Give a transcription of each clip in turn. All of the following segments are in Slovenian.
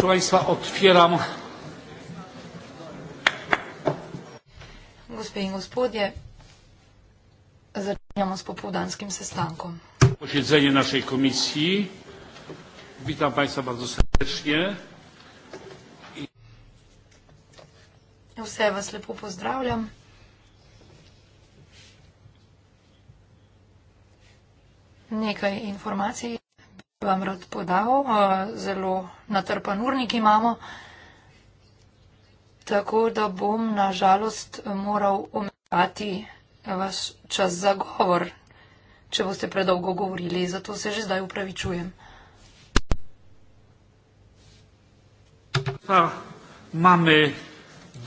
Proszę Państwa, otwieram. Gospodzie i gospodzie, zaczynamy z popołudanskim sestankom. Posiedzenie naszej komisji. Witam Państwa bardzo serdecznie. Wszystkich Was lepo pozdrawiam. Niekaj informacji vam rad podal. Eh, zelo natrpan urnik imamo. Tako da bom na žalost moral omejati vaš čas za govor, če boste predolgo govorili. Zato se že zdaj upravičujem. Pa mame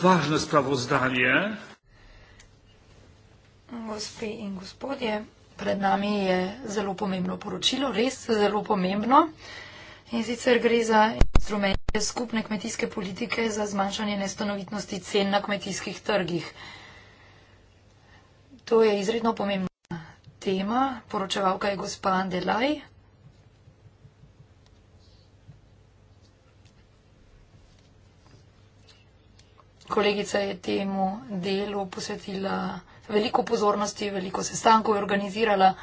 važno spravozdanje. Gospe in gospodje, pred nami je zelo pomembno poročilo, res zelo pomembno. In sicer gre za instrumente skupne kmetijske politike za zmanjšanje nestanovitnosti cen na kmetijskih trgih. To je izredno pomembna tema. Poročevalka je gospa Andelaj. Kolegica je temu delu posvetila veliko pozornosti, veliko sestankov je organizirala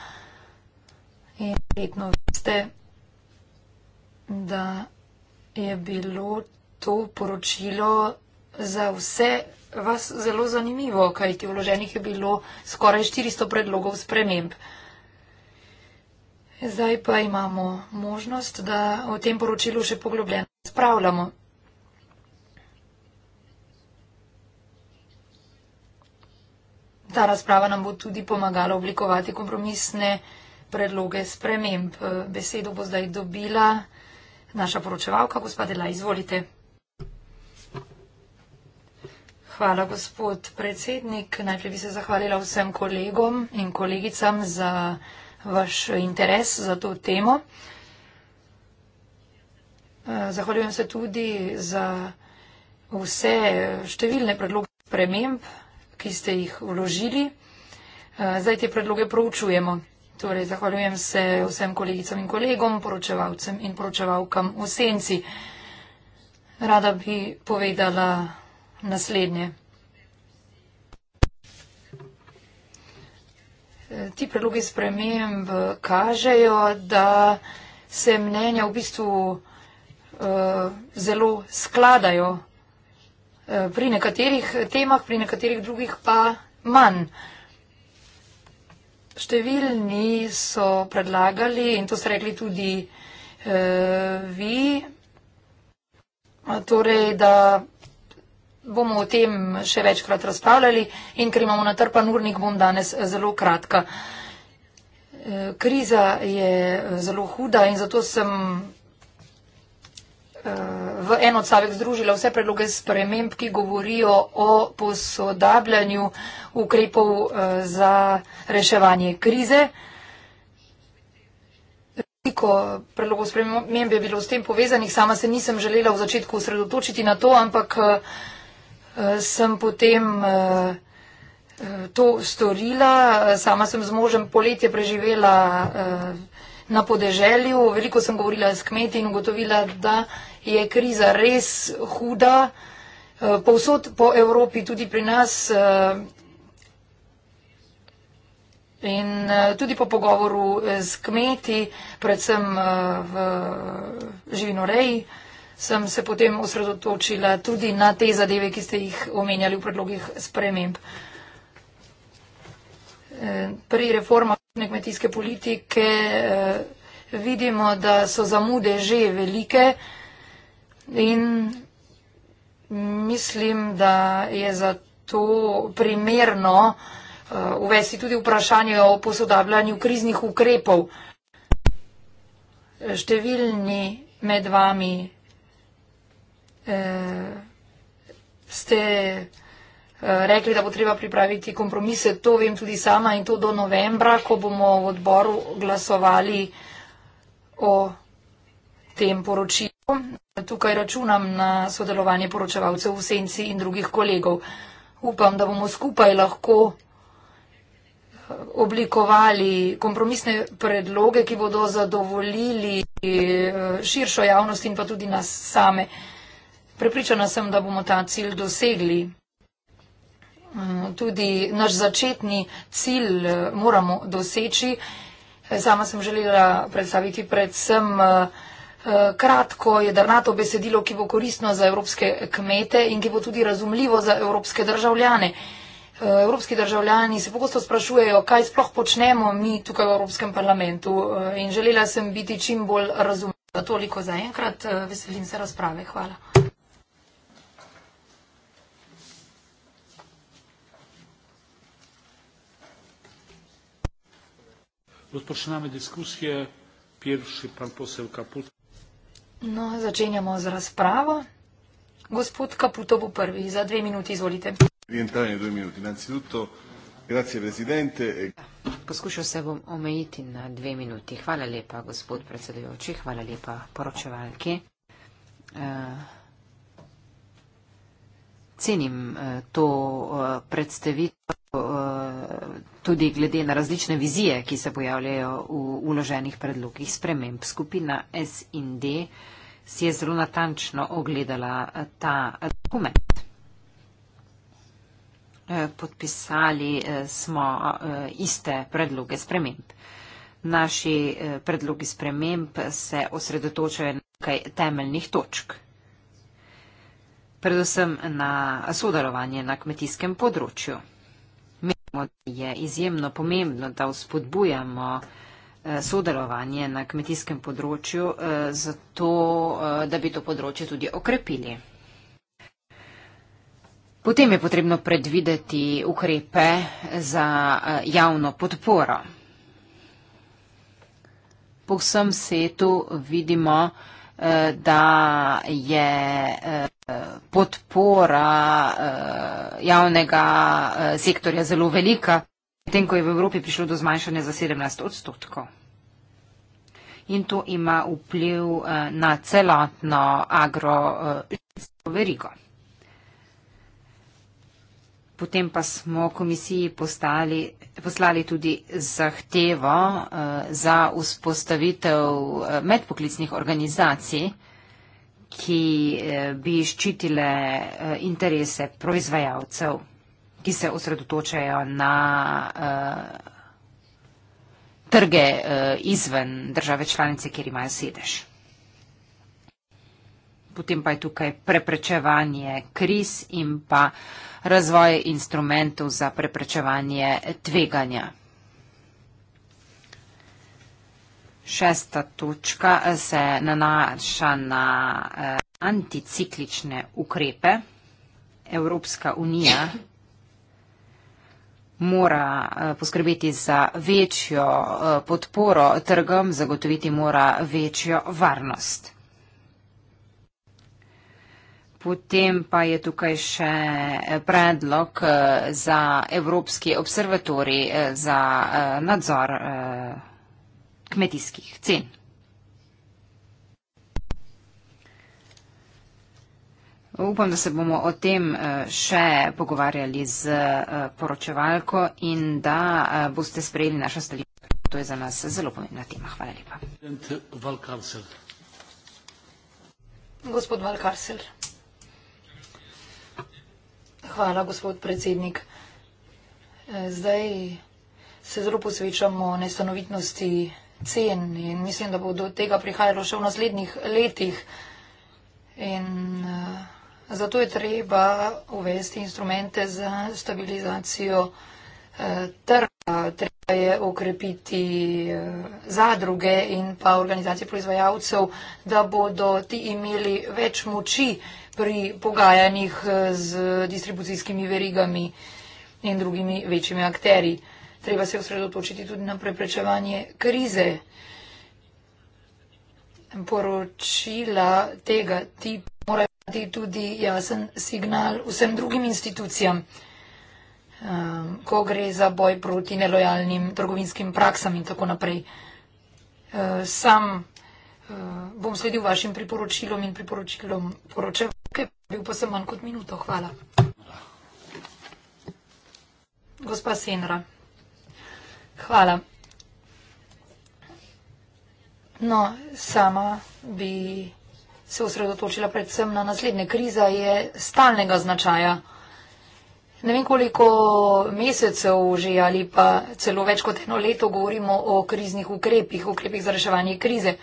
in vredno veste, da je bilo to poročilo za vse vas zelo zanimivo, kajti vloženih je bilo skoraj 400 predlogov sprememb. Zdaj pa imamo možnost, da o tem poročilu še poglobljeno spravljamo. ta razprava nam bo tudi pomagala oblikovati kompromisne predloge sprememb. Eh, besedo bo zdaj dobila naša poročevalka, gospod Dela, izvolite. Hvala, gospod predsednik. Najprej bi se zahvalila vsem kolegom in kolegicam za vaš interes za to temo. Eh, zahvaljujem se tudi za vse številne predloge sprememb, ki ste jih vložili. Eh, zdaj te predloge proučujemo. Torej, zahvaljujem se vsem kolegicam in kolegom, poročevalcem in poročevalkam v senci. Rada bi povedala naslednje. Eh, ti predlogi sprememb kažejo, da se mnenja v bistvu uh, zelo skladajo Eh, pri nekaterih temah, pri nekaterih drugih pa manj. Številni so predlagali in to ste rekli tudi eh, vi, torej, da bomo o tem še večkrat razpravljali in ker imamo natrpan urnik, bom danes eh, zelo kratka. Eh, kriza je eh, zelo huda in zato sem Eh, v en odstavek združila vse predloge sprememb, ki govorijo o posodabljanju ukrepov eh, za reševanje krize. Veliko predlogov sprememb je bilo s tem povezanih. Sama se nisem želela v začetku osredotočiti na to, ampak eh, sem potem to storila. Sama sem z možem poletje preživela na podeželju. Veliko sem govorila s kmeti in ugotovila, da je kriza res huda. Eh, povsod po Evropi, tudi pri nas. Eh, in eh, tudi po pogovoru s kmeti, predvsem v živinoreji, sem se potem osredotočila tudi na te zadeve, ki ste jih omenjali v predlogih sprememb. Pri reformah skupne kmetijske politike eh, vidimo, da so zamude že velike in mislim, da je zato primerno eh, uvesti tudi vprašanje o posodabljanju kriznih ukrepov. Številni med vami eh, ste. Eh, rekli, da bo treba pripraviti kompromise. To vem tudi sama in to do novembra, ko bomo v odboru glasovali o tem poročilu. Tukaj računam na sodelovanje poročevalcev v senci in drugih kolegov. Upam, da bomo skupaj lahko eh, oblikovali kompromisne predloge, ki bodo zadovoljili eh, širšo javnost in pa tudi nas same. Prepričana sem, da bomo ta cilj dosegli. Mm, tudi naš začetni cilj eh, moramo doseči. Eh, sama sem želela predstaviti predvsem eh, kratko jedrnato besedilo, ki bo koristno za evropske kmete in ki bo tudi razumljivo za evropske državljane. Evropski državljani se pogosto sprašujejo, kaj sploh počnemo mi tukaj v Evropskem parlamentu in želela sem biti čim bolj razumljiva. Toliko za enkrat, veselim se razprave. Hvala. Rozpoczynamy dyskusję. Pierwszy pan poseł Kaput. No, zaczynamy z rozprawą. Gospod Kaputo był pierwszy. Za dwie minuty, zwolite. Rientrare dwie minuty. Innanzitutto, grazie, prezydente. Poskušal se bom omejiti na dve minuti. Hvala lepa, gospod predsedujoči, hvala lepa poročevalki. Uh, cenim eh, to eh, predstavitev, eh, tudi glede na različne vizije, ki se pojavljajo v uloženih predlogih sprememb. Skupina S in D si je zelo natančno ogledala ta dokument. Podpisali smo iste predloge sprememb. Naši predlogi sprememb se osredotočajo na nekaj temeljnih točk predvsem na sodelovanje na kmetijskem področju. Menimo, da je izjemno pomembno, da vzpodbujamo eh, sodelovanje na kmetijskem področju, eh, zato eh, da bi to področje tudi okrepili. Potem je potrebno predvideti ukrepe za javno podporo. Po vsem svetu vidimo, da da je eh, podpora eh, javnega eh, sektorja zelo velika, potem ko je v Evropi prišlo do zmanjšanja za 17 odstotkov. In to ima vpliv na celotno agroživsko verigo. Potem pa smo komisiji postali ste poslali tudi zahtevo eh, za vzpostavitev eh, medpoklicnih organizacij, ki eh, bi ščitile interese proizvajalcev, ki se osredotočajo na trge izven države članice, kjer imajo sedež potem pa je tukaj preprečevanje kriz in pa razvoj instrumentov za preprečevanje tveganja. Šesta točka se nanaša na eh, anticiklične ukrepe. Evropska unija mora eh, poskrbeti za večjo eh, podporo trgom, zagotoviti mora večjo varnost. Potem pa je tukaj še eh, predlog eh, za Evropski observatori eh, za nadzor kmetijskih cen. Upam, da se bomo o tem še pogovarjali z poročevalko in da boste sprejeli naša stališča. To je za nas zelo pomembna tema. Hvala lepa. Gospod Valkarsel. Hvala, gospod predsednik. E, zdaj se zelo posvečamo nestanovitnosti cen in mislim, da bo do tega prihajalo še v naslednjih letih. In e, zato je treba uvesti instrumente za stabilizacijo e, trga. Treba je okrepiti zadruge in pa organizacije proizvajalcev, da bodo ti imeli več moči pri pogajanjih eh, z distribucijskimi verigami in drugimi večjimi akteri. Treba se osredotočiti tudi na preprečevanje krize. Poročila tega tipa morajo dati tudi jasen signal vsem drugim institucijam, eh, ko gre za boj proti nelojalnim trgovinskim praksam in tako naprej. Eh, sam bom sledil vašim priporočilom in priporočilom poročevanja. Okay. Bil pa sem manj kot minuto, hvala. Gospa Senra, hvala. No, sama bi se osredotočila predvsem na naslednje. Kriza je stalnega značaja. Ne vem, koliko mesecev že ali pa celo več kot eno leto govorimo o kriznih ukrepih, ukrepih za reševanje krize.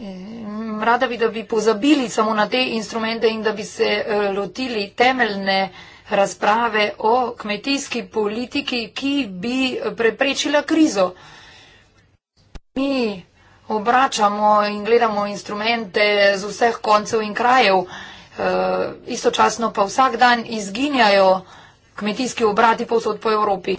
Eh, rada bi, da bi pozabili samo na te instrumente in da bi se eh, lotili temeljne razprave o kmetijski politiki, ki bi preprečila krizo. Mi obračamo in gledamo instrumente z vseh koncev in krajev, eh, istočasno pa vsak dan izginjajo kmetijski obrati posod po Evropi.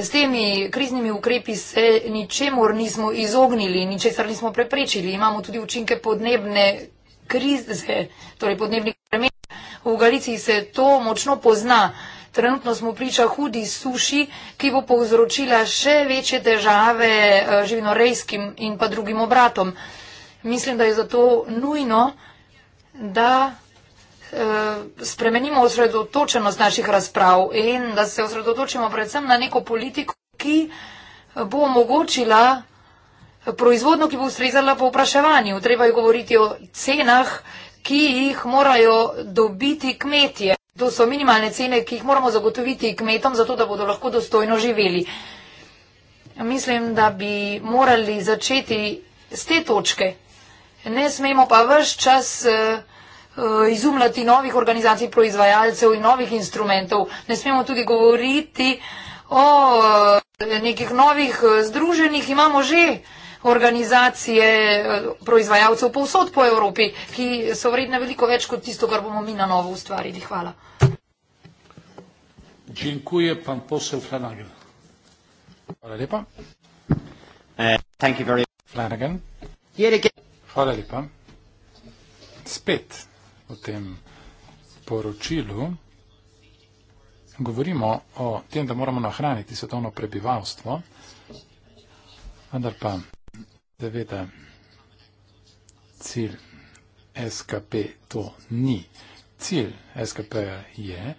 S temi kriznimi ukrepi se ničemor nismo izognili, ničesar nismo preprečili. Imamo tudi učinke podnebne krize, torej podnebnih premen. V Galiciji se to močno pozna. Trenutno smo priča hudi suši, ki bo povzročila še večje težave eh, živinorejskim in pa drugim obratom. Mislim, da je zato nujno, da Eh, spremenimo osredotočenost naših razprav in da se osredotočimo predvsem na neko politiko, ki bo omogočila proizvodno, ki bo ustrezala po vpraševanju. Treba je govoriti o cenah, ki jih morajo dobiti kmetje. To so minimalne cene, ki jih moramo zagotoviti kmetom, zato da bodo lahko dostojno živeli. Mislim, da bi morali začeti z te točke. Ne smemo pa vse čas. Uh, Eh, izumljati novih organizacij proizvajalcev in novih instrumentov. Ne smemo tudi govoriti o eh, nekih novih eh, združenih, imamo že organizacije proizvajalcev povsod po Evropi, ki so vredne veliko več kot tisto, kar bomo mi na novo ustvarili. Hvala. Dziękuję, pan poseł Flanagan. Hvala lepa. Thank you very much. Flanagan. Hvala lepa. Spet v tem poročilu, govorimo o tem, da moramo nahraniti svetovno prebivalstvo, vendar pa deveta cilj SKP to ni. Cilj SKP je,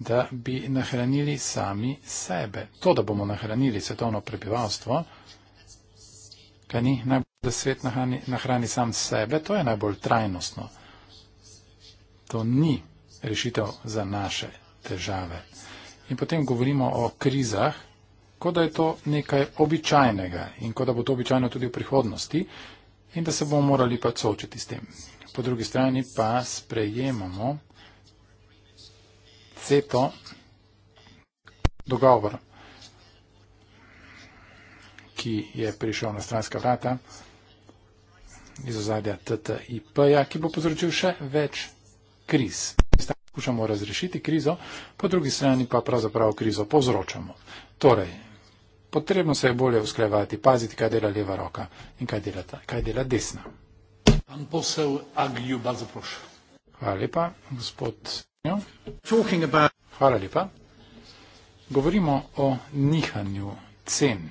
da bi nahranili sami sebe. To, da bomo nahranili svetovno prebivalstvo, kaj ni najbolj, da svet nahrani, nahrani sam sebe, to je najbolj trajnostno to ni rešitev za naše težave. In potem govorimo o krizah, kot da je to nekaj običajnega in kot da bo to običajno tudi v prihodnosti in da se bomo morali pa soočiti s tem. Po drugi strani pa sprejemamo ceto dogovor, ki je prišel na stranska vrata iz ozadja TTIP-ja, ki bo povzročil še več kriz. Skušamo razrešiti krizo, po drugi strani pa pravzaprav krizo povzročamo. Torej, potrebno se je bolje usklevati, paziti, kaj dela leva roka in kaj dela, ta, kaj dela desna. Posel, agliju, Hvala lepa, gospod. Hvala lepa. Govorimo o nihanju cen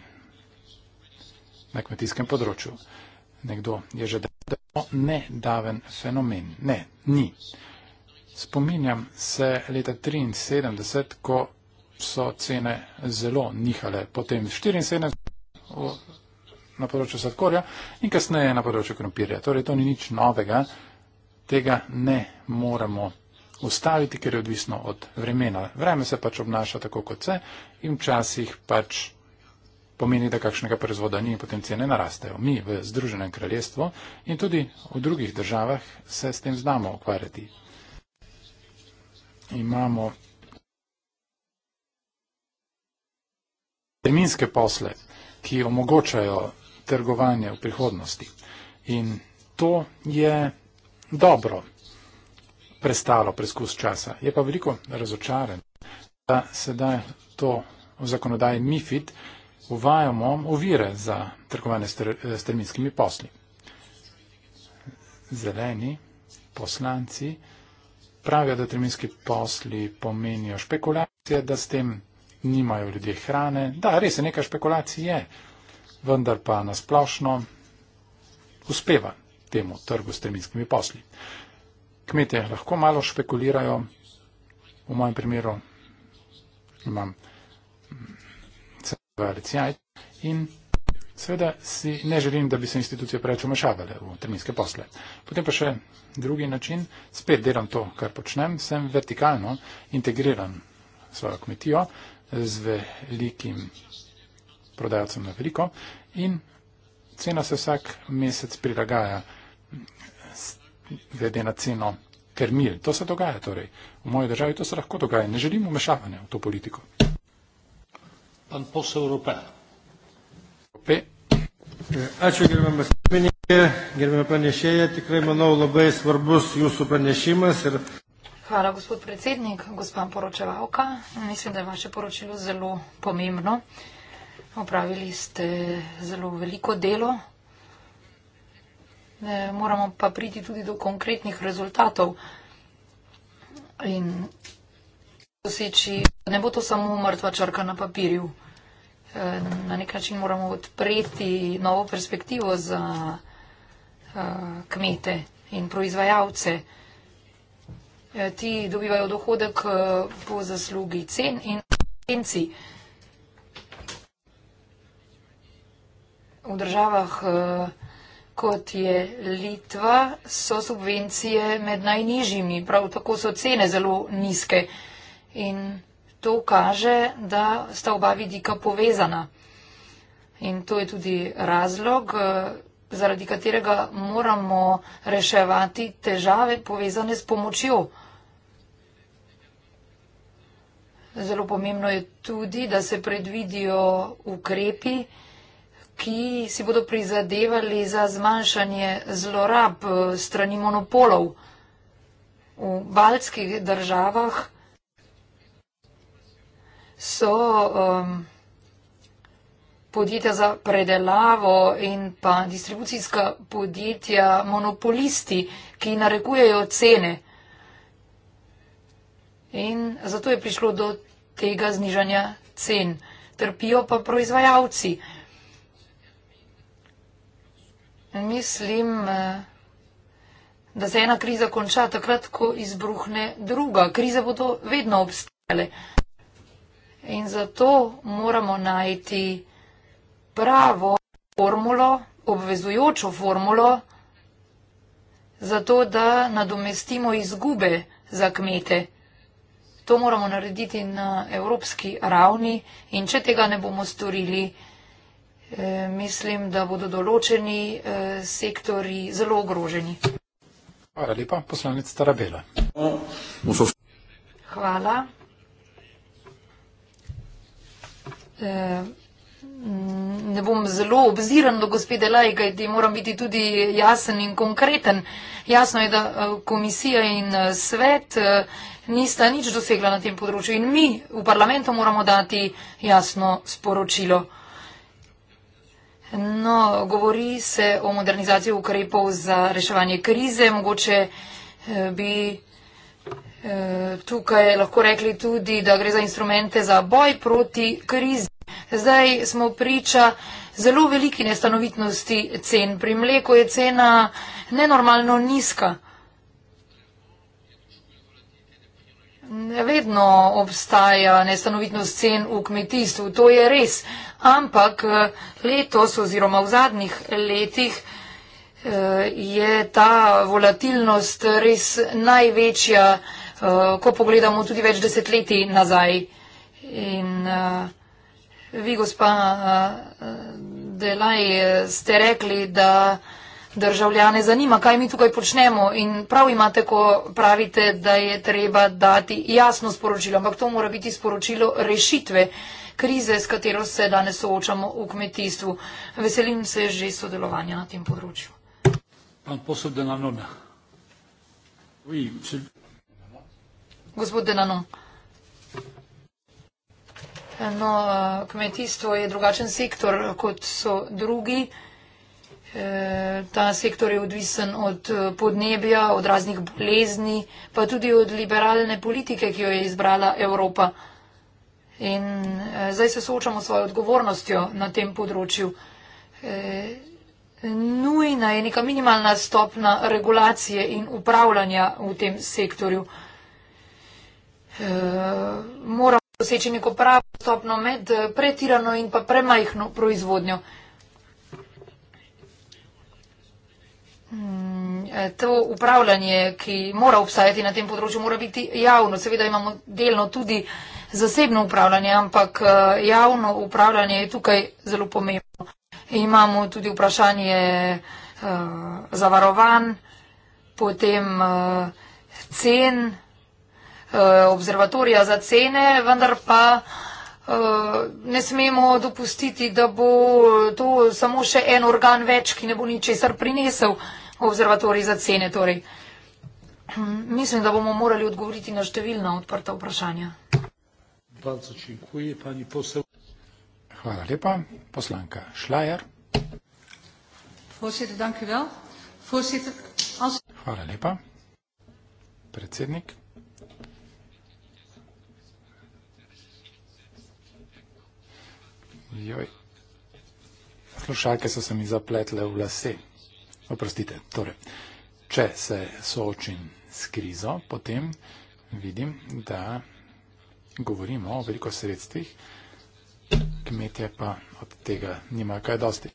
na kmetijskem področju. Nekdo je že dejal, da je to nedaven fenomen. Ne, ni. Spominjam se leta 1973, ko so cene zelo nihale, potem 1974 na področju sladkorja in kasneje na področju krompirja. Torej, to ni nič novega, tega ne moramo ustaviti, ker je odvisno od vremena. Vreme se pač obnaša tako, kot se in včasih pač pomeni, da kakšnega proizvoda ni in potem cene narastejo. Mi v Združenem kraljestvu in tudi v drugih državah se s tem znamo ukvarjati imamo terminske posle, ki omogočajo trgovanje v prihodnosti. In to je dobro prestalo preskus časa. Je pa veliko razočaren, da sedaj to v zakonodaji MIFID uvajamo ovire za trgovanje s terminskimi posli. Zeleni poslanci pravijo, da terminski posli pomenijo špekulacije, da s tem nimajo ljudje hrane. Da, res je, nekaj špekulacij je, vendar pa nasplošno uspeva temu trgu s terminskimi posli. Kmetje lahko malo špekulirajo, v mojem primeru imam celo mm, recijaj in Seveda si ne želim, da bi se institucije preveč umešavale v terminske posle. Potem pa še drugi način, spet delam to, kar počnem, sem vertikalno integriran svojo kmetijo z velikim prodajalcem na veliko in cena se vsak mesec prilagaja glede na ceno termil. To se dogaja torej. V moji državi to se lahko dogaja. Ne želim umešavanja v to politiko. Pan posel Evropa grupė. Ačiū gerbiamas pirmininkė, gerbiamė pranešėja, tikrai manau labai svarbus jūsų pranešimas. Ir... Hvala, gospod predsednik, gospod poročevalka. Mislim, da je vaše poročilo zelo pomembno. Opravili ste zelo veliko delo. Moramo pa priti tudi do konkretnih rezultatov in doseči, ne bo to samo mrtva črka na papirju. Eh, na nek način moramo odpreti novo perspektivo za eh, kmete in proizvajalce. Eh, ti dobivajo dohodek po zaslugi cen in agencij. V državah, kot je Litva, so subvencije med najnižjimi, prav tako so cene zelo nizke. In to kaže, da sta oba vidika povezana. In to je tudi razlog, eh, zaradi katerega moramo reševati težave povezane s pomočjo. Zelo pomembno je tudi, da se predvidijo ukrepi, ki si bodo prizadevali za zmanjšanje zlorab eh, strani monopolov. V baltskih državah so um, podjetja za predelavo in pa distribucijska podjetja monopolisti, ki narekujejo cene. In zato je prišlo do tega znižanja cen. Trpijo pa proizvajalci. Mislim, eh, da se ena kriza konča takrat, ko izbruhne druga. Krize bodo vedno obstajale. In zato moramo najti pravo formulo, obvezujočo formulo, zato da nadomestimo izgube za kmete. To moramo narediti na evropski ravni in če tega ne bomo storili, eh, mislim, da bodo določeni eh, sektori zelo ogroženi. Hvala lepa, poslanec Tarabela. Hvala. Eh, ne bom zelo obziran do gospede Laj, kajti moram biti tudi jasen in konkreten. Jasno je, da eh, komisija in eh, svet nista nič dosegla na tem področju in mi v parlamentu moramo dati jasno sporočilo. No, govori se o modernizaciji ukrepov za reševanje krize, mogoče bi Eh, tukaj lahko rekli tudi, da gre za instrumente za boj proti krizi. Zdaj smo priča zelo veliki nestanovitnosti cen. Pri mleku je cena nenormalno nizka. Vedno obstaja nestanovitnost cen v kmetijstvu, to je res. Ampak eh, letos oziroma v zadnjih letih eh, je ta volatilnost res največja. Eh, ko pogledamo tudi več desetletij nazaj. In uh, vi, gospa uh, Delaj, ste rekli, da državljane zanima, kaj mi tukaj počnemo. In prav imate, ko pravite, da je treba dati jasno sporočilo, ampak to mora biti sporočilo rešitve krize, s katero se danes soočamo v kmetijstvu. Veselim se že sodelovanja na tem področju. Pan posebno na nona. Oui, monsieur gospod Denanon. No, eh, kmetijstvo je drugačen sektor, kot so drugi. Eh, ta sektor je odvisen od eh, podnebja, od raznih bolezni, pa tudi od liberalne politike, ki jo je izbrala Evropa. In zdaj se soočamo s svojo odgovornostjo na tem področju. Nujna je neka minimalna stopna regulacije in upravljanja v tem sektorju. Eh, moramo doseči neko pravo stopno med eh, pretirano in pa premajhno proizvodnjo. Hmm, eh, to upravljanje, ki mora obstajati na tem področju, mora biti javno. Seveda imamo delno tudi zasebno upravljanje, ampak javno upravljanje je tukaj zelo pomembno. Imamo tudi vprašanje zavarovanj, potem cen. Eh, obzervatorija za cene, vendar pa eh, ne smemo dopustiti, da bo to samo še en organ več, ki ne bo ničesar prinesel obzervatorij za cene. Torej, mislim, da bomo morali odgovoriti na številna odprta vprašanja. Hvala lepa. Poslanka Šlajer. Hvala lepa. Predsednik. Joj. Slušalke so se mi zapletle v lase. Oprostite, torej, če se soočim s krizo, potem vidim, da govorimo o veliko sredstvih, kmetje pa od tega nimajo kaj dosti.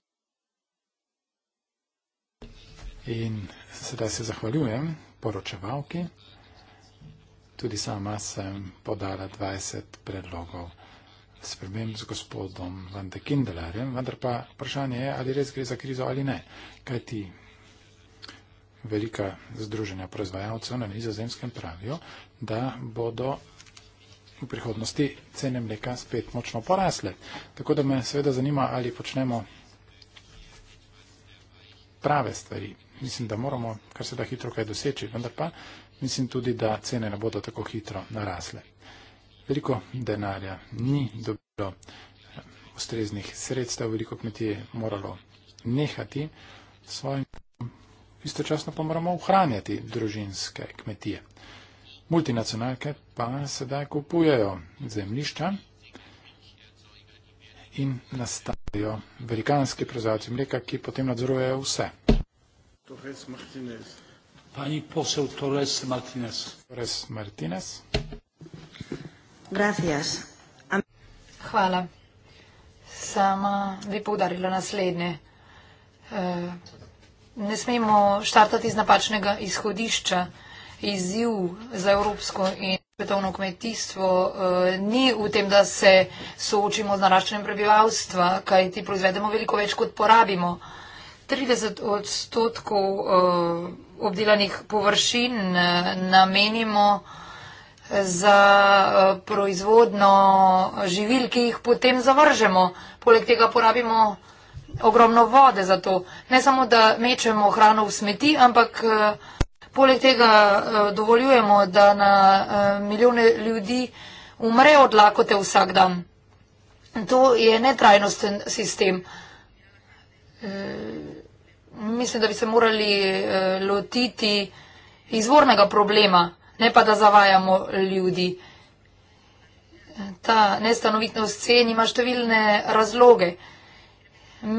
In sedaj se zahvaljujem poročevalki. Tudi sama sem podala 20 predlogov spremem z gospodom Van de Kindlerjem, vendar pa vprašanje je, ali res gre za krizo ali ne. Kaj ti velika združenja proizvajalcev na nizozemskem pravijo, da bodo v prihodnosti cene mleka spet močno porasle. Tako da me seveda zanima, ali počnemo prave stvari. Mislim, da moramo kar se da hitro kaj doseči, vendar pa mislim tudi, da cene ne bodo tako hitro narasle veliko denarja, ni dobilo ustreznih sredstev, veliko kmetij je moralo nehati svojim. Istočasno pa moramo ohranjati družinske kmetije. Multinacionalke pa sedaj kupujejo zemlišča in nastajajo velikanski proizvajalci mleka, ki potem nadzorujejo vse. Torres Martinez. Pani posel Torres Martinez. Torres Martinez. Gracias. Am Hvala. Sama bi poudarila naslednje. E, ne smemo štartati iz napačnega izhodišča. Izziv za evropsko in svetovno kmetijstvo e, ni v tem, da se soočimo z naraščanjem prebivalstva, kaj ti proizvedemo veliko več, kot porabimo. 30 odstotkov e, obdelanih površin e, namenimo za eh, proizvodno živil, ki jih potem zavržemo. Poleg tega porabimo ogromno vode za to. Ne samo, da mečemo hrano v smeti, ampak eh, poleg tega eh, dovoljujemo, da na milijone ljudi umre od lakote vsak dan. To je netrajnosten sistem. Mislim, da bi se morali lotiti izvornega problema ne pa da zavajamo ljudi. Ta nestanovitnost cen ima številne razloge.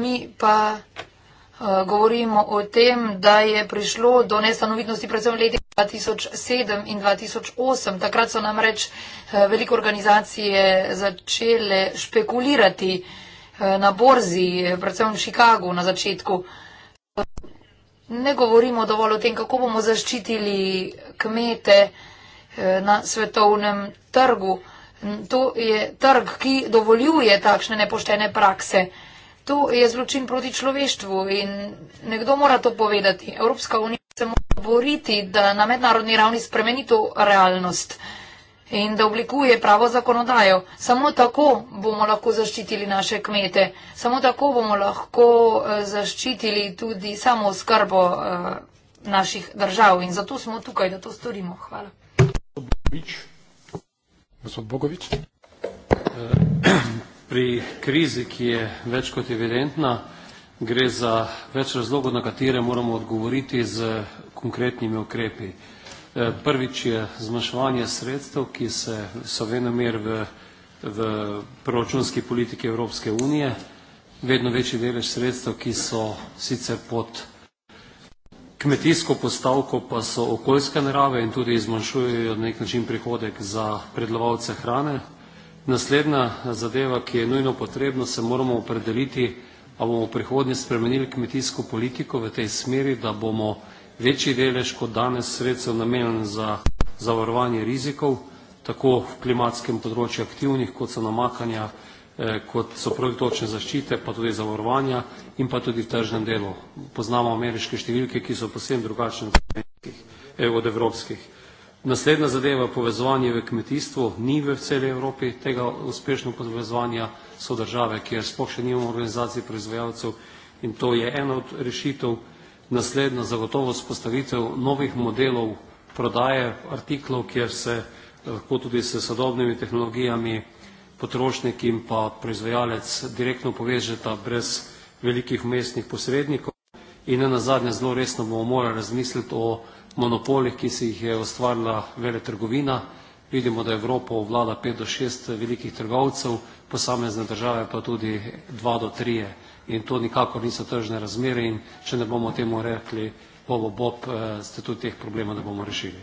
Mi pa uh, govorimo o tem, da je prišlo do nestanovitnosti predvsem v letih 2007 in 2008. Takrat so nam reč uh, eh, velike organizacije začele špekulirati uh, na borzi, predvsem v Chicagu na začetku. Uh, ne govorimo dovolj o tem, kako bomo zaščitili kmete eh, na svetovnem trgu. To je trg, ki dovoljuje takšne nepoštene prakse. To je zločin proti človeštvu in nekdo mora to povedati. Evropska unija se mora boriti, da na mednarodni ravni spremeni to realnost in da oblikuje pravo zakonodajo. Samo tako bomo lahko zaščitili naše kmete, samo tako bomo lahko eh, zaščitili tudi samo skrbo eh, naših držav in zato smo tukaj, da to storimo. Hvala. Gospod Bogovič. Eh, pri krizi, ki je več kot evidentna, gre za več razlogov, na katere moramo odgovoriti z konkretnimi ukrepi. Eh, prvič je zmanjševanje sredstev, ki se, so venomer v, v proračunski politiki Evropske unije, vedno večji delež sredstev, ki so sicer pod kmetijsko postavko, pa so okoljske narave in tudi zmanjšujejo nek način prihodek za predlovalce hrane. Naslednja eh, zadeva, ki je nujno potrebna, se moramo opredeliti, ali bomo v prihodnje spremenili kmetijsko politiko v tej smeri, da bomo večji delež kot danes sredstev namenjen za zavarovanje rizikov, tako v klimatskem področju aktivnih, kot so namakanja, eh, kot so protitočne zaščite, pa tudi zavarovanja in pa tudi v tržnem delu. Poznamo ameriške številke, ki so posebej drugačne eh, od evropskih. Naslednja zadeva povezovanje v kmetijstvu ni v celi Evropi tega uspešnega povezovanja so države, kjer sploh še nimamo organizacij proizvajalcev in to je ena od rešitev, naslednja zagotovo spostavitev novih modelov prodaje artiklov, kjer se eh, lahko tudi s sodobnimi tehnologijami potrošnik in pa proizvajalec direktno povežeta brez velikih mestnih posrednikov. In na zadnje zelo resno bomo morali razmisliti o monopolih, ki si jih je ustvarila vele trgovina. Vidimo, da Evropo vlada pet do šest velikih trgovcev, posamezne države pa tudi dva do trije in to nikakor niso tržne razmere in če ne bomo temu rekli, bobo bob, eh, ste tudi teh problemov ne bomo rešili.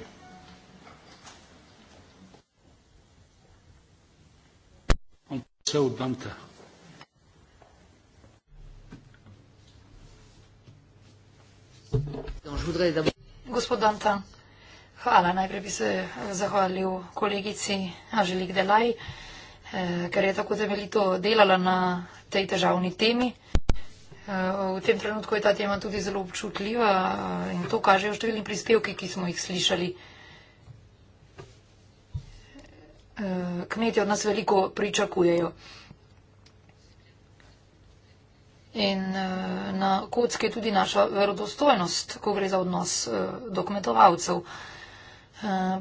Vse oddam te. Gospod Danta, hvala. Najprej bi se zahvalil kolegici Anželik Delaj, eh, ker je tako temeljito delala na tej težavni temi. Eh, v tem trenutku je ta tema tudi zelo občutljiva eh, in to kažejo številni prispevki, ki smo jih slišali. Eh, kmetje od nas veliko pričakujejo. In na kocki je tudi naša verodostojnost, ko gre za odnos do kmetovalcev.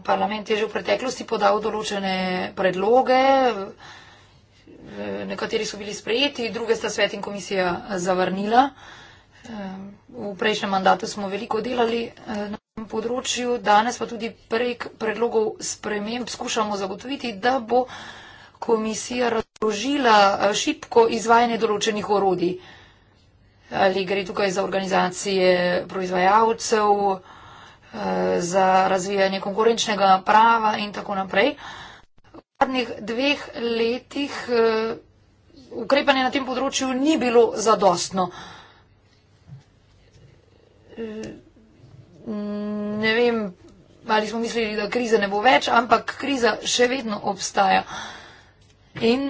Parlament je že v preteklosti podal določene predloge, Eh, nekateri so bili sprejeti, druge sta svet in komisija eh, zavrnila. Eh, v prejšnjem mandatu smo veliko delali na tem področju, danes pa tudi prek predlogov sprememb skušamo zagotoviti, da bo komisija razložila šipko izvajanje določenih orodij. Ali gre tukaj za organizacije proizvajalcev, za razvijanje konkurenčnega prava in tako naprej zadnjih dveh letih eh, ukrepanje na tem področju ni bilo zadostno. Eh, ne vem, ali smo mislili, da krize ne bo več, ampak kriza še vedno obstaja. In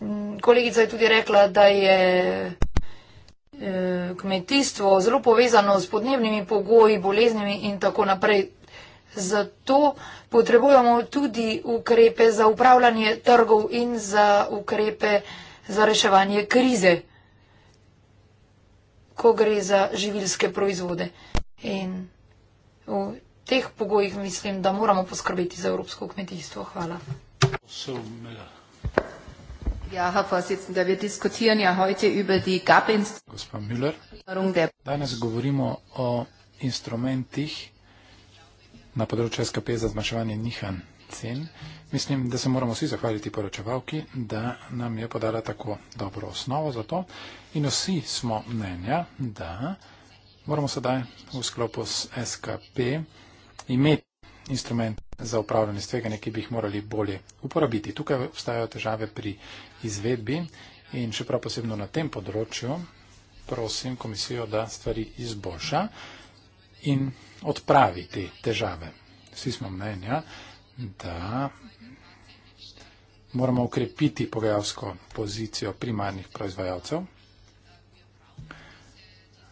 mm, kolegica je tudi rekla, da je eh, kmetijstvo zelo povezano s podnebnimi pogoji, boleznimi in tako naprej. Zato potrebujemo tudi ukrepe za upravljanje trgov in za ukrepe za reševanje krize, ko gre za živilske proizvode. In v teh pogojih mislim, da moramo poskrbeti za evropsko kmetijstvo. Hvala. Ja, ja Gospod Müller, danes govorimo o instrumentih, na področju SKP za zmanjševanje njihan cen. Mislim, da se moramo vsi zahvaliti poročevalki, da nam je podala tako dobro osnovo za to. In vsi smo mnenja, da moramo sedaj v sklopu s SKP imeti instrument za upravljanje stveganja, ki bi jih morali bolje uporabiti. Tukaj obstajajo težave pri izvedbi in še prav posebno na tem področju prosim komisijo, da stvari izboljša in odpravi te težave. Vsi smo mnenja, da moramo ukrepiti pogajalsko pozicijo primarnih proizvajalcev,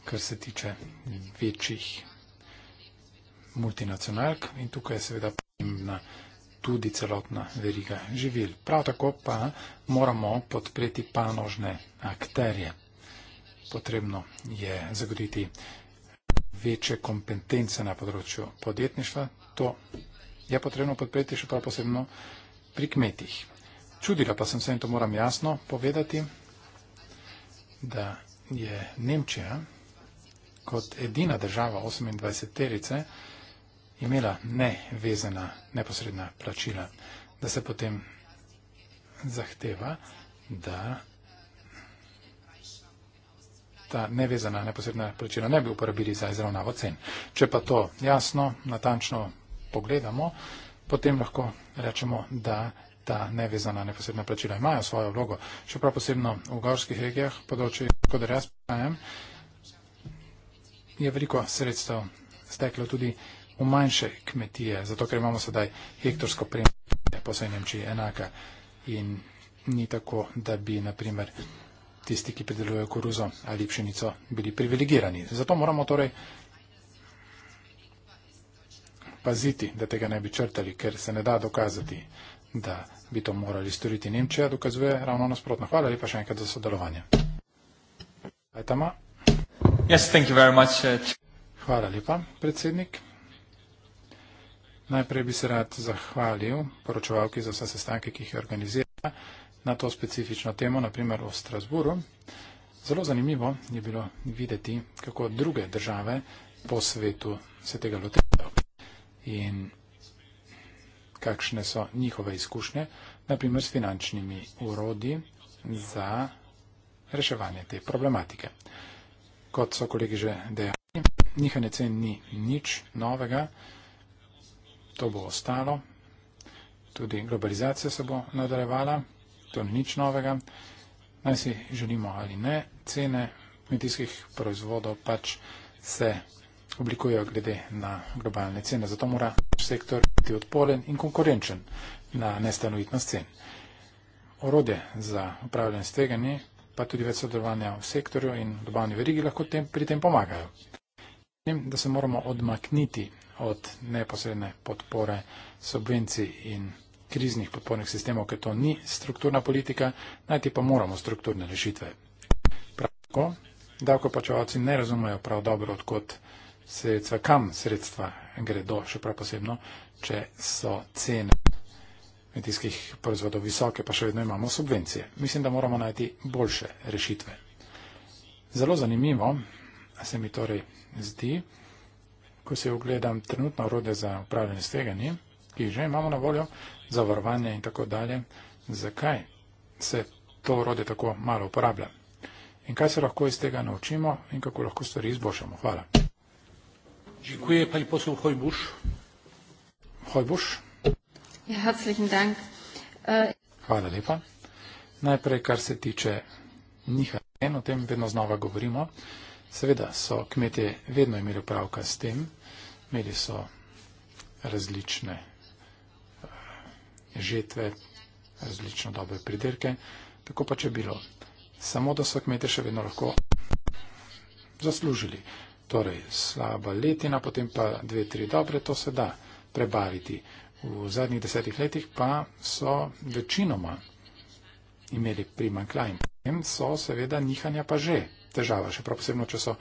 kar se tiče večjih multinacionalk in tukaj je seveda pomembna tudi celotna veriga živil. Prav tako pa moramo podpreti panožne akterje. Potrebno je zagoditi večje kompetence na področju podjetništva. To je potrebno podpreti še prav posebno pri kmetih. Čudila pa sem se in to moram jasno povedati, da je Nemčija kot edina država 28 terice imela nevezana neposredna plačila, da se potem zahteva, da ta nevezana neposredna količina ne bi uporabili za izravnavo cen. Če pa to jasno, natančno pogledamo, potem lahko rečemo, da ta nevezana neposredna plačila imajo svojo vlogo, še prav posebno v gorskih regijah, področje, kot da jaz pravim, je veliko sredstev steklo tudi v manjše kmetije, zato ker imamo sedaj hektorsko premijo po vsej Nemčiji enaka in ni tako, da bi, na primer, tisti, ki pridelujejo koruzo ali pšenico, bili privilegirani. Zato moramo torej paziti, da tega ne bi črtali, ker se ne da dokazati, da bi to morali storiti. Nemčija dokazuje ravno nasprotno. Hvala lepa še enkrat za sodelovanje. Ajtama. Yes, thank you very much. Uh, Hvala lepa, predsednik. Najprej bi se rad zahvalil poročevalki za vse sestanke, ki jih je organizirala na to specifično temo, naprimer o Strasburu. Zelo zanimivo je bilo videti, kako druge države po svetu se tega lotevajo in kakšne so njihove izkušnje, naprimer s finančnimi urodi za reševanje te problematike. Kot so kolegi že dejali, njihanje cen ni nič novega, to bo ostalo, tudi globalizacija se bo nadaljevala to ni nič novega. Naj si želimo ali ne, cene kmetijskih proizvodov pač se oblikujejo glede na globalne cene, zato mora sektor biti odporen in konkurenčen na nestanovitnost cen. Orodje za upravljanje steganje, pa tudi več sodelovanja v sektorju in dobavni verigi lahko tem, pri tem pomagajo. Mislim, da se moramo odmakniti od neposredne podpore subvencij in kriznih podpornih sistemov, ker to ni strukturna politika, najti pa moramo strukturne rešitve. Pravko, davkoplačevalci ne razumejo prav dobro, odkot sredstva, kam sredstva gredo, še prav posebno, če so cene medijskih proizvodov visoke, pa še vedno imamo subvencije. Mislim, da moramo najti boljše rešitve. Zelo zanimivo se mi torej zdi, ko se ogledam trenutno urode za upravljanje s tveganji, ki jih že imamo na voljo, zavarovanje in tako dalje, zakaj se to orodje tako malo uporablja in kaj se lahko iz tega naučimo in kako lahko stvari izboljšamo. Hvala. Žikuje pa je posel Hojbuš. Hojbuš. Ja, herzlichen Dank. E, Hvala lepa. Najprej, kar se tiče njiha en, o tem vedno znova govorimo. Seveda so kmetje vedno imeli upravka s tem, imeli so različne žetve, različno dobre pridelke. Tako pa če bilo, samo da so kmete še vedno lahko zaslužili. Torej, slaba letina, potem pa dve, tri dobre, to se da prebariti. V zadnjih desetih letih pa so večinoma imeli primankla in potem so seveda nihanja pa že težava, še prav posebno, če so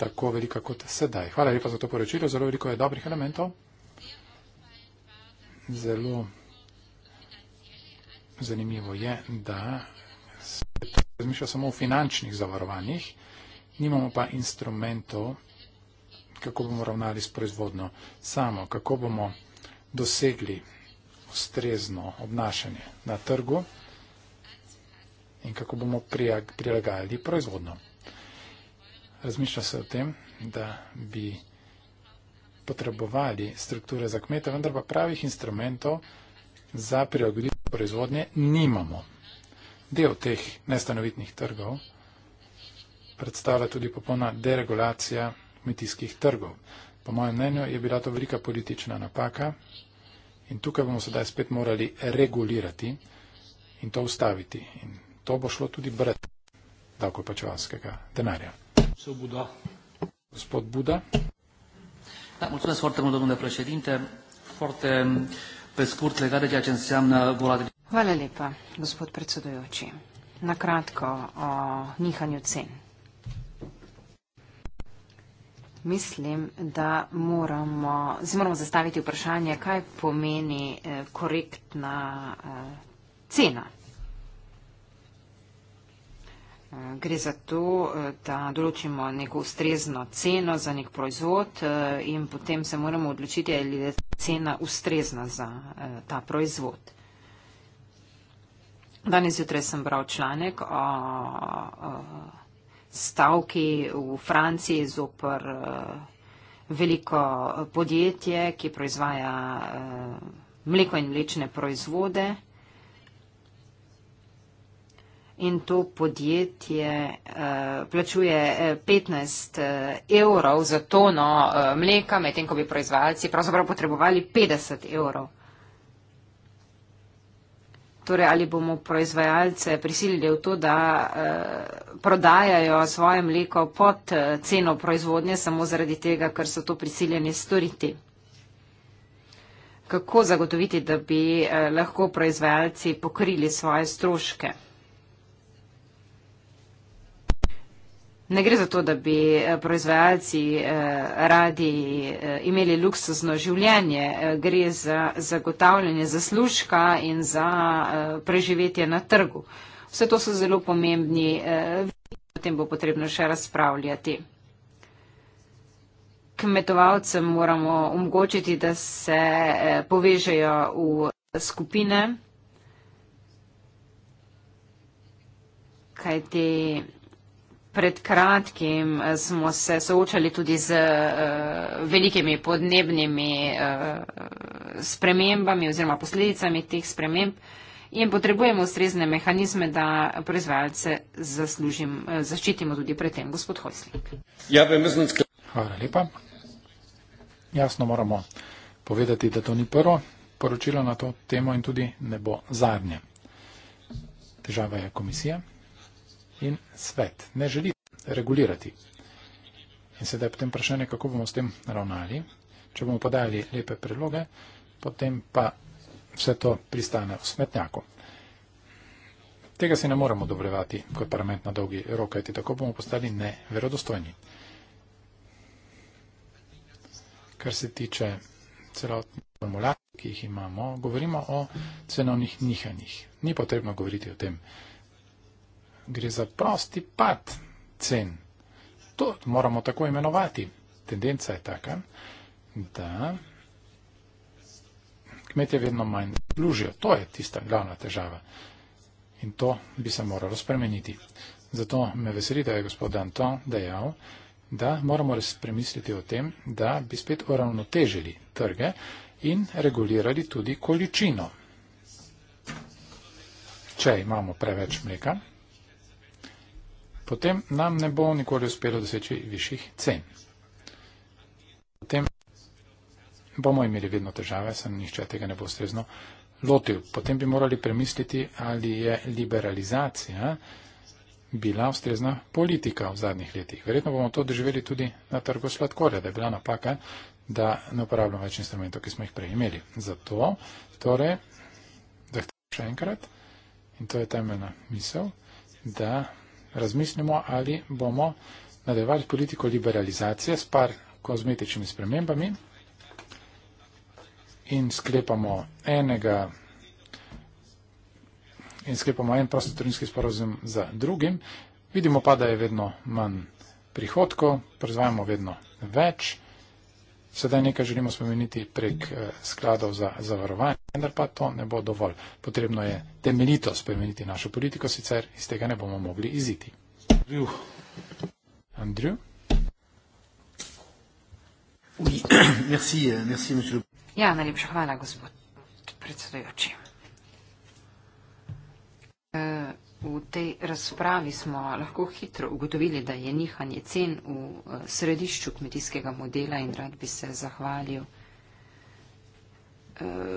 tako velika kot sedaj. Hvala lepa za to poročilo, zelo veliko je dobrih elementov. Zelo zanimivo je, da se razmišlja samo o finančnih zavarovanjih, nimamo pa instrumentov, kako bomo ravnali s proizvodno samo, kako bomo dosegli ustrezno obnašanje na trgu in kako bomo prilagajali proizvodno. Razmišlja se o tem, da bi potrebovali strukture za kmete, vendar pa pravih instrumentov za prilagoditev proizvodnje nimamo. Del teh nestanovitnih trgov predstavlja tudi popolna deregulacija kmetijskih trgov. Po mojem mnenju je bila to velika politična napaka in tukaj bomo sedaj spet morali regulirati in to ustaviti. In to bo šlo tudi brez davkopačevalskega denarja. Buda. Gospod Buda. Da, mulțumesc foarte mult, domnule președinte. Foarte uh, pe scurt legat de ceea ce înseamnă boala de... Hvala lepa, gospod predsedujoči. Na kratko o nihanju cen. Mislim, da moramo, zdaj moramo zastaviti vprašanje, kaj pomeni eh, korektna eh, cena. Gre za to, eh, da določimo neko ustrezno ceno za nek proizvod eh, in potem se moramo odločiti, ali je cena ustrezna za eh, ta proizvod. Danes jutraj sem bral članek o stavki v Franciji zoper veliko podjetje, ki proizvaja mleko in mlečne proizvode in to podjetje eh, plačuje 15 eh, eh, evrov za tono mleka, medtem ko bi proizvajalci pravzaprav potrebovali 50 evrov. Torej, ali bomo proizvajalce prisilili v to, da prodajajo svoje mleko pod ceno proizvodnje samo zaradi tega, ker so to prisiljeni storiti. Kako zagotoviti, da bi lahko proizvajalci pokrili svoje stroške? Ne gre za to, da bi eh, proizvajalci eh, radi eh, imeli luksuzno življenje, gre za zagotavljanje zaslužka in za preživetje na trgu. Vse to so zelo pomembni, o tem bo potrebno še razpravljati. Kmetovalcem moramo omogočiti, da se povežejo v skupine, kajti pred kratkim eh, smo se soočali tudi z uh, velikimi podnebnimi uh, spremembami oziroma posledicami teh sprememb in potrebujemo ustrezne mehanizme, da proizvajalce zaslužim, uh, zaščitimo tudi pred tem. Gospod Hojslik. Ja, Hvala lepa. Jasno moramo povedati, da to ni prvo poročilo na to temo in tudi ne bo zadnje. Težava je komisija in svet, ne želi regulirati. In sedaj je potem vprašanje, kako bomo s tem ravnali. Če bomo podali lepe predloge, potem pa vse to pristane v smetnjaku. Tega si ne moremo dobrevati kot parlament na dolgi rok, kajti tako bomo postali neverodostojni. Kar se tiče celotnih formulacij, ki jih imamo, govorimo o cenovnih nihanjih. Ni potrebno govoriti o tem gre za prosti pad cen. To moramo tako imenovati. Tendenca je taka, da kmetje vedno manj služijo. To je tista glavna težava. In to bi se moralo spremeniti. Zato me veseli, da je gospod Anton dejal, da moramo res premisliti o tem, da bi spet uravnotežili trge in regulirali tudi količino. Če imamo preveč mleka, potem nam ne bo nikoli uspelo doseči višjih cen. Potem bomo imeli vedno težave, sem nišče tega ne bo strezno lotil. Potem bi morali premisliti, ali je liberalizacija bila ustrezna politika v zadnjih letih. Verjetno bomo to doživeli tudi na trgu sladkorja, da je bila napaka, da ne uporabljamo več instrumentov, ki smo jih prej imeli. Zato, torej, da hteva še enkrat, in to je temeljna misel, da razmislimo, ali bomo nadaljevali politiko liberalizacije s par kozmetičnimi spremembami in sklepamo enega in sklepamo en prostotrinski sporozum za drugim. Vidimo pa, da je vedno manj prihodkov, proizvajamo vedno več. Sedaj nekaj želimo spremeniti prek eh, skladov za zavarovanje, vendar pa to ne bo dovolj. Potrebno je temeljito spremeniti našo politiko, sicer iz tega ne bomo mogli iziti. Andrew. Andrew? Euh, ja, najlepša hvala, gospod predsedujoči. Eh, V tej razpravi smo lahko hitro ugotovili, da je nihanje cen v eh, središču kmetijskega modela in rad bi se zahvalil uh,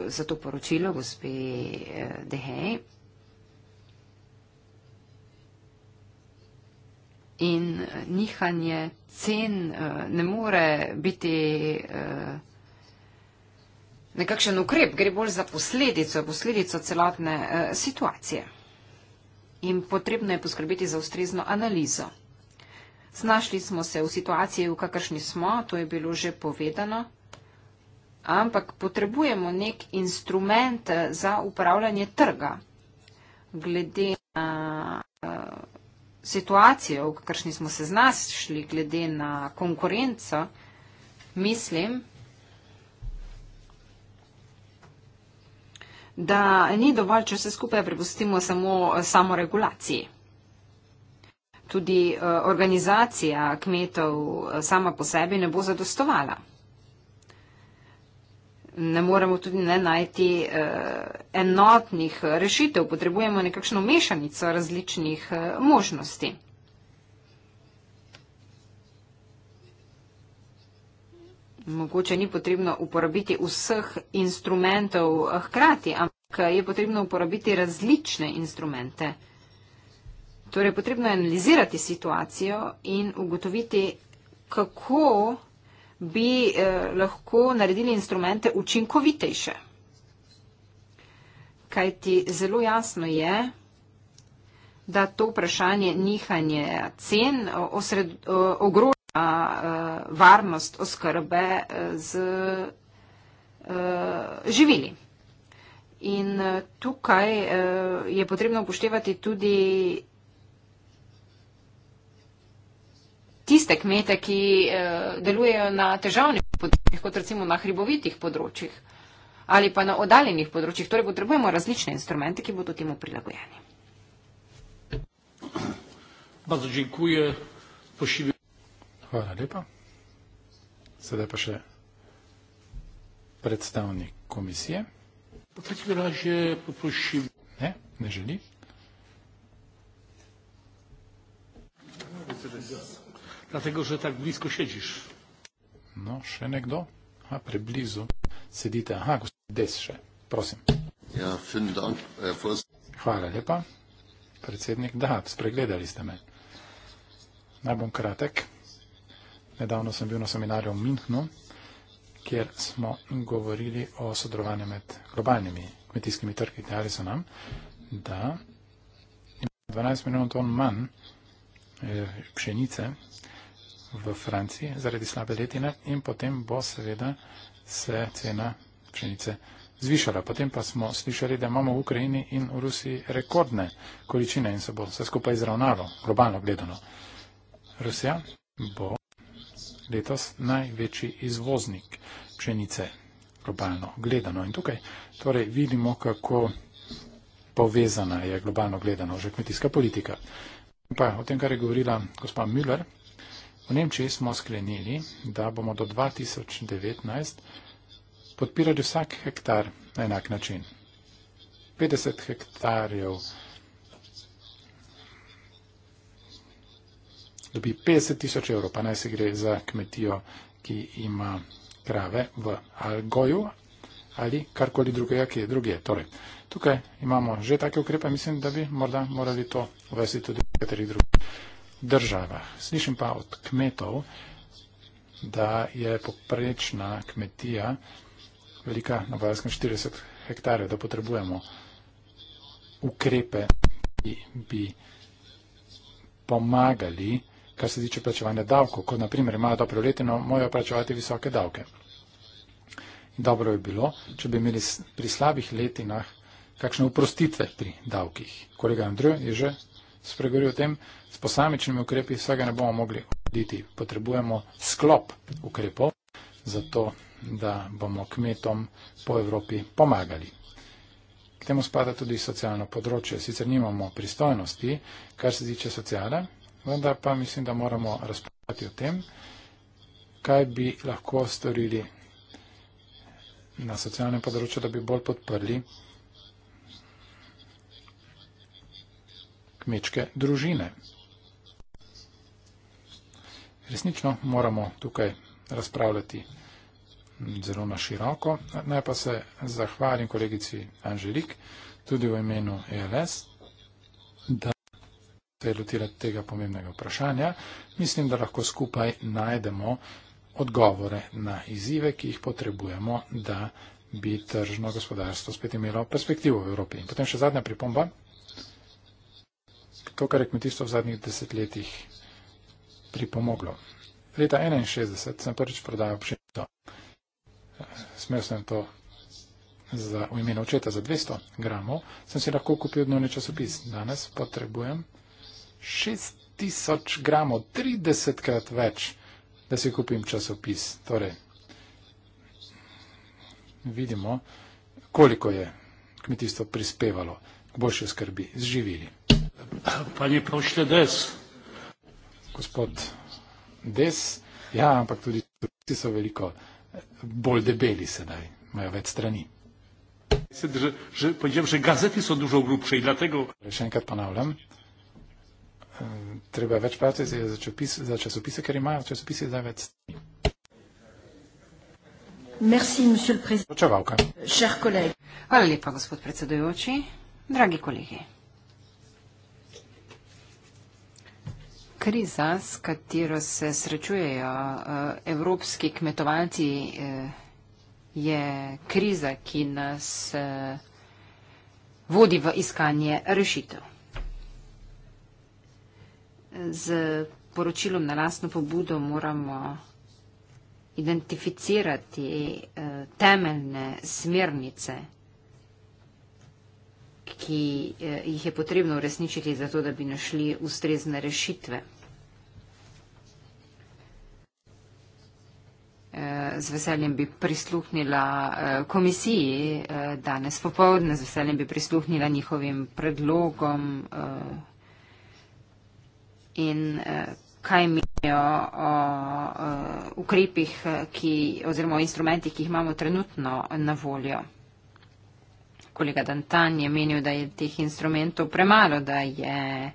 za to poročilo gospe eh, Dehej. In nihanje cen uh, ne more biti uh, nekakšen ukrep, gre bolj za posledico, posledico celotne uh, situacije in potrebno je poskrbeti za ustrezno analizo. Znašli smo se v situaciji, v kakršni smo, to je bilo že povedano, ampak potrebujemo nek instrument za upravljanje trga. Glede na eh, situacijo, v kakršni smo se znašli, glede na konkurenco, mislim, da ni dovolj, če se skupaj prepustimo samo eh, samoregulaciji. Tudi eh, organizacija kmetov eh, sama po sebi ne bo zadostovala. Ne moremo tudi ne najti enotnih rešitev, potrebujemo nekakšno mešanico različnih možnosti. mogoče ni potrebno uporabiti vseh instrumentov hkrati, ampak je potrebno uporabiti različne instrumente. Torej, potrebno je analizirati situacijo in ugotoviti, kako bi eh, lahko naredili instrumente učinkovitejše. Kaj ti zelo jasno je, da to vprašanje nihanje cen ogroža a, a, eh, varnost oskrbe eh, z a, eh, živili. In tukaj a, je potrebno upoštevati tudi tiste kmete, ki a, delujejo na težavnih področjih, kot recimo na hribovitih področjih ali pa na oddaljenih področjih. Torej potrebujemo različne instrumente, ki bodo temu prilagojeni. Bardzo dziękuję. Posiwi... Hvala lepa. Sedaj pa še predstavnik komisije. Ne, ne želi. Dlatego, že tako blizu sediš. No, še nekdo? Aha, preblizu sedite. Aha, gospod Des še. Prosim. Ja, dank, Hvala lepa. Predsednik, da, spregledali ste me. Naj bom kratek. Nedavno sem bil na seminarju v Minhnu, kjer smo govorili o sodelovanju med globalnimi kmetijskimi trgi. Dejali so nam, da imamo 12 milijonov ton manj eh, pšenice v Franciji zaradi slabe letine in potem bo seveda se cena pšenice zvišala. Potem pa smo slišali, da imamo v Ukrajini in v Rusiji rekordne količine in se bo vse skupaj izravnalo, globalno gledano. Rusija bo letos največji izvoznik pšenice globalno gledano. In tukaj torej vidimo, kako povezana je globalno gledano že kmetijska politika. Pa o tem, kar je govorila gospa Müller, v Nemčiji smo sklenili, da bomo do 2019 podpirali vsak hektar na enak način. 50 hektarjev dobi 50 tisoč evrov, pa naj se gre za kmetijo, ki ima krave v Algoju ali karkoli drugega, ki je druge. Torej, tukaj imamo že take ukrepe, mislim, da bi morda morali to uvesti tudi v nekaterih drugih državah. Slišim pa od kmetov, da je poprečna kmetija velika na Bajarskem 40 hektarjev, da potrebujemo ukrepe, ki bi pomagali kar se tiče plačevanja davkov, kot naprimer imajo dobro letino, morajo plačevati visoke davke. In dobro je bilo, če bi imeli pri slabih letinah kakšne uprostitve pri davkih. Kolega Andrej je že spregovoril o tem, s posamičnimi ukrepi vsega ne bomo mogli oditi. Potrebujemo sklop ukrepov, zato da bomo kmetom po Evropi pomagali. K temu spada tudi socialno področje. Sicer nimamo pristojnosti, kar se tiče socialne, vendar pa mislim, da moramo razpravljati o tem, kaj bi lahko storili na socialnem področju, da bi bolj podprli kmečke družine. Resnično moramo tukaj razpravljati zelo na široko. Naj pa se zahvalim kolegici Anželik, tudi v imenu ELS, da se lotirati tega pomembnega vprašanja, mislim, da lahko skupaj najdemo odgovore na izzive, ki jih potrebujemo, da bi tržno gospodarstvo spet imelo perspektivo v Evropi. In potem še zadnja pripomba. To, kar je kmetijstvo v zadnjih desetletjih pripomoglo. Leta 1961 sem prvič prodajal pšenico. Smel sem to za, v imenu očeta za 200 gramov. Sem si lahko kupil dnevni časopis. Danes potrebujem 6000 gramov, 30 krat več, da si kupim časopis. Torej, vidimo, koliko je kmetijstvo prispevalo k boljši skrbi z živili. Pa ni prav šte des. Gospod des, ja, ampak tudi tukaj so veliko bolj debeli sedaj, imajo več strani. Že, že, že gazeti so dužo grubše in dlatego... Torej, še enkrat ponavljam, treba več plačati za, za časopise, ker imajo časopise zdaj več. Hvala lepa, gospod predsedujoči, dragi kolegi. Kriza, s katero se srečujejo eh, evropski kmetovalci, eh, je kriza, ki nas eh, vodi v iskanje rešitev z poročilom na lastno pobudo moramo identificirati eh, temeljne smernice, ki eh, jih je potrebno uresničiti za to, da bi našli ustrezne rešitve. Eh, z veseljem bi prisluhnila komisiji danes popovdne, z veseljem bi prisluhnila njihovim predlogom komisiji, in uh, kaj menijo o uh, ukrepih eh, ki, oziroma o instrumentih, ki jih imamo trenutno na voljo. Kolega Dantan je menil, da je teh instrumentov premalo, da je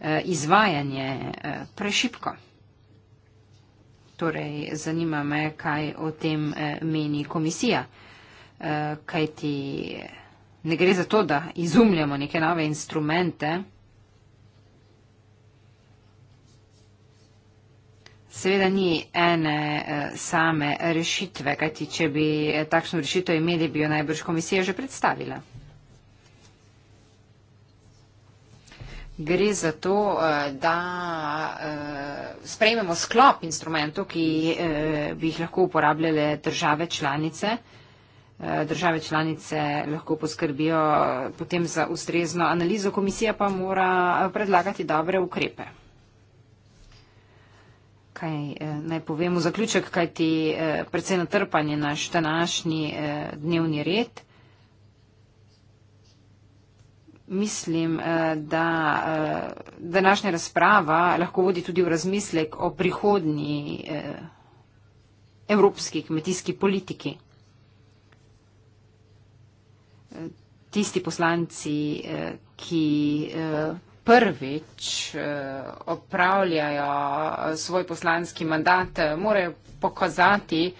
uh, izvajanje uh, prešipko. Torej, zanima me, kaj o tem meni komisija. Kajti ne gre za to, da izumljamo neke nove instrumente, Seveda ni ene eh, same rešitve, kajti če bi eh, takšno rešitev imeli, bi jo najbrž komisija že predstavila. Gre za to, eh, da sprejmemo sklop instrumentov, ki bi jih lahko uporabljale države članice. Države članice lahko poskrbijo potem za ustrezno analizo, komisija pa mora predlagati dobre ukrepe kaj eh, naj povem v zaključek, kaj ti eh, predvsej natrpan je naš današnji eh, dnevni red. Mislim, da današnja razprava lahko vodi tudi v razmislek o prihodnji evropski kmetijski politiki. Tisti poslanci, ki prvič eh, opravljajo eh, svoj poslanski mandat, eh, morajo pokazati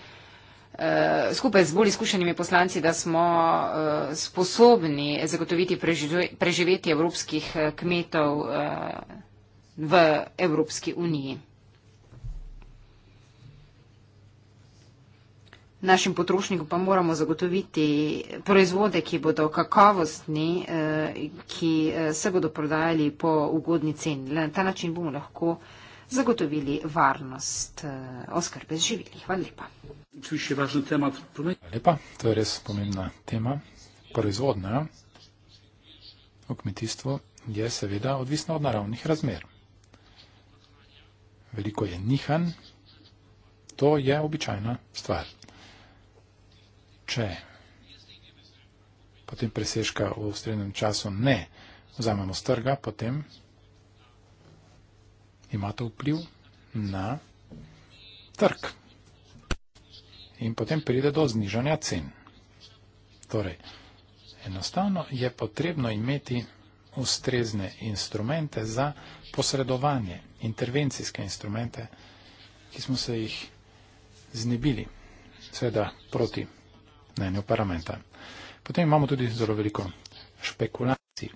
skupaj z bolj izkušenimi poslanci, da smo sposobni zagotoviti preživetje evropskih kmetov v Evropski uniji. Našim potrošnikom pa moramo zagotoviti proizvode, ki bodo kakovostni, eh, ki eh, se bodo prodajali po ugodni ceni. Le na ta način bomo lahko zagotovili varnost eh, oskrbe z živili. Hvala lepa. Hvala lepa. To je res pomembna tema. Proizvodna v kmetijstvu je seveda odvisna od naravnih razmer. Veliko je nihan, to je običajna stvar če potem presežka v ustrednem času ne vzamemo strga, potem ima to vpliv na trg. In potem pride do znižanja cen. Torej, enostavno je potrebno imeti ustrezne instrumente za posredovanje, intervencijske instrumente, ki smo se jih znebili, sveda proti mnenju parlamenta. Potem imamo tudi zelo veliko špekulacij,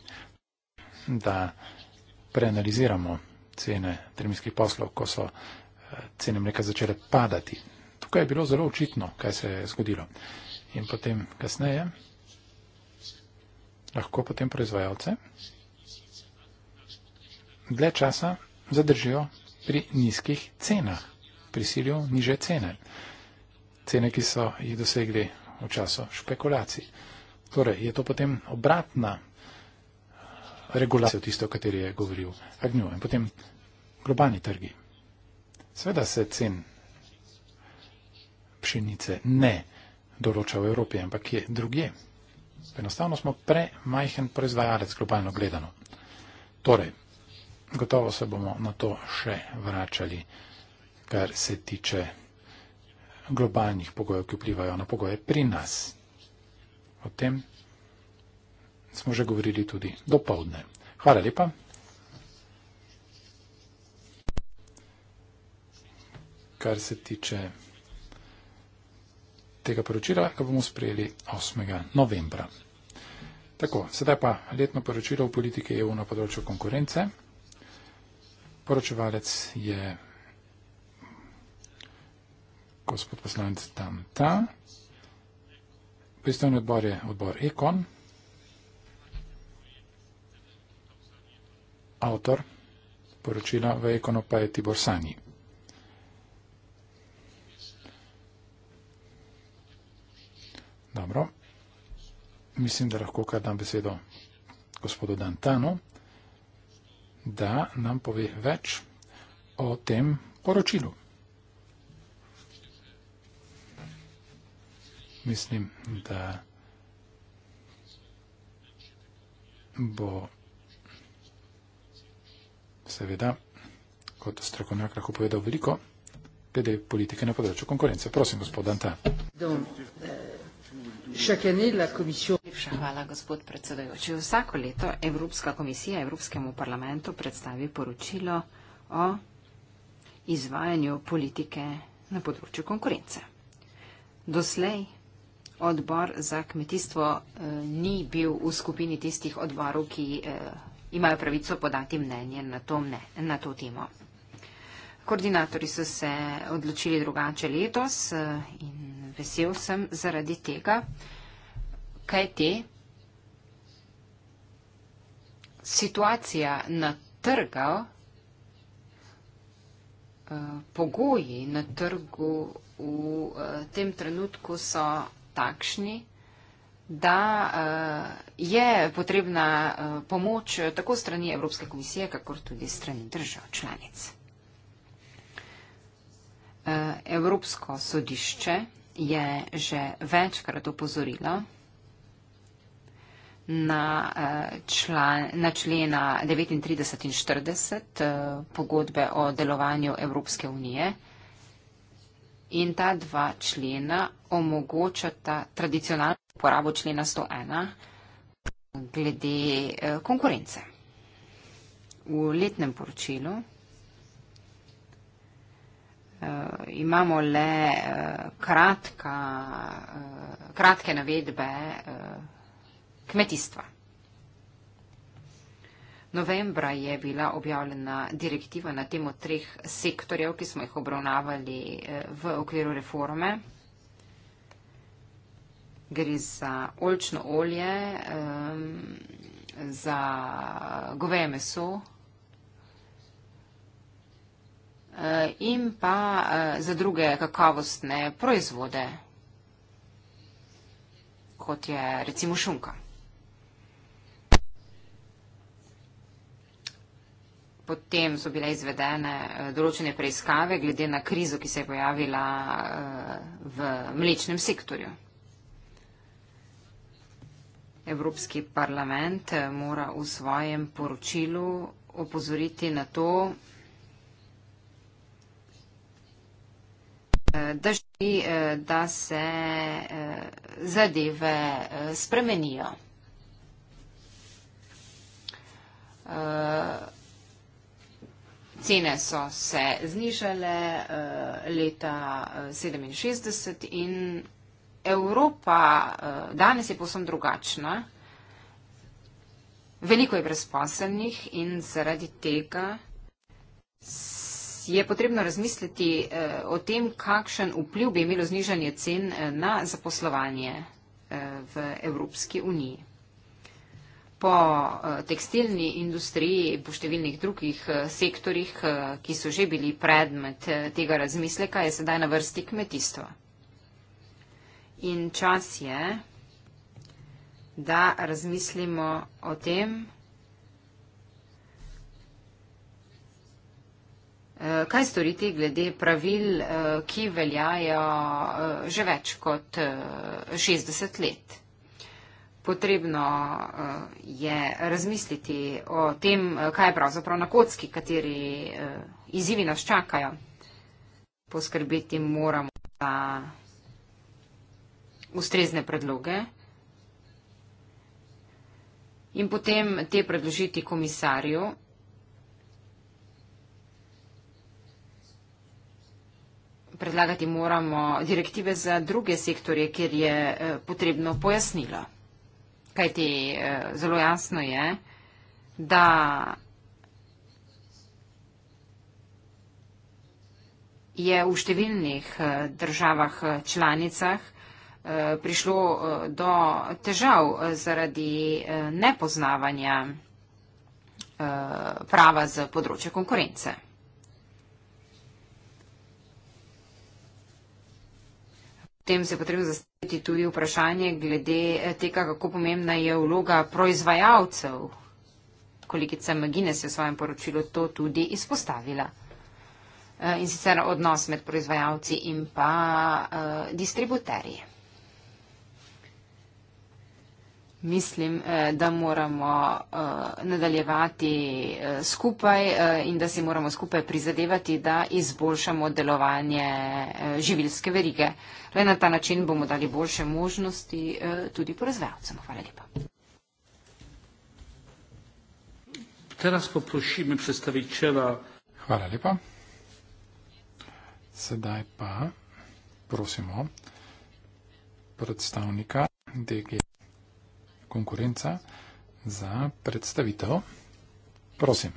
da preanaliziramo cene terminskih poslov, ko so eh, cene mleka začele padati. Tukaj je bilo zelo očitno, kaj se je zgodilo. In potem kasneje lahko potem proizvajalce dlje časa zadržijo pri nizkih cenah, prisilijo niže cene. Cene, ki so jih dosegli v času špekulacij. Torej, je to potem obratna regulacija, tisto, o kateri je govoril Agnew, in potem globalni trgi. Sveda se cen pšenice ne določa v Evropi, ampak je druge. Enostavno smo premajhen proizvajalec globalno gledano. Torej, gotovo se bomo na to še vračali, kar se tiče globalnih pogojev, ki vplivajo na pogoje pri nas. O tem smo že govorili tudi do povdne. Hvala lepa. Kar se tiče tega poročila, ga bomo sprejeli 8. novembra. Tako, sedaj pa letno poročilo v politike EU na področju konkurence. Poročevalec je gospod poslanec tam ta. Pristojni odbor je odbor Ekon. Avtor poročila v Ekonu pa je Tibor Sani. Dobro. Mislim, da lahko kar dam besedo gospodu Dantanu, da nam pove več o tem poročilu. mislim, da bo seveda kot strokovnjak lahko povedal veliko glede politike na področju konkurence. Prosim, gospod Danta. Hvala, gospod predsedajoč. Vsako leto Evropska komisija Evropskemu parlamentu predstavi poročilo o izvajanju politike na področju konkurence. Doslej odbor za kmetijstvo eh, ni bil v skupini tistih odborov, ki eh, imajo pravico podati mnenje na to, mne, na to temo. Koordinatori so se odločili drugače letos eh, in vesel sem zaradi tega, kaj te situacija na trgu, eh, pogoji na trgu v eh, tem trenutku so takšni, da uh, je potrebna uh, pomoč eh, tako strani Evropske komisije, kakor tudi strani držav članic. Uh, Evropsko sodišče je že večkrat upozorilo na, uh, član, na člena 39 in 40 uh, pogodbe o delovanju Evropske unije, in ta dva člena omogočata tradicionalno uporabo člena 101 glede eh, konkurence. V letnem poročilu eh, imamo le eh, kratka, kratke navedbe kmetijstva. Novembra je bila objavljena direktiva na temo treh sektorjev, ki smo jih obravnavali eh, v okviru reforme. Gre za olčno olje, eh, za goveje meso eh, in pa za druge kakavostne proizvode, kot je recimo šunka. Potem so bile izvedene eh, določene preiskave glede na krizo, ki se je pojavila eh, v mlečnem sektorju. Evropski parlament eh, mora v svojem poročilu opozoriti na to, da želi, da se zadeve spremenijo. Cene so se znižale eh, leta 67 eh, in Evropa eh, danes je posebno drugačna. Veliko je brezposelnih in zaradi tega je potrebno razmisliti o tem, kakšen vpliv bi imelo znižanje cen na zaposlovanje v Evropski uniji po eh, tekstilni industriji in po številnih drugih eh, sektorjih, eh, ki so že bili predmet tega razmisleka, je sedaj na vrsti kmetijstvo. In čas je, da razmislimo o tem, kaj storiti glede pravil, ki veljajo že več kot 60 let potrebno uh, je razmisliti o tem, eh, kaj je pravzaprav na kocki, kateri uh, izzivi nas čakajo. Poskrbeti moramo za ustrezne predloge in potem te predložiti komisarju. Predlagati moramo direktive za druge sektorje, kjer je potrebno pojasnila. Kajti eh, zelo jasno je, da je v številnih eh, državah eh, članicah prišlo do težav zaradi nepoznavanja prava z področja konkurence. Tem se je potrebno zastaviti tudi vprašanje glede eh, tega, kako pomembna je vloga proizvajalcev. Kolikica Magines je v svojem poročilu to tudi izpostavila. Eh, in sicer odnos med proizvajalci in pa uh, distributerji. mislim, eh, da moramo eh, nadaljevati eh, skupaj in da si moramo skupaj prizadevati, da izboljšamo delovanje živilske verige. Le na ta način bomo dali boljše možnosti tudi proizvajalcem. Hvala lepa. Hvala lepa. Sedaj pa prosimo predstavnika DGE konkurenca za predstavitev. Prosim.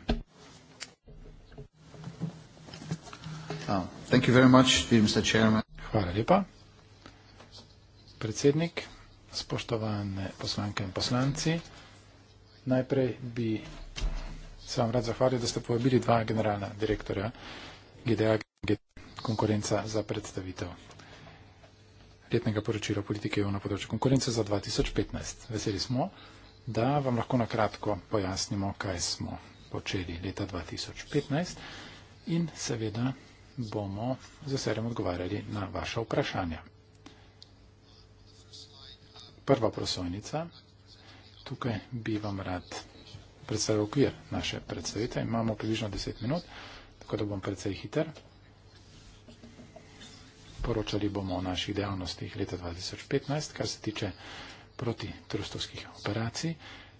Oh, thank you very much, Mr. Chairman. Hvala lepa. Predsednik, spoštovane poslanke in poslanci, najprej bi se vam rad zahvalil, da ste povabili dva generalna direktorja GDA konkurenca za predstavitev letnega poročila politike EU na področju konkurence za 2015. Veseli smo, da vam lahko na kratko pojasnimo, kaj smo počeli leta 2015 in seveda bomo z veseljem odgovarjali na vaše vprašanja. Prva prosojnica, tukaj bi vam rad predstavljal okvir naše predstavitve. Imamo približno 10 minut, tako da bom predvsej hiter poročali bomo o naših dejavnostih leta 2015, kar se tiče proti trustovskih operacij,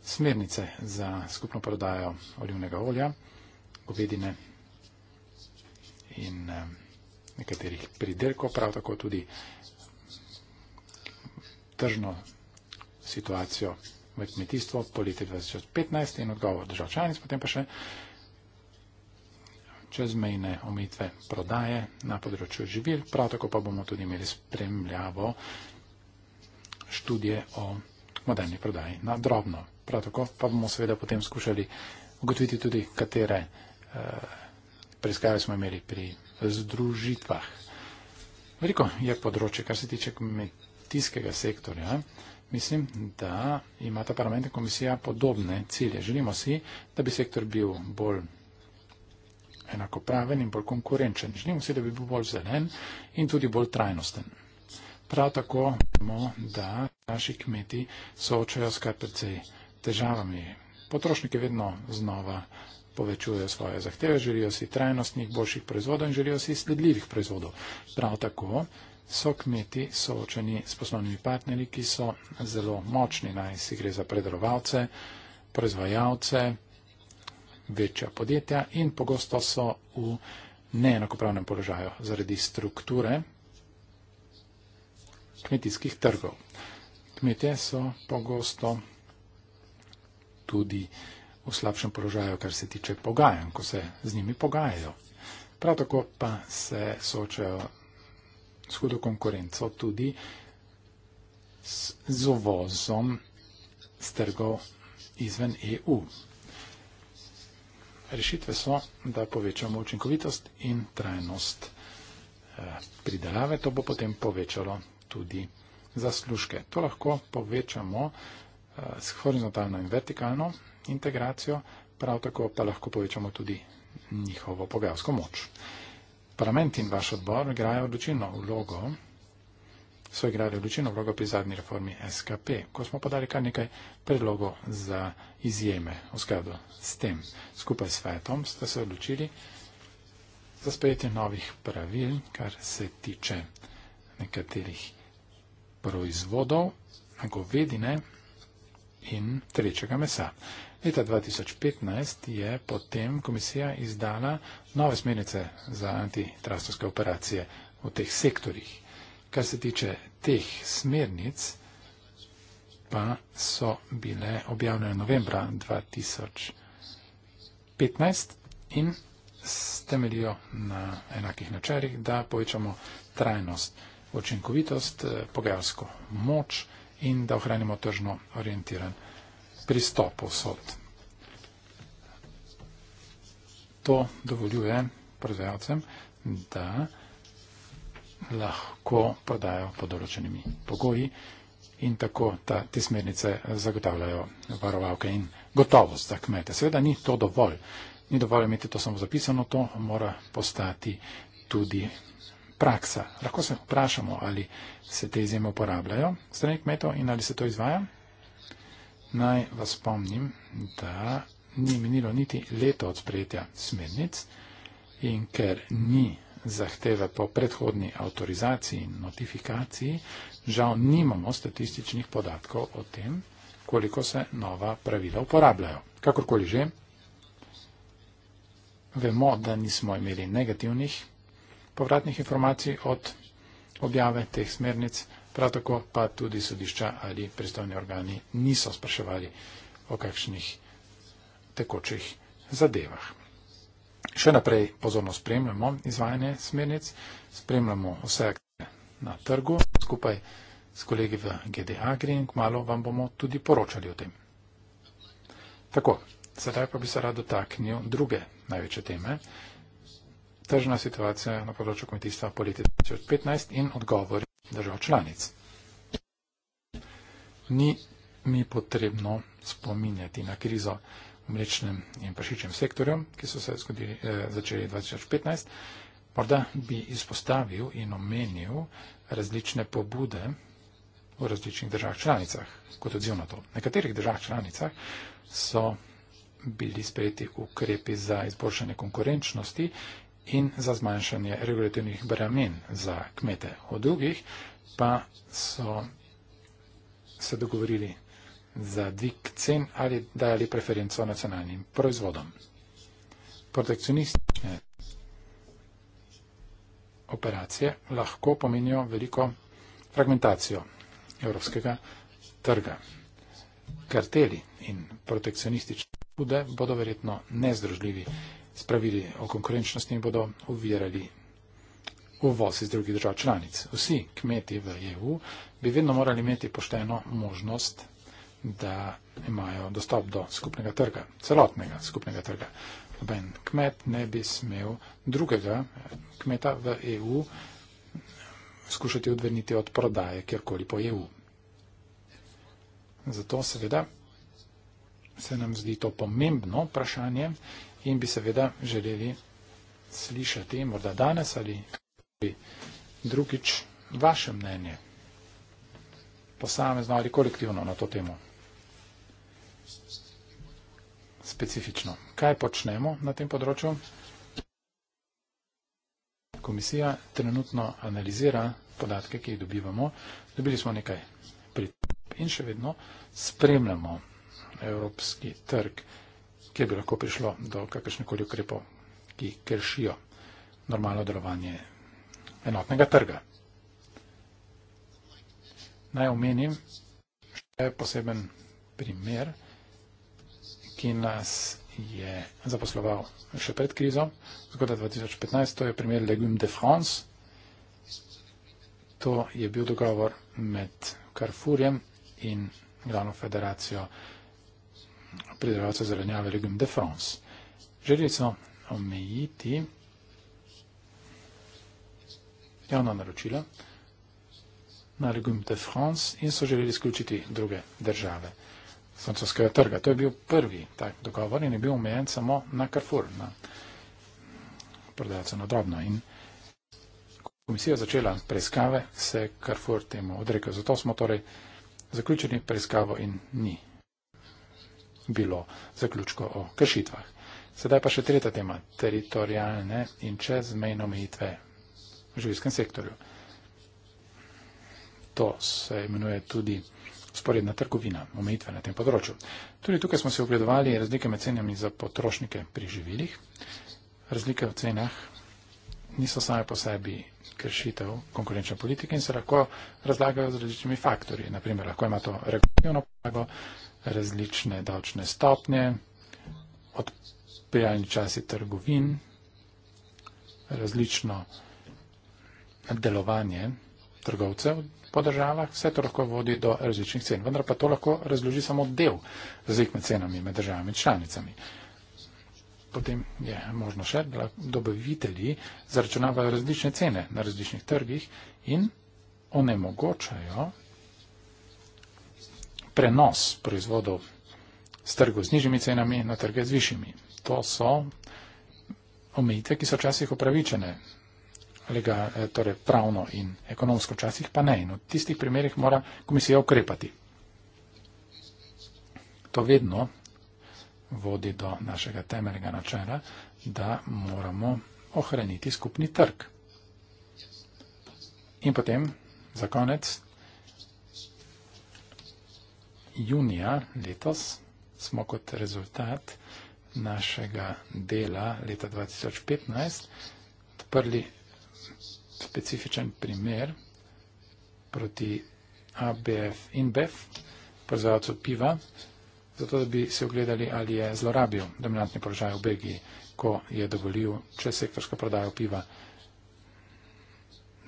smernice za skupno prodajo olivnega olja, govedine in eh, nekaterih pridelkov, prav tako tudi tržno situacijo v kmetijstvo po leti 2015 in odgovor državčanic, potem pa še čezmejne omitve prodaje na področju živil, prav tako pa bomo tudi imeli spremljavo študije o moderni prodaji na drobno. Prav tako pa bomo seveda potem skušali ugotoviti tudi, katere eh, preiskave smo imeli pri združitvah. Veliko je področje, kar se tiče kmetijskega sektorja. Mislim, da ima ta parlament in komisija podobne cilje. Želimo si, da bi sektor bil bolj enakopraven in bolj konkurenčen. Želimo si, da bi bil bolj zelen in tudi bolj trajnosten. Prav tako vemo, da naši kmeti soočajo s kar precej težavami. Potrošniki vedno znova povečujejo svoje zahteve, želijo si trajnostnih, boljših proizvodov in želijo si sledljivih proizvodov. Prav tako so kmeti soočeni s poslovnimi partnerji, ki so zelo močni, naj si gre za predelovalce, proizvajalce, večja podjetja in pogosto so v neenakopravnem položaju zaradi strukture kmetijskih trgov. Kmetje so pogosto tudi v slabšem položaju, kar se tiče pogajanj, ko se z njimi pogajajo. Prav tako pa se soočajo s hudo konkurenco tudi z uvozom z trgov izven EU rešitve so, da povečamo učinkovitost in trajnost eh, pridelave. To bo potem povečalo tudi zaslužke. To lahko povečamo eh, s horizontalno in vertikalno integracijo, prav tako pa lahko povečamo tudi njihovo pogajalsko moč. Parlament in vaš odbor igrajo odločilno vlogo so igrali odločeno vlogo pri zadnji reformi SKP, ko smo podali kar nekaj predlogov za izjeme v skladu s tem. Skupaj s Fajetom ste se odločili za sprejetje novih pravil, kar se tiče nekaterih proizvodov, govedine in trečega mesa. Leta 2015 je potem komisija izdala nove smernice za antitrastovske operacije v teh sektorjih. Kar se tiče teh smernic, pa so bile objavljene novembra 2015 in temeljijo na enakih načelih, da povečamo trajnost, učinkovitost, eh, pogajalsko moč in da ohranimo tržno orientiran pristop vsod. To dovoljuje proizvajalcem, da lahko podajo pod določenimi pogoji in tako ta, te smernice zagotavljajo varovalke in gotovost za kmete. Seveda ni to dovolj. Ni dovolj imeti to samo zapisano, to mora postati tudi praksa. Lahko se vprašamo, ali se te izjeme uporabljajo strani kmetov in ali se to izvaja. Naj vas spomnim, da ni minilo niti leto od sprejetja smernic in ker ni zahteve po predhodni avtorizaciji in notifikaciji, žal nimamo statističnih podatkov o tem, koliko se nova pravila uporabljajo. Kakorkoli že, vemo, da nismo imeli negativnih povratnih informacij od objave teh smernic, prav tako pa tudi sodišča ali pristojni organi niso spraševali o kakšnih tekočih zadevah. Še naprej pozorno spremljamo izvajanje smernic, spremljamo vse aktive na trgu skupaj s kolegi v GDA Green, kmalo vam bomo tudi poročali o tem. Tako, sedaj pa bi se rad dotaknil druge največje teme. Tržna situacija na področju kmetijstva po letu 2015 in odgovori držav članic. Ni mi potrebno spominjati na krizo mlečnem in prašičem sektorju, ki so se zgodili, eh, začeli 2015. Morda bi izpostavil in omenil različne pobude v različnih državah članicah kot odziv na to. V nekaterih državah članicah so bili sprejeti ukrepi za izboljšanje konkurenčnosti in za zmanjšanje regulativnih bremen za kmete. Od drugih pa so se dogovorili za dvig cen ali dali preferenco nacionalnim proizvodom. Protekcionistične operacije lahko pomenijo veliko fragmentacijo evropskega trga. Karteli in protekcionistične pude bodo verjetno nezdružljivi s pravili o konkurenčnosti in bodo uvirali uvoz iz drugih držav članic. Vsi kmeti v EU bi vedno morali imeti pošteno možnost da imajo dostop do skupnega trga, celotnega skupnega trga. Noben kmet ne bi smel drugega kmeta v EU skušati odvrniti od prodaje kjerkoli po EU. Zato seveda se nam zdi to pomembno vprašanje in bi seveda želeli slišati morda danes ali drugič vaše mnenje posamezno ali kolektivno na to temo specifično. Kaj počnemo na tem področju? Komisija trenutno analizira podatke, ki jih dobivamo. Dobili smo nekaj pritožb in še vedno spremljamo evropski trg, kjer bi lahko prišlo do kakršnekoli ukrepov, ki kršijo normalno delovanje enotnega trga. Naj omenim še poseben primer, ki nas je zaposloval še pred krizo, zgodaj 2015, to je primer Legume de France. To je bil dogovor med Carrefourjem in glavno federacijo pridelovalcev zelenjave Legume de France. Želeli so omejiti javno naročilo na Legume de France in so želeli izključiti druge države francoskega trga. To je bil prvi tak dogovor in je bil omejen samo na Carrefour, na prodajalce na drobno. In komisija začela preiskave, se je Carrefour temu odrekel. Zato smo torej zaključili preiskavo in ni bilo zaključko o kršitvah. Sedaj pa še tretja tema, teritorijalne in čezmejne omejitve v živilskem sektorju. To se imenuje tudi sporedna trgovina, omejitve na tem področju. Tudi tukaj smo se ogledovali razlike med cenami za potrošnike pri živilih. Razlike v cenah niso same po sebi kršitev konkurenčne politike in se lahko razlagajo z različnimi faktorji. Naprimer, lahko ima to regulativno podlago, različne davčne stopnje, odprijalni časi trgovin, različno delovanje trgovcev po državah, vse to lahko vodi do različnih cen. Vendar pa to lahko razloži samo del razlik med cenami med državami in članicami. Potem je možno še, da dobavitelji zaračunavajo različne cene na različnih trgih in onemogočajo prenos proizvodov s trgov z nižjimi cenami na trge z višjimi. To so omejitve, ki so včasih upravičene, legal, eh, torej pravno in ekonomsko, včasih pa ne. In v tistih primerjih mora komisija ukrepati. To vedno vodi do našega temeljnega načela, da moramo ohraniti skupni trg. In potem, za konec, junija letos smo kot rezultat našega dela leta 2015 odprli specifičen primer proti ABF in BEF, proizvajalcu piva, zato da bi se ogledali, ali je zlorabil dominantni položaj v Belgiji, ko je dovolil čez sektorsko prodajo piva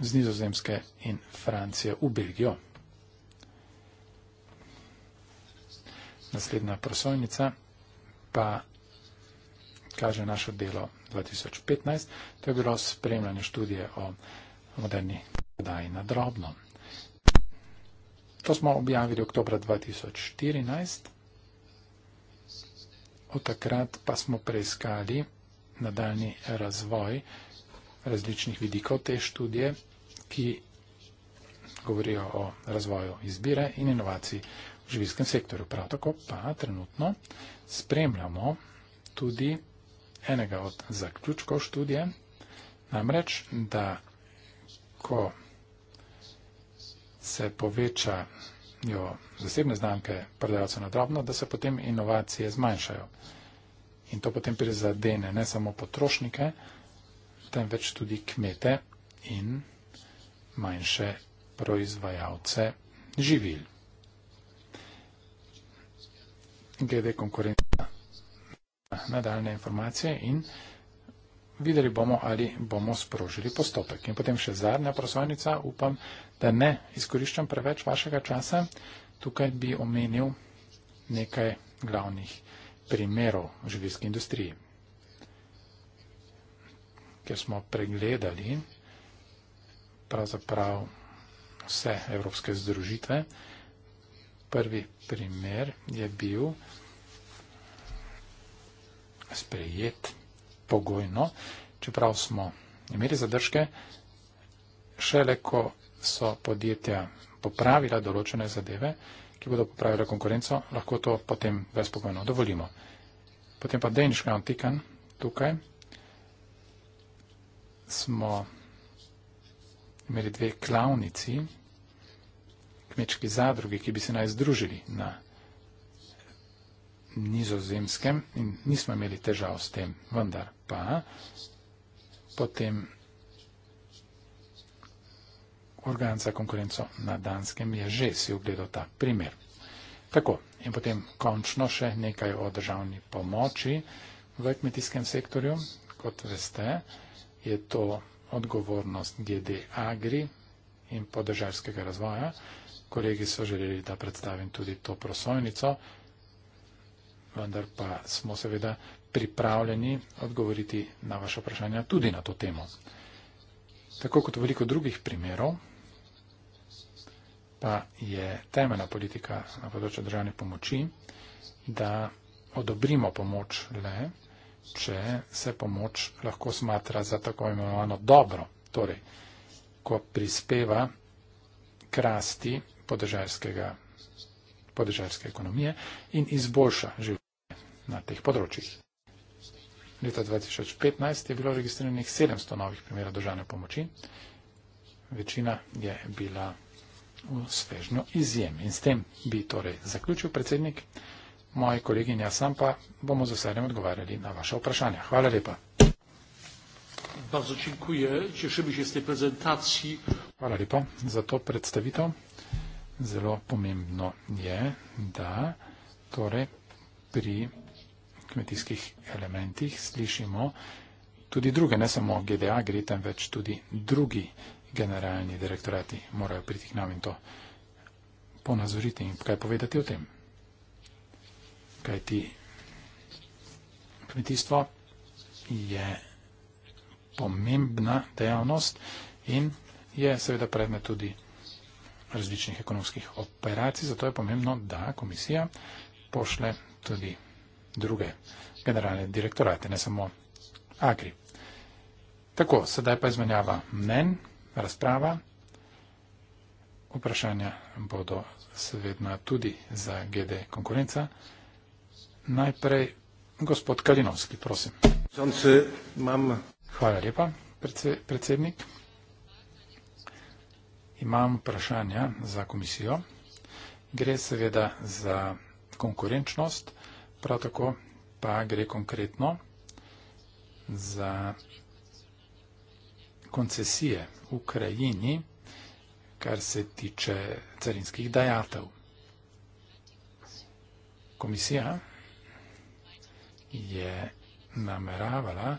z Nizozemske in Francije v Belgijo. Naslednja prosojnica pa kaže naše delo 2015. To je bilo spremljanje študije o vodeni kdaj na drobno. To smo objavili oktober 2014. Od takrat pa smo preiskali nadaljni razvoj različnih vidikov te študije, ki govorijo o razvoju izbire in inovacij v živilskem sektorju. Prav tako pa trenutno spremljamo tudi enega od zaključkov študije, namreč, da lahko se povečajo zasebne znamke prodajalcev na drobno, da se potem inovacije zmanjšajo. In to potem prizadene ne samo potrošnike, temveč tudi kmete in manjše proizvajalce živil. Glede konkurenca nadaljne informacije in videli bomo, ali bomo sprožili postopek. In potem še zadnja prosojnica, upam, da ne izkoriščam preveč vašega časa. Tukaj bi omenil nekaj glavnih primerov v živilski industriji, ker smo pregledali pravzaprav vse evropske združitve. Prvi primer je bil sprejet pogojno, čeprav smo imeli zadržke, šele ko so podjetja popravila določene zadeve, ki bodo popravila konkurenco, lahko to potem brez pogojno dovolimo. Potem pa Danish Crown Tikan tukaj smo imeli dve klavnici, kmečki zadrugi, ki bi se naj združili na nizozemskem in nismo imeli težav s tem. Vendar pa potem organ za konkurenco na danskem je že si ugledal ta primer. Tako, in potem končno še nekaj o državni pomoči v kmetijskem sektorju. Kot veste, je to odgovornost GD Agri in podržarskega razvoja. Kolegi so želeli, da predstavim tudi to prosojnico, vendar pa smo seveda pripravljeni odgovoriti na vaše vprašanja tudi na to temo. Tako kot veliko drugih primerov, pa je temeljna politika na področju državne pomoči, da odobrimo pomoč le, če se pomoč lahko smatra za tako imenovano dobro, torej, ko prispeva k rasti podežarske ekonomije in izboljša življenje na teh področjih. Leta 2015 je bilo registriranih 700 novih primerov državne pomoči, večina je bila v svežnju izjem. In s tem bi torej zaključil predsednik, moji kolegi in jaz sam pa bomo z veseljem odgovarjali na vaše vprašanja. Hvala lepa. Hvala lepa za to predstavitev. Zelo pomembno je, da torej pri kmetijskih elementih slišimo tudi druge, ne samo GDA gre, temveč tudi drugi generalni direktorati morajo priti k nam in to ponazoriti in kaj povedati o tem. Kaj ti kmetijstvo je pomembna dejavnost in je seveda predmet tudi različnih ekonomskih operacij, zato je pomembno, da komisija pošle tudi druge generalne direktorate, ne samo Agri. Tako, sedaj pa izmenjava mnen, razprava. Vprašanja bodo seveda tudi za GD konkurenca. Najprej gospod Kalinovski, prosim. Hvala lepa, predsednik. Imam vprašanja za komisijo. Gre seveda za konkurenčnost. Prav tako pa gre konkretno za koncesije v Ukrajini, kar se tiče carinskih dajatev. Komisija je nameravala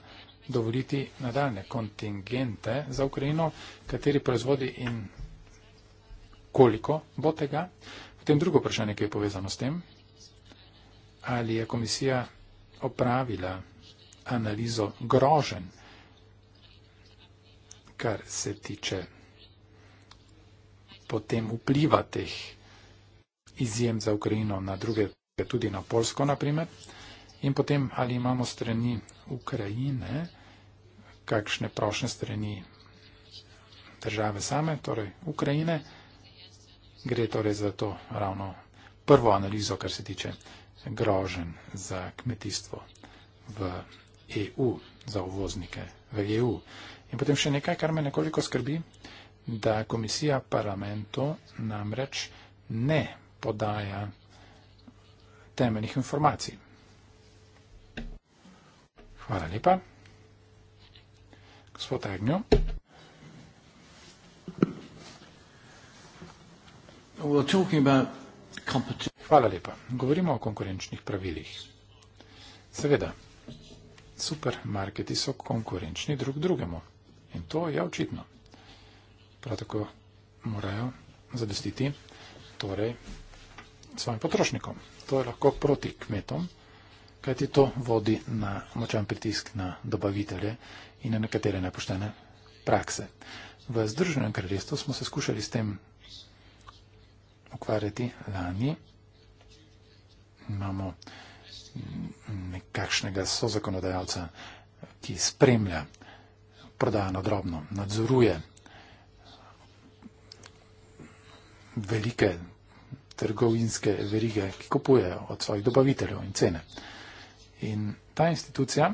dovoliti nadaljne kontingente za Ukrajino, kateri proizvodi in koliko bo tega. Potem drugo vprašanje, ki je povezano s tem, ali je komisija opravila analizo grožen, kar se tiče potem vpliva teh izjem za Ukrajino na druge, tudi na Polsko, naprimer. In potem, ali imamo strani Ukrajine, kakšne prošne strani države same, torej Ukrajine, gre torej za to ravno prvo analizo, kar se tiče grožen za kmetijstvo v EU, za uvoznike v EU. In potem še nekaj, kar me nekoliko skrbi, da komisija parlamento namreč ne podaja temeljnih informacij. Hvala lepa. Gospod Agnjo. We're talking about Hvala lepa. Govorimo o konkurenčnih pravilih. Seveda, supermarketi so konkurenčni drug drugemu in to je očitno. Prav tako morajo zadostiti torej, svojim potrošnikom. To je lahko proti kmetom, kajti to vodi na močan pritisk na dobavitelje in na nekatere nepoštene prakse. V Združenem kraljestvu smo se skušali s tem ukvarjati lani. Imamo nekakšnega sozakonodajalca, ki spremlja prodajo drobno, nadzoruje velike trgovinske verige, ki kupujejo od svojih dobaviteljev in cene. In ta institucija,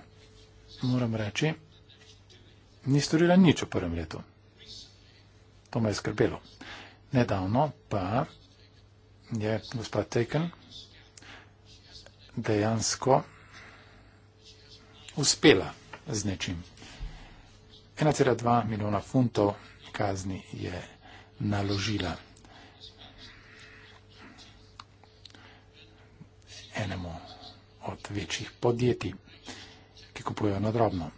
moram reči, ni storila nič v prvem letu. To me je skrbelo. Nedavno pa je gospod Teken dejansko uspela z nečim. 1,2 milijona funtov kazni je naložila enemu od večjih podjetij, ki kupujejo nadrobno.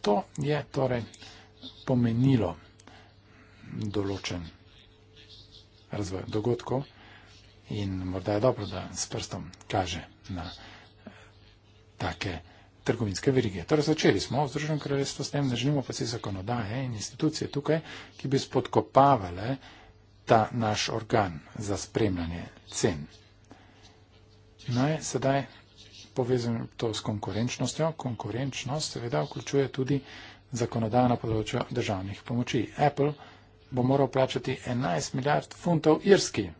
To je torej pomenilo določen razvoj dogodkov, In morda je dobro, da s prstom kaže na eh, take trgovinske verige. Torej začeli smo v Združenem kraljestvu s tem, da želimo pa si zakonodaje in institucije tukaj, ki bi spodkopavale ta naš organ za spremljanje cen. Naj sedaj povezujem to s konkurenčnostjo. Konkurenčnost seveda vključuje tudi zakonodajo na področju državnih pomoči. Apple bo moral plačati 11 milijard funtov irski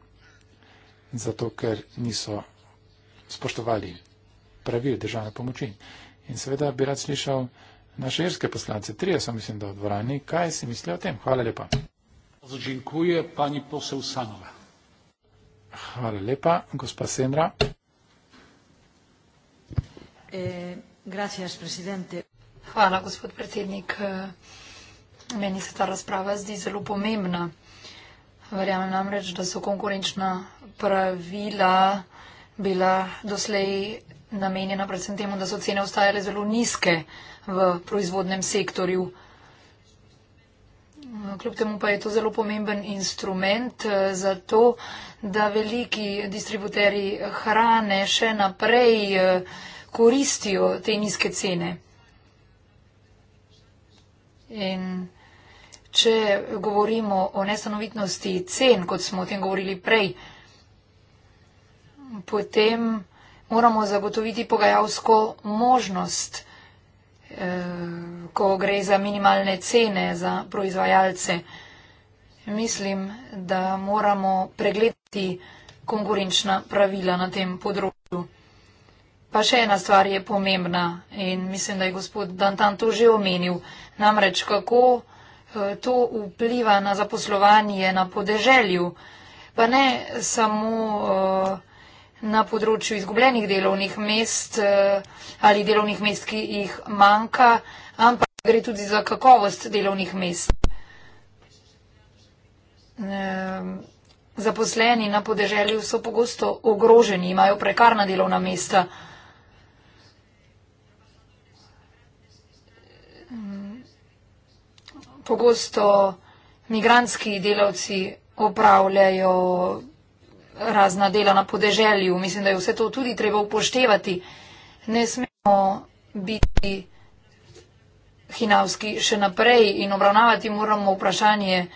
zato ker niso spoštovali pravil državne pomoči. In seveda bi rad slišal naše irske poslance, trije so mislim, da v dvorani, kaj si mislijo o tem. Hvala lepa. Zdžinkuje pani posel Sanova. Hvala lepa, gospa Senra. Eh, Hvala, gospod predsednik. Eh, meni se ta razprava zdi zelo pomembna. Verjamem namreč, da so konkurenčna pravila bila doslej namenjena predvsem temu, da so cene ostajale zelo nizke v proizvodnem sektorju. Kljub temu pa je to zelo pomemben instrument eh, za to, da veliki distributeri hrane še naprej eh, koristijo te nizke cene. In če govorimo o nestanovitnosti cen, kot smo o tem govorili prej, potem moramo zagotoviti pogajalsko možnost, eh, ko gre za minimalne cene za proizvajalce. Mislim, da moramo pregledati konkurenčna pravila na tem področju. Pa še ena stvar je pomembna in mislim, da je gospod Dantan to že omenil. Namreč, kako Eh, to vpliva na zaposlovanje na podeželju, pa ne samo eh, na področju izgubljenih delovnih mest eh, ali delovnih mest, ki jih manjka, ampak gre tudi za kakovost delovnih mest. Ehm, zaposleni na podeželju so pogosto ogroženi, imajo prekarna delovna mesta. pogosto migranski delavci opravljajo razna dela na podeželju. Mislim, da je vse to tudi treba upoštevati. Ne smemo biti hinavski še naprej in obravnavati moramo vprašanje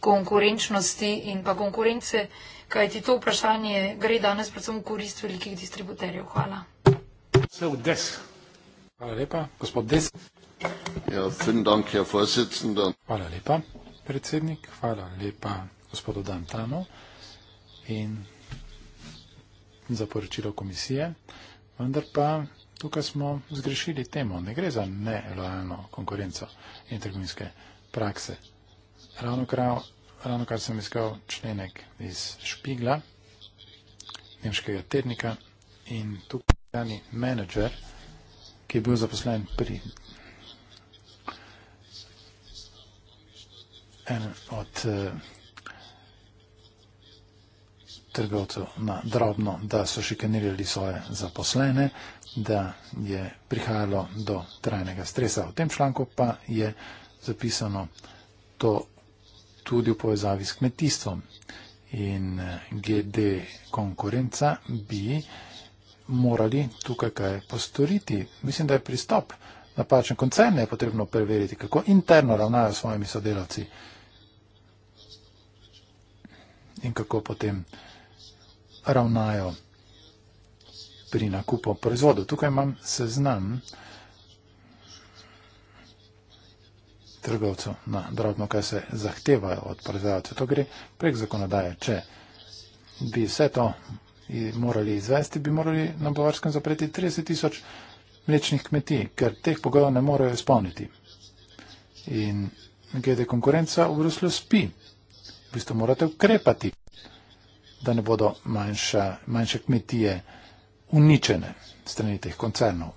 konkurenčnosti in pa konkurence, kajti to vprašanje gre danes predvsem v korist velikih distributerjev. Hvala. Hvala lepa. Gospod Des. Ja, vsem dank, Herr Vorsitzender. Hvala lepa, predsednik. Hvala lepa, gospod Dantano. In za poročilo komisije. Vendar pa tukaj smo zgrešili temo. Ne gre za nelojalno konkurenco in trgovinske prakse. Ravno kar, ravno kar sem iskal členek iz Špigla, nemškega tednika, in tukaj je menedžer, ki je bil zaposlen pri en od eh, trgovcev na drobno, da so šikanirali svoje zaposlene, da je prihajalo do trajnega stresa. V tem članku pa je zapisano to tudi v povezavi s kmetijstvom. In eh, glede konkurenca bi morali tukaj kaj postoriti. Mislim, da je pristop napačen koncern, je potrebno preveriti, kako interno ravnajo s svojimi sodelavci in kako potem ravnajo pri nakupu proizvodov. Tukaj imam seznam trgovcev na drobno, kaj se zahtevajo od proizvajalcev. To gre prek zakonodaje. Če bi vse to morali izvesti, bi morali na Bavarskem zapreti 30 tisoč mlečnih kmetij, ker teh pogojev ne morejo izpolniti. In glede konkurenca v Bruslju spi. V bistvu morate ukrepati, da ne bodo manjša, manjše kmetije uničene strani teh koncernov.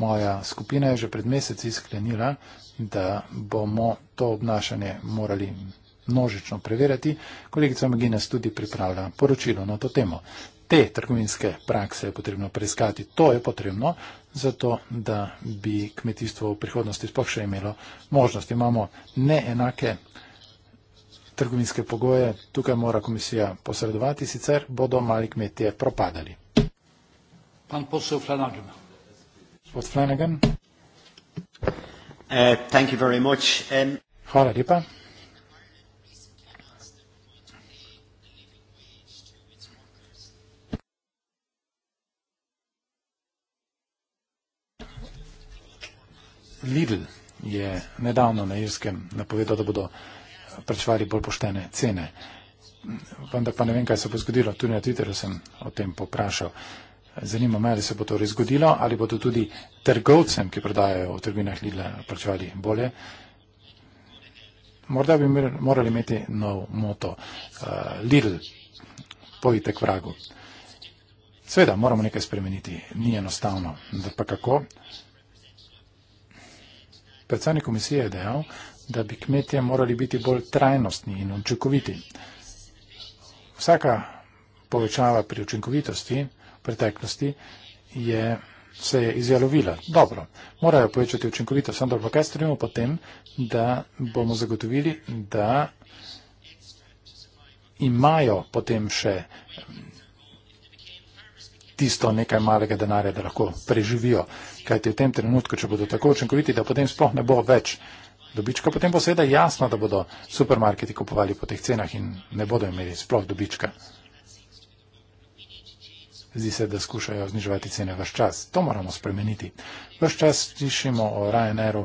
Moja skupina je že pred meseci sklenila, da bomo to obnašanje morali množično preverjati. Kolegica Magines tudi pripravlja poročilo na to temo te trgovinske prakse je potrebno preiskati. To je potrebno, zato da bi kmetijstvo v prihodnosti sploh še imelo možnost. Imamo neenake trgovinske pogoje, tukaj mora komisija posredovati, sicer bodo mali kmetije propadali. Pan posel Flanagan. Gospod Flanagan. Uh, thank you very much. Um... Hvala lepa. Lidl je nedavno na Irskem napovedal, da bodo plačevali bolj poštene cene. Vendar pa ne vem, kaj se bo zgodilo. Tudi na Twitterju sem o tem poprašal. Zanima me, ali se bo to res zgodilo, ali bodo tudi trgovcem, ki prodajajo v trgovinah Lidla, plačevali bolje. Morda bi morali imeti nov moto. Uh, Lidl, pojite k vragu. Sveda, moramo nekaj spremeniti. Ni enostavno. Da pa kako? Predsednik komisije je dejal, da bi kmetje morali biti bolj trajnostni in učinkoviti. Vsaka povečava pri učinkovitosti v preteklosti je, se je izjalovila. Dobro, morajo povečati učinkovitost, vendar pa kaj storimo potem, da bomo zagotovili, da imajo potem še tisto nekaj malega denarja, da lahko preživijo kajti v tem trenutku, če bodo tako učinkoviti, da potem sploh ne bo več dobička, potem bo seveda jasno, da bodo supermarketi kupovali po teh cenah in ne bodo imeli sploh dobička. Zdi se, da skušajo zniževati cene vaš čas. To moramo spremeniti. Vaš čas slišimo o Ryanairu,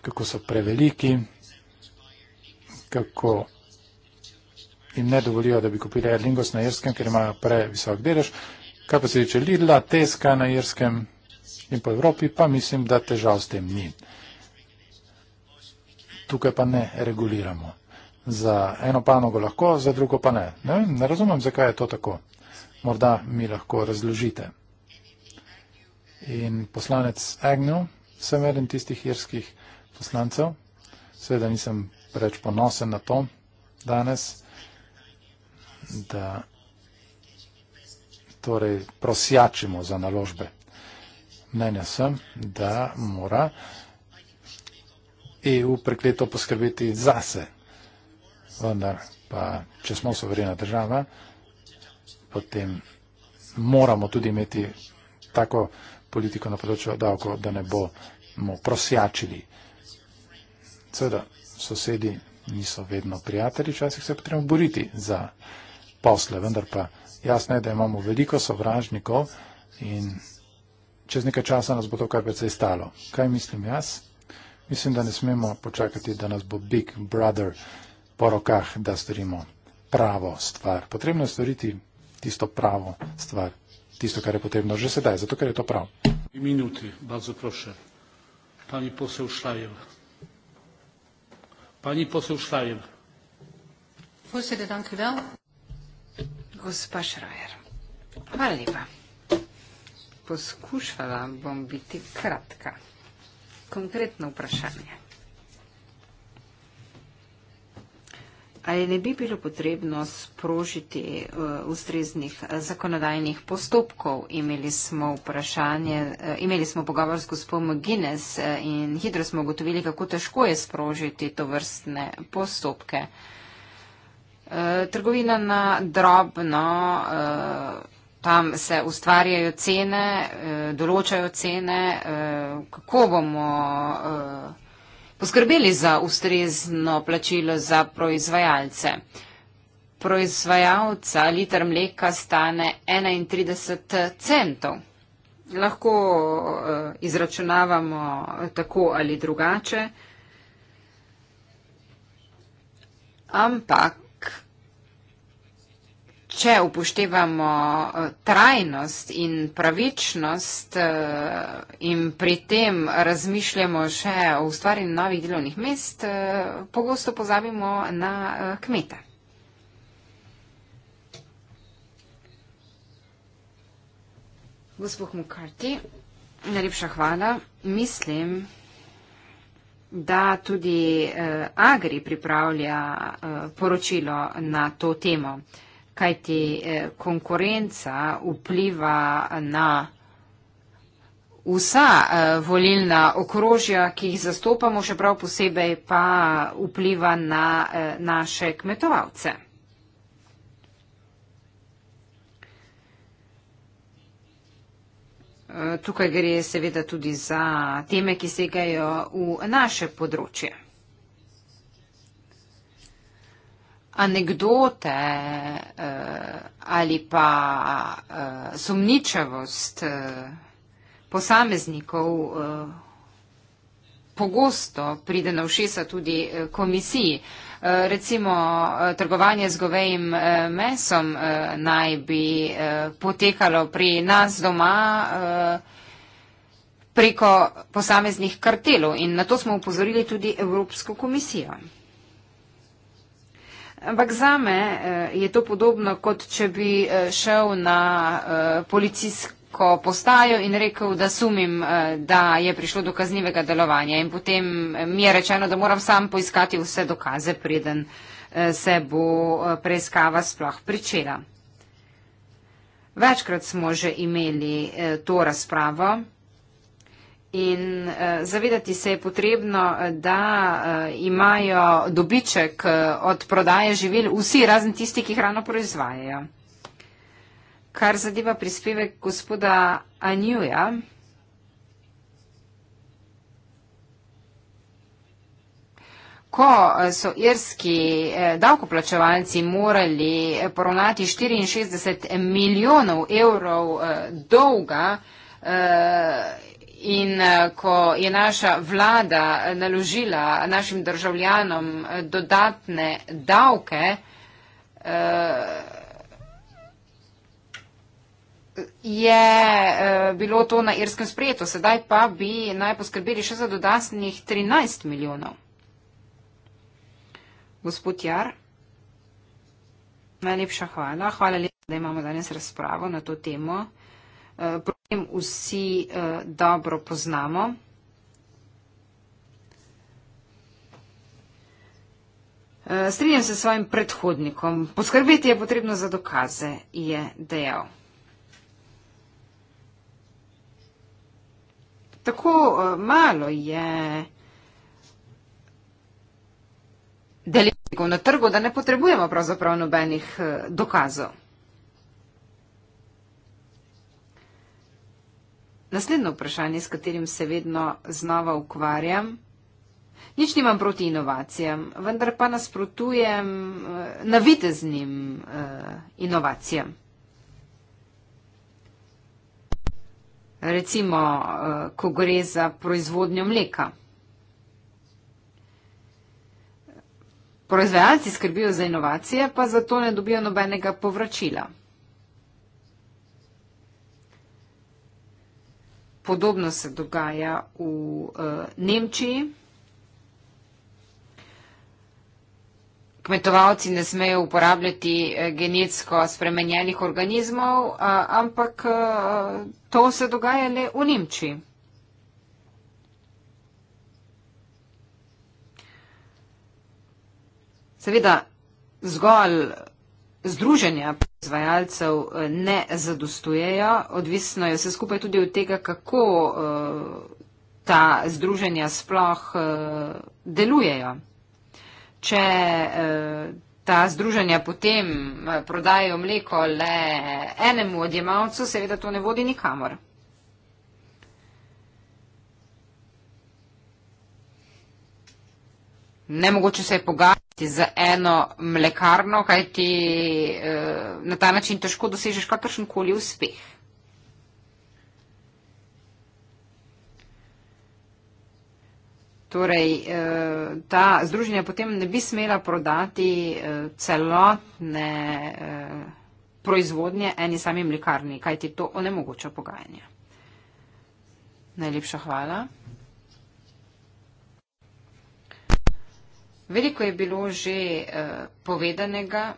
kako so preveliki, kako jim ne dovolijo, da bi kupili Erlingos na Irskem, ker imajo previsok delež. Kaj pa se tiče Lidla, Teska na Irskem? in po Evropi, pa mislim, da težav s tem ni. Tukaj pa ne reguliramo. Za eno panogo lahko, za drugo pa ne. Ne, ne razumem, zakaj je to tako. Morda mi lahko razložite. In poslanec Agnew, sem eden tistih irskih poslancev, seveda nisem preveč ponosen na to danes, da torej prosjačimo za naložbe mnenja sem, da mora EU prekleto poskrbeti zase. Vendar pa, če smo soverena država, potem moramo tudi imeti tako politiko na področju davko, da ne bomo prosjačili. Seveda, sosedi niso vedno prijatelji, včasih se potrebno boriti za posle, vendar pa jasno je, da imamo veliko sovražnikov in čez nekaj časa nas bo to kar precej stalo. Kaj mislim jaz? Mislim, da ne smemo počakati, da nas bo Big Brother po rokah, da storimo pravo stvar. Potrebno je storiti tisto pravo stvar, tisto, kar je potrebno že sedaj, zato ker je to prav. Minuti, bardzo proszę. Pani poseł Schleier. Pani poseł Schleier. Gospa Schreier. Hvala lepa poskušala bom biti kratka. Konkretno vprašanje. Ali ne bi bilo potrebno sprožiti eh, ustreznih eh, zakonodajnih postopkov? Imeli smo vprašanje, eh, imeli smo pogovor s gospom Guinness in hitro smo ugotovili, kako težko je sprožiti to vrstne postopke. Trgovina na drobno tam se ustvarjajo cene, eh, določajo cene, eh, kako bomo eh, poskrbeli za ustrezno plačilo za proizvajalce. Proizvajalca liter mleka stane 31 centov. Lahko izračunavamo tako ali drugače, ampak če upoštevamo eh, trajnost in pravičnost eh, in pri tem razmišljamo še o ustvarjanju novih delovnih mest, eh, pogosto pozabimo na kmete. Gospod Mukarti, najlepša hvala. Mislim, da tudi Agri pripravlja poročilo na to temo kajti eh, konkurenca vpliva na vsa eh, volilna okrožja, ki jih zastopamo, še prav posebej pa vpliva na eh, naše kmetovalce. Tukaj gre seveda tudi za teme, ki segajo v naše področje. anekdote eh, ali pa eh, sumničavost eh, posameznikov pogosto pride na všesa tudi komisiji. Recimo trgovanje z govejim mesom naj bi potekalo pri nas doma preko posameznih kartelov in na to smo upozorili tudi Evropsko komisijo. Ampak za me eh, je to podobno, kot če bi eh, šel na eh, policijsko postajo in rekel, da sumim, da je prišlo do kaznivega delovanja in potem mi je rečeno, da moram sam poiskati vse dokaze, preden se bo preiskava sploh pričela. Večkrat smo že imeli to razpravo. In uh, zavedati se je potrebno, eh, da uh, imajo dobiček uh, od prodaje živil vsi, razen tisti, ki hrano proizvajajo. Kar zadeva prispevek gospoda Anjuja. Ko so irski davkoplačevalci morali poravnati 64 milijonov evrov dolga In eh, ko je naša vlada naložila našim državljanom eh, dodatne davke, eh, je bilo to na irskem sprejeto. Sedaj pa bi naj poskrbeli še za dodatnih 13 milijonov. Gospod Jar, najlepša hvala. Hvala lepa, da imamo danes razpravo na to temo problem vsi eh, dobro poznamo. Eh, strinjam se s svojim predhodnikom. Poskrbeti je potrebno za dokaze, je dejal. Tako eh, malo je deležnikov na trgu, da ne potrebujemo pravzaprav nobenih dokazov. Naslednje vprašanje, s katerim se vedno znova ukvarjam. Nič nimam proti inovacijam, vendar pa nasprotujem eh, naviteznim eh, inovacijam. Recimo, eh, ko gre za proizvodnjo mleka. Proizvajalci skrbijo za inovacije, pa zato ne dobijo nobenega povračila. Podobno se dogaja v eh, Nemčiji. Kmetovalci ne smejo uporabljati eh, genetsko spremenjenih organizmov, eh, ampak to se dogaja le v Nemčiji. Seveda, zgolj združenja proizvajalcev eh, ne zadostujejo. Odvisno je vse skupaj tudi od tega, kako eh, ta združenja sploh eh, delujejo. Če ta združenja potem prodajo mleko le enemu odjemalcu, seveda to ne vodi nikamor. Nemogoče se je pogajati z eno mlekarno, kaj ti e, eh, na ta način težko dosežeš kakršen koli uspeh. Torej, e, ta združenja potem ne bi smela prodati e, celotne e, proizvodnje eni sami mlekarni, kaj ti to onemogoča pogajanje. Najlepša hvala. Veliko je bilo že uh, povedanega,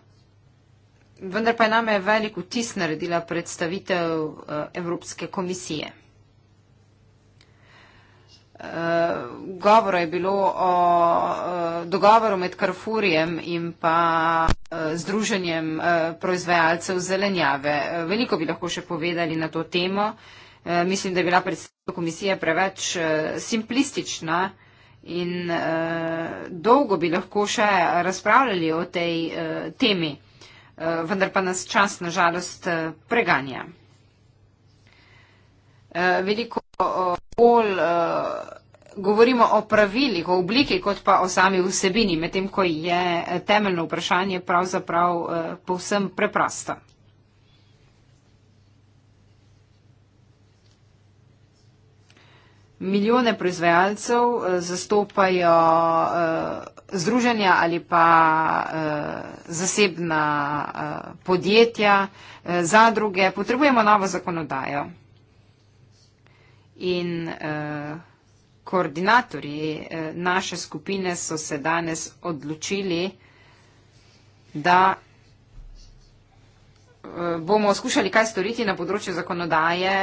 vendar pa je name velik vtis naredila predstavitev uh, Evropske komisije. Uh, eh, govoro je bilo o uh, dogovoru med Karfurjem in pa uh, združenjem uh, proizvajalcev zelenjave. Uh, veliko bi lahko še povedali na to temo. Uh, mislim, da je bila predstavitev komisije preveč uh, simplistična. Uh, In uh, dolgo bi lahko še razpravljali o tej uh, temi, uh, vendar pa nas čas nažalost preganja. Uh, veliko bolj uh, uh, govorimo o pravilih, o obliki, kot pa o sami vsebini, medtem ko je temeljno vprašanje pravzaprav uh, povsem preprosto. milijone proizvajalcev eh, zastopajo eh, združenja ali pa eh, zasebna podjetja, zadruge. Potrebujemo novo zakonodajo. In koordinatorji naše skupine so se danes odločili, da bomo skušali kaj storiti na področju zakonodaje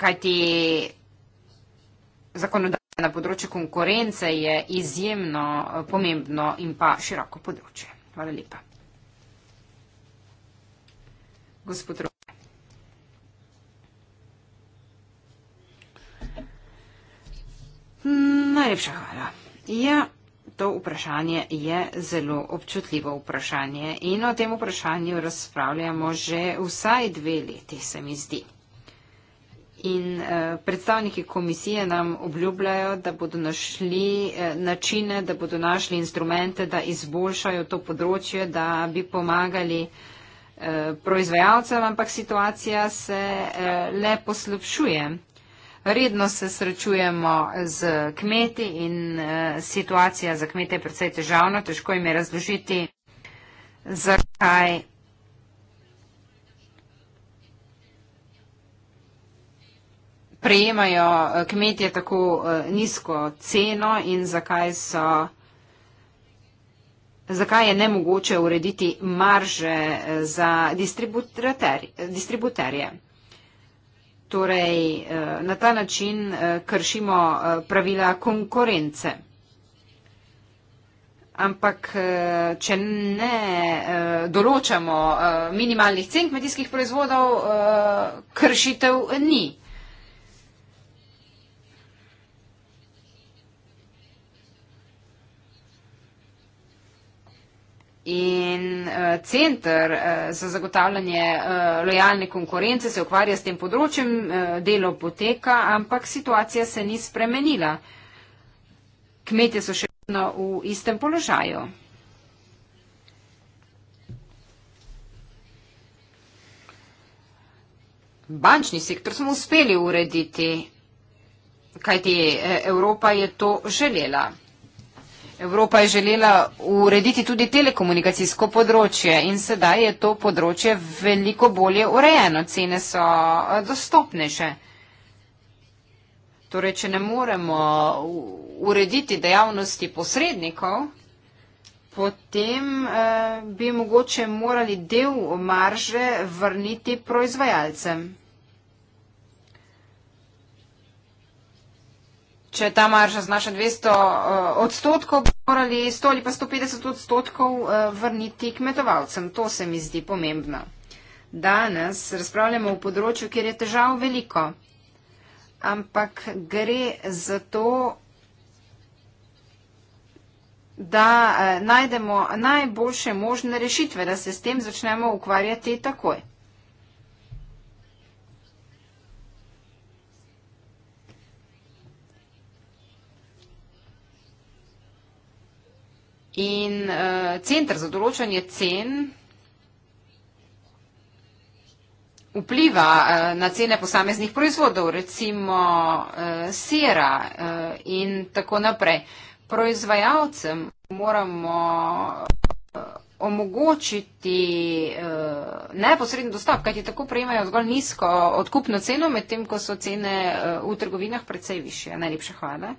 kajti zakonodaja na področju konkurence je izjemno eh, pomembno in pa široko področje. Hvala lepa. Gospod Rode. Najlepša hvala. Ja, to vprašanje je zelo občutljivo vprašanje in o tem vprašanju razpravljamo že vsaj dve leti, se mi zdi. In uh, predstavniki komisije nam obljubljajo, da bodo našli uh, načine, da bodo našli instrumente, da izboljšajo to področje, da bi pomagali uh, proizvajalcem, ampak situacija se uh, le poslabšuje. Redno se srečujemo z kmeti in uh, situacija za kmete je predvsej težavna, težko jim je razložiti, zakaj prejemajo eh, kmetje tako eh, nizko ceno in zakaj, so, zakaj je nemogoče urediti marže eh, za distributerje. Torej, na ta način kršimo pravila konkurence. Ampak, če ne določamo minimalnih cen kmetijskih proizvodov, kršitev ni. In uh, eh, centr uh, eh, za zagotavljanje uh, lojalne konkurence se ukvarja s tem področjem, uh, delo poteka, ampak situacija se ni spremenila. Kmetje so še vedno v istem položaju. Bančni sektor smo uspeli urediti, kajti Evropa je to želela. Evropa je želela urediti tudi telekomunikacijsko področje in sedaj je to področje veliko bolje urejeno, cene so eh, dostopnejše. Torej, če ne moremo urediti dejavnosti posrednikov, potem eh, bi mogoče morali del marže vrniti proizvajalcem. če ta marža znaša 200 uh, eh, odstotkov, bi morali 100 ali pa 150 odstotkov uh, vrniti kmetovalcem. To se mi zdi pomembno. Danes razpravljamo o področju, kjer je težav veliko, ampak gre za to, da uh, najdemo najboljše možne rešitve, da se s tem začnemo ukvarjati takoj. In uh, eh, centr za določanje cen vpliva uh, na cene posameznih proizvodov, recimo uh, sera uh, in tako naprej. Proizvajalcem moramo uh, omogočiti uh, neposreden dostop, kajti tako prejemajo zgolj nizko odkupno ceno, medtem ko so cene uh, v trgovinah precej više. Najlepša hvala.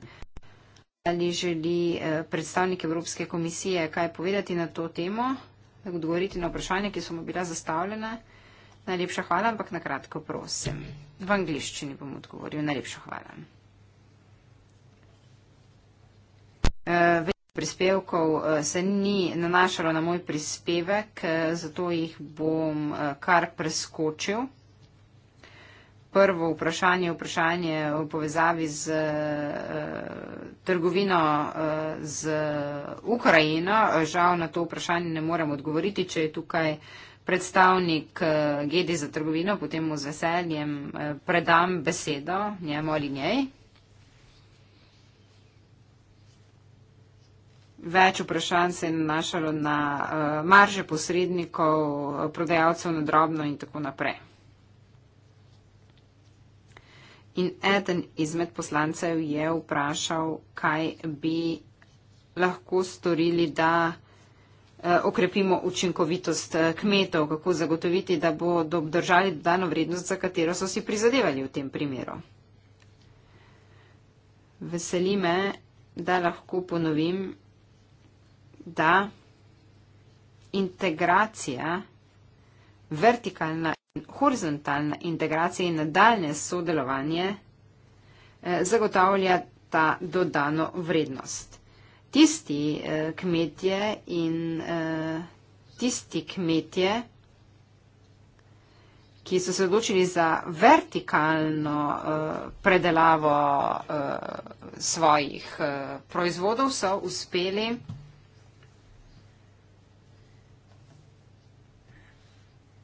Ali želi eh, predstavnik Evropske komisije kaj povedati na to temo, odgovoriti na vprašanje, ki so mu bila zastavljena? Najlepša hvala, ampak na kratko prosim. V angliščini bom odgovoril. Najlepša hvala. Eh, Veliko prispevkov eh, se ni nanašalo na moj prispevek, zato jih bom kar preskočil prvo vprašanje, vprašanje v povezavi z uh, trgovino uh, z Ukrajino. Žal na to vprašanje ne morem odgovoriti, če je tukaj predstavnik uh, eh, GD za trgovino, potem mu z veseljem uh, predam besedo njemu ali njej. Več vprašanj se je nanašalo na uh, marže posrednikov, prodajalcev na drobno in tako naprej. In eden izmed poslancev je vprašal, kaj bi lahko storili, da eh, okrepimo učinkovitost eh, kmetov, kako zagotoviti, da bodo obdržali dodano vrednost, za katero so si prizadevali v tem primeru. Veseli me, da lahko ponovim, da integracija, vertikalna horizontalna integracija in nadaljne sodelovanje eh, zagotavlja ta dodano vrednost. Tisti eh, kmetje in eh, tisti kmetje, ki so se odločili za vertikalno predelavo svojih proizvodov, so uspeli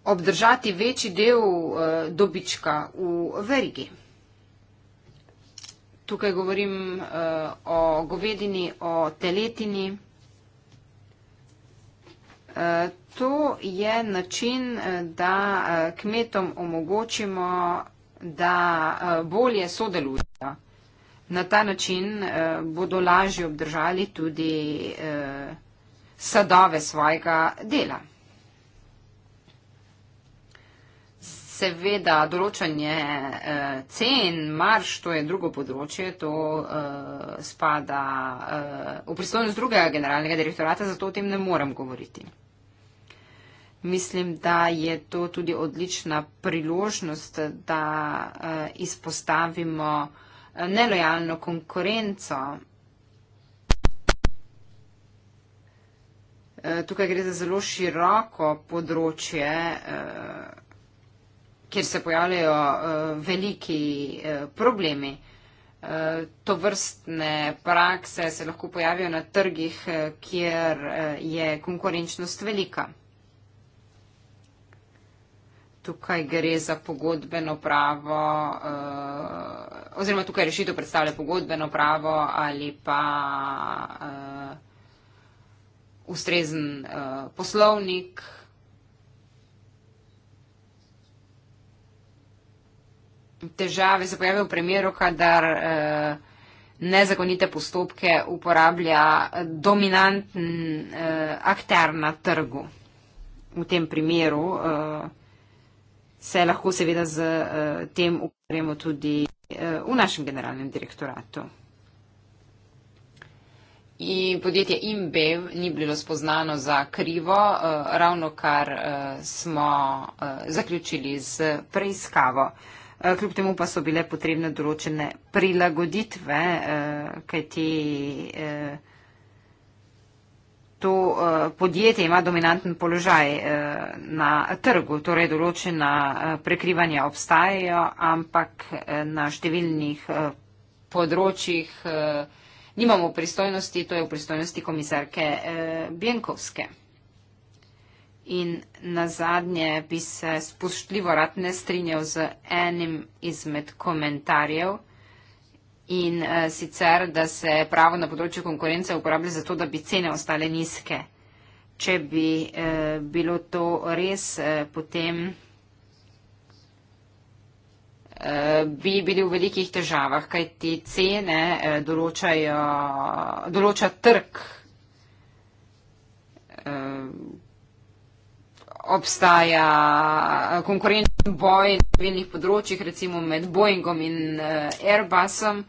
obdržati večji del eh, dobička v verigi. Tukaj govorim eh, o govedini, o teletini. Eh, to je način, da kmetom omogočimo, da bolje sodelujejo. Na ta način bodo lažje obdržali tudi sadove svojega dela. seveda določanje eh, cen, marš, to je drugo področje, to eh, spada eh, v pristojnost drugega generalnega direktorata, zato o tem ne morem govoriti. Mislim, da je to tudi odlična priložnost, da eh, izpostavimo eh, nelojalno konkurenco. Eh, tukaj gre za zelo široko področje. Eh, kjer se pojavljajo uh, veliki uh, problemi. Uh, eh, to vrstne prakse se lahko pojavijo na trgih, uh, kjer uh, je konkurenčnost velika. Tukaj gre za pogodbeno pravo, uh, oziroma tukaj rešitev predstavlja pogodbeno pravo ali pa uh, ustrezen uh, poslovnik. Uh, težave se pojavijo v primeru, kadar eh, nezakonite postopke uporablja dominanten eh, akter na trgu. V tem primeru eh, se lahko seveda z tem ukvarjamo tudi v našem generalnem direktoratu. In podjetje Imbev ni bilo spoznano za krivo, ravno kar smo zaključili z preiskavo. Eh, kljub temu pa so bile potrebne določene prilagoditve, eh, kajti eh, to podjetje ima dominanten položaj na trgu, torej določena prekrivanja obstajajo, ampak na številnih področjih nimamo pristojnosti, to je v pristojnosti komisarke Bjenkovske in nazadnje bi se spoštljivo rad ne strinjal z enim izmed komentarjev in uh, sicer, da se pravo na področju konkurence uporablja za to, da bi cene ostale nizke. Če bi eh, bilo to res, eh, potem eh, bi bili v velikih težavah, kaj te cene eh, določajo, določa trg, eh, obstaja eh, konkurenčen boj na številnih področjih, recimo med Boeingom in eh, Airbusom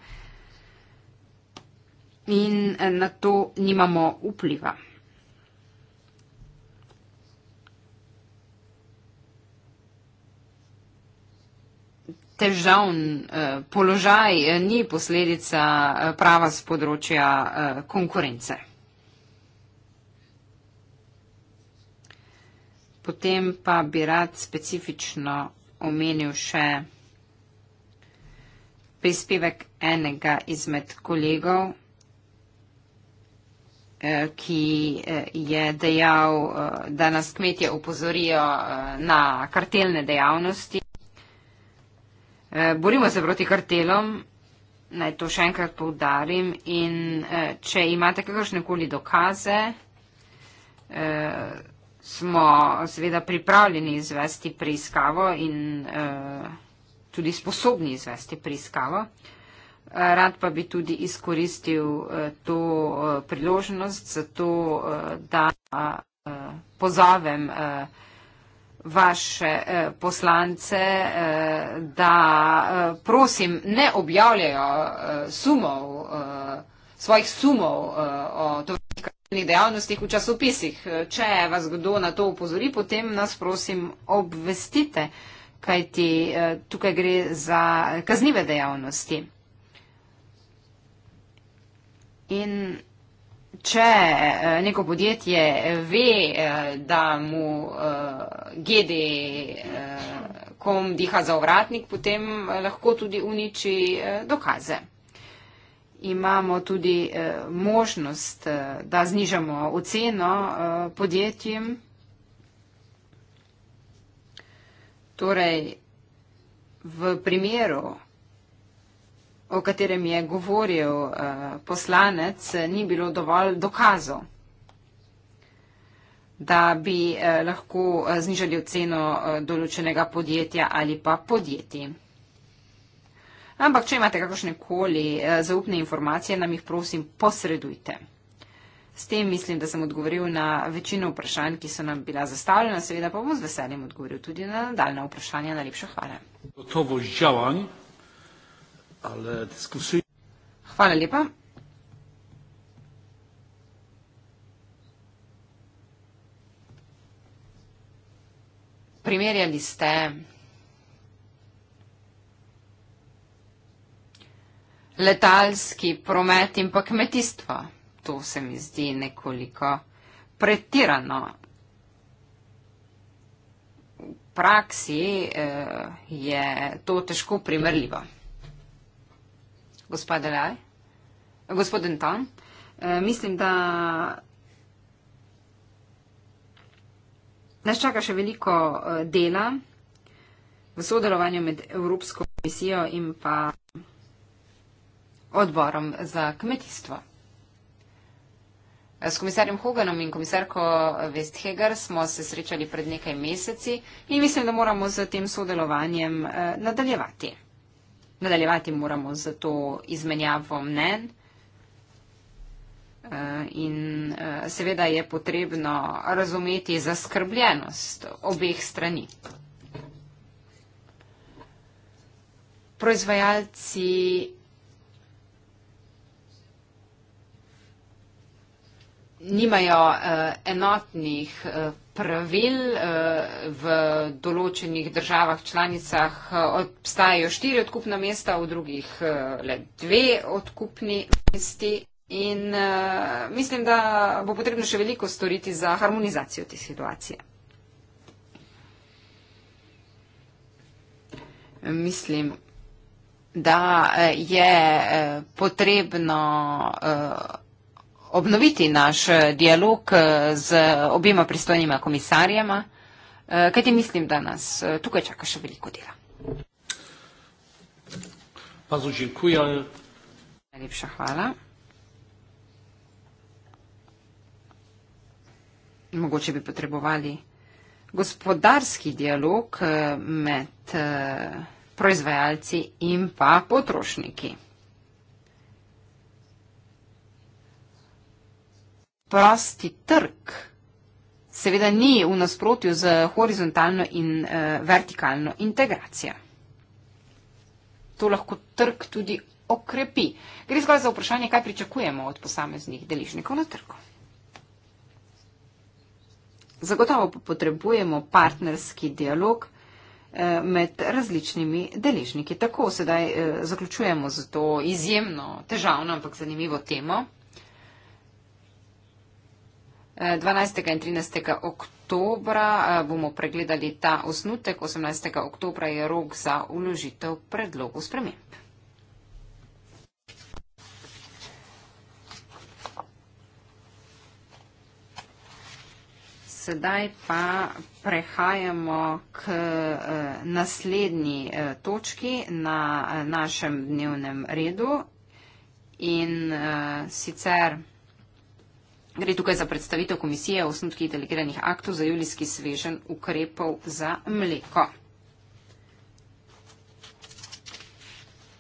in eh, na to nimamo vpliva. Težavn položaj ni posledica prava z področja konkurence. Potem pa bi rad specifično omenil še prispevek enega izmed kolegov, eh, ki eh, je dejal, eh, da nas kmetje upozorijo na kartelne dejavnosti. Borimo se proti kartelom, naj to še enkrat poudarim, in če imate kakršne koli dokaze, smo seveda pripravljeni izvesti preiskavo in uh, tudi sposobni izvesti preiskavo. Eh, rad pa bi tudi izkoristil uh, to uh, priložnost za to, uh, da uh, pozovem uh, vaše uh, poslance, uh, da uh, prosim ne objavljajo uh, sumov, uh, svojih sumov uh, o to pri dejavnostih v časopisih. Če vas kdo na to upozori, potem nas prosim obvestite, kajti eh, tukaj gre za kaznive dejavnosti. In če eh, neko podjetje ve, eh, da mu GD kom diha za ovratnik, potem lahko tudi uniči dokaze imamo tudi eh, možnost, eh, da znižamo oceno eh, podjetjem. Torej, v primeru, o katerem je govoril poslanec, ni bilo dovolj dokazov, da bi lahko znižali oceno določenega podjetja ali pa podjetij. Ampak, če imate kakšne koli eh, zaupne informacije, nam jih prosim posredujte. S tem mislim, da sem odgovoril na večino vprašanj, ki so nam bila zastavljena, seveda pa bom z veseljem odgovoril tudi na nadaljne vprašanja. Najlepša hvala. Hvala lepa. Primerjali ste letalski promet in pa kmetijstvo. To se mi zdi nekoliko pretirano. V praksi eh, je to težko primerljivo. Gospod Laj, gospod Anton, eh, mislim, da nas čaka še veliko eh, dela v sodelovanju med Evropsko komisijo in pa odborom za kmetijstvo. S komisarjem Hoganom in komisarko Westheger smo se srečali pred nekaj meseci in mislim, da moramo z tem sodelovanjem eh, nadaljevati. Nadaljevati moramo z to izmenjavo mnen eh, in eh, seveda je potrebno razumeti zaskrbljenost obeh strani. Proizvajalci nimajo uh, enotnih uh, pravil uh, v določenih državah, članicah. Obstajajo štiri odkupna mesta, v drugih uh, le dve odkupni mesti. In uh, mislim, da bo potrebno še veliko storiti za harmonizacijo te situacije. Mislim, da je potrebno. Uh, obnoviti naš eh, dialog eh, z objema pristojnima komisarjama, eh, kajti mislim, da nas tukaj čaka še veliko dela. Najlepša hvala. Mogoče bi potrebovali gospodarski dialog med proizvajalci in pa potrošniki. prosti trg seveda ni v nasprotju z horizontalno in uh, vertikalno integracijo. To lahko trg tudi okrepi. Gre zgolj za vprašanje, kaj pričakujemo od posameznih deležnikov na trgu. Zagotovo pa potrebujemo partnerski dialog eh, med različnimi deležniki. Tako sedaj eh, zaključujemo za to izjemno težavno, ampak zanimivo temo. 12. in 13. oktobra eh, bomo pregledali ta osnutek. 18. oktobra je rok za uložitev predlogu sprememb. Sedaj pa prehajamo k eh, naslednji eh, točki na našem dnevnem redu in sicer. Gre tukaj za predstavitev komisije o osnutkih delegiranih aktov za julijski svežen ukrepov za mleko.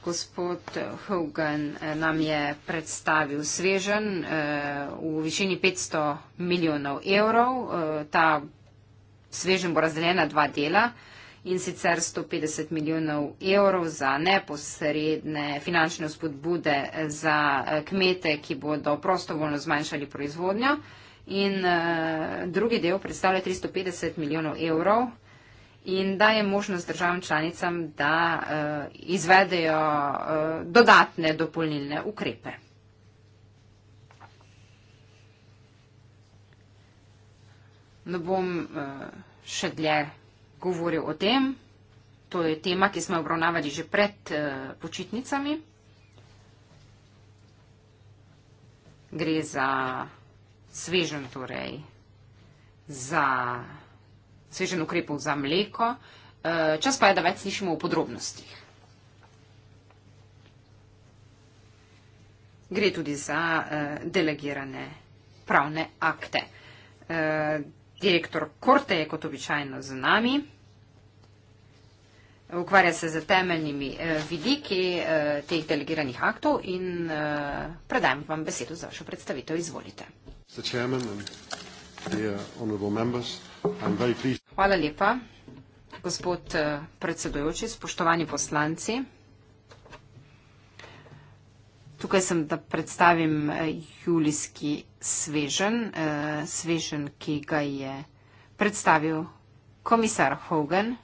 Gospod Hogan nam je predstavil svežen eh, v višini 500 milijonov evrov. Eh, ta svežen bo razdeljena dva dela in sicer 150 milijonov evrov za neposredne finančne spodbude za eh, kmete, ki bodo prostovoljno zmanjšali proizvodnjo. In uh, drugi del predstavlja 350 milijonov evrov in daje možnost državam članicam, da uh, izvedejo uh, dodatne dopolnilne ukrepe. Ne bom uh, še dlje govoril o tem. To je tema, ki smo jo obravnavali že pred uh, počitnicami. Gre za svežen, torej, za svežen ukrepov za mleko. Uh, čas pa je, da več slišimo o podrobnostih. Gre tudi za uh, delegirane pravne akte. Uh, Direktor Korte je kot običajno z nami. Ukvarja se z temeljnimi eh, vidiki eh, teh delegiranih aktov in eh, predajam vam besedo za vašo predstavitev. Izvolite. Hvala lepa, gospod eh, predsedujoči, spoštovani poslanci. Tukaj sem, da predstavim eh, julijski svežen, uh, svežen, ki ga je predstavil komisar Hogan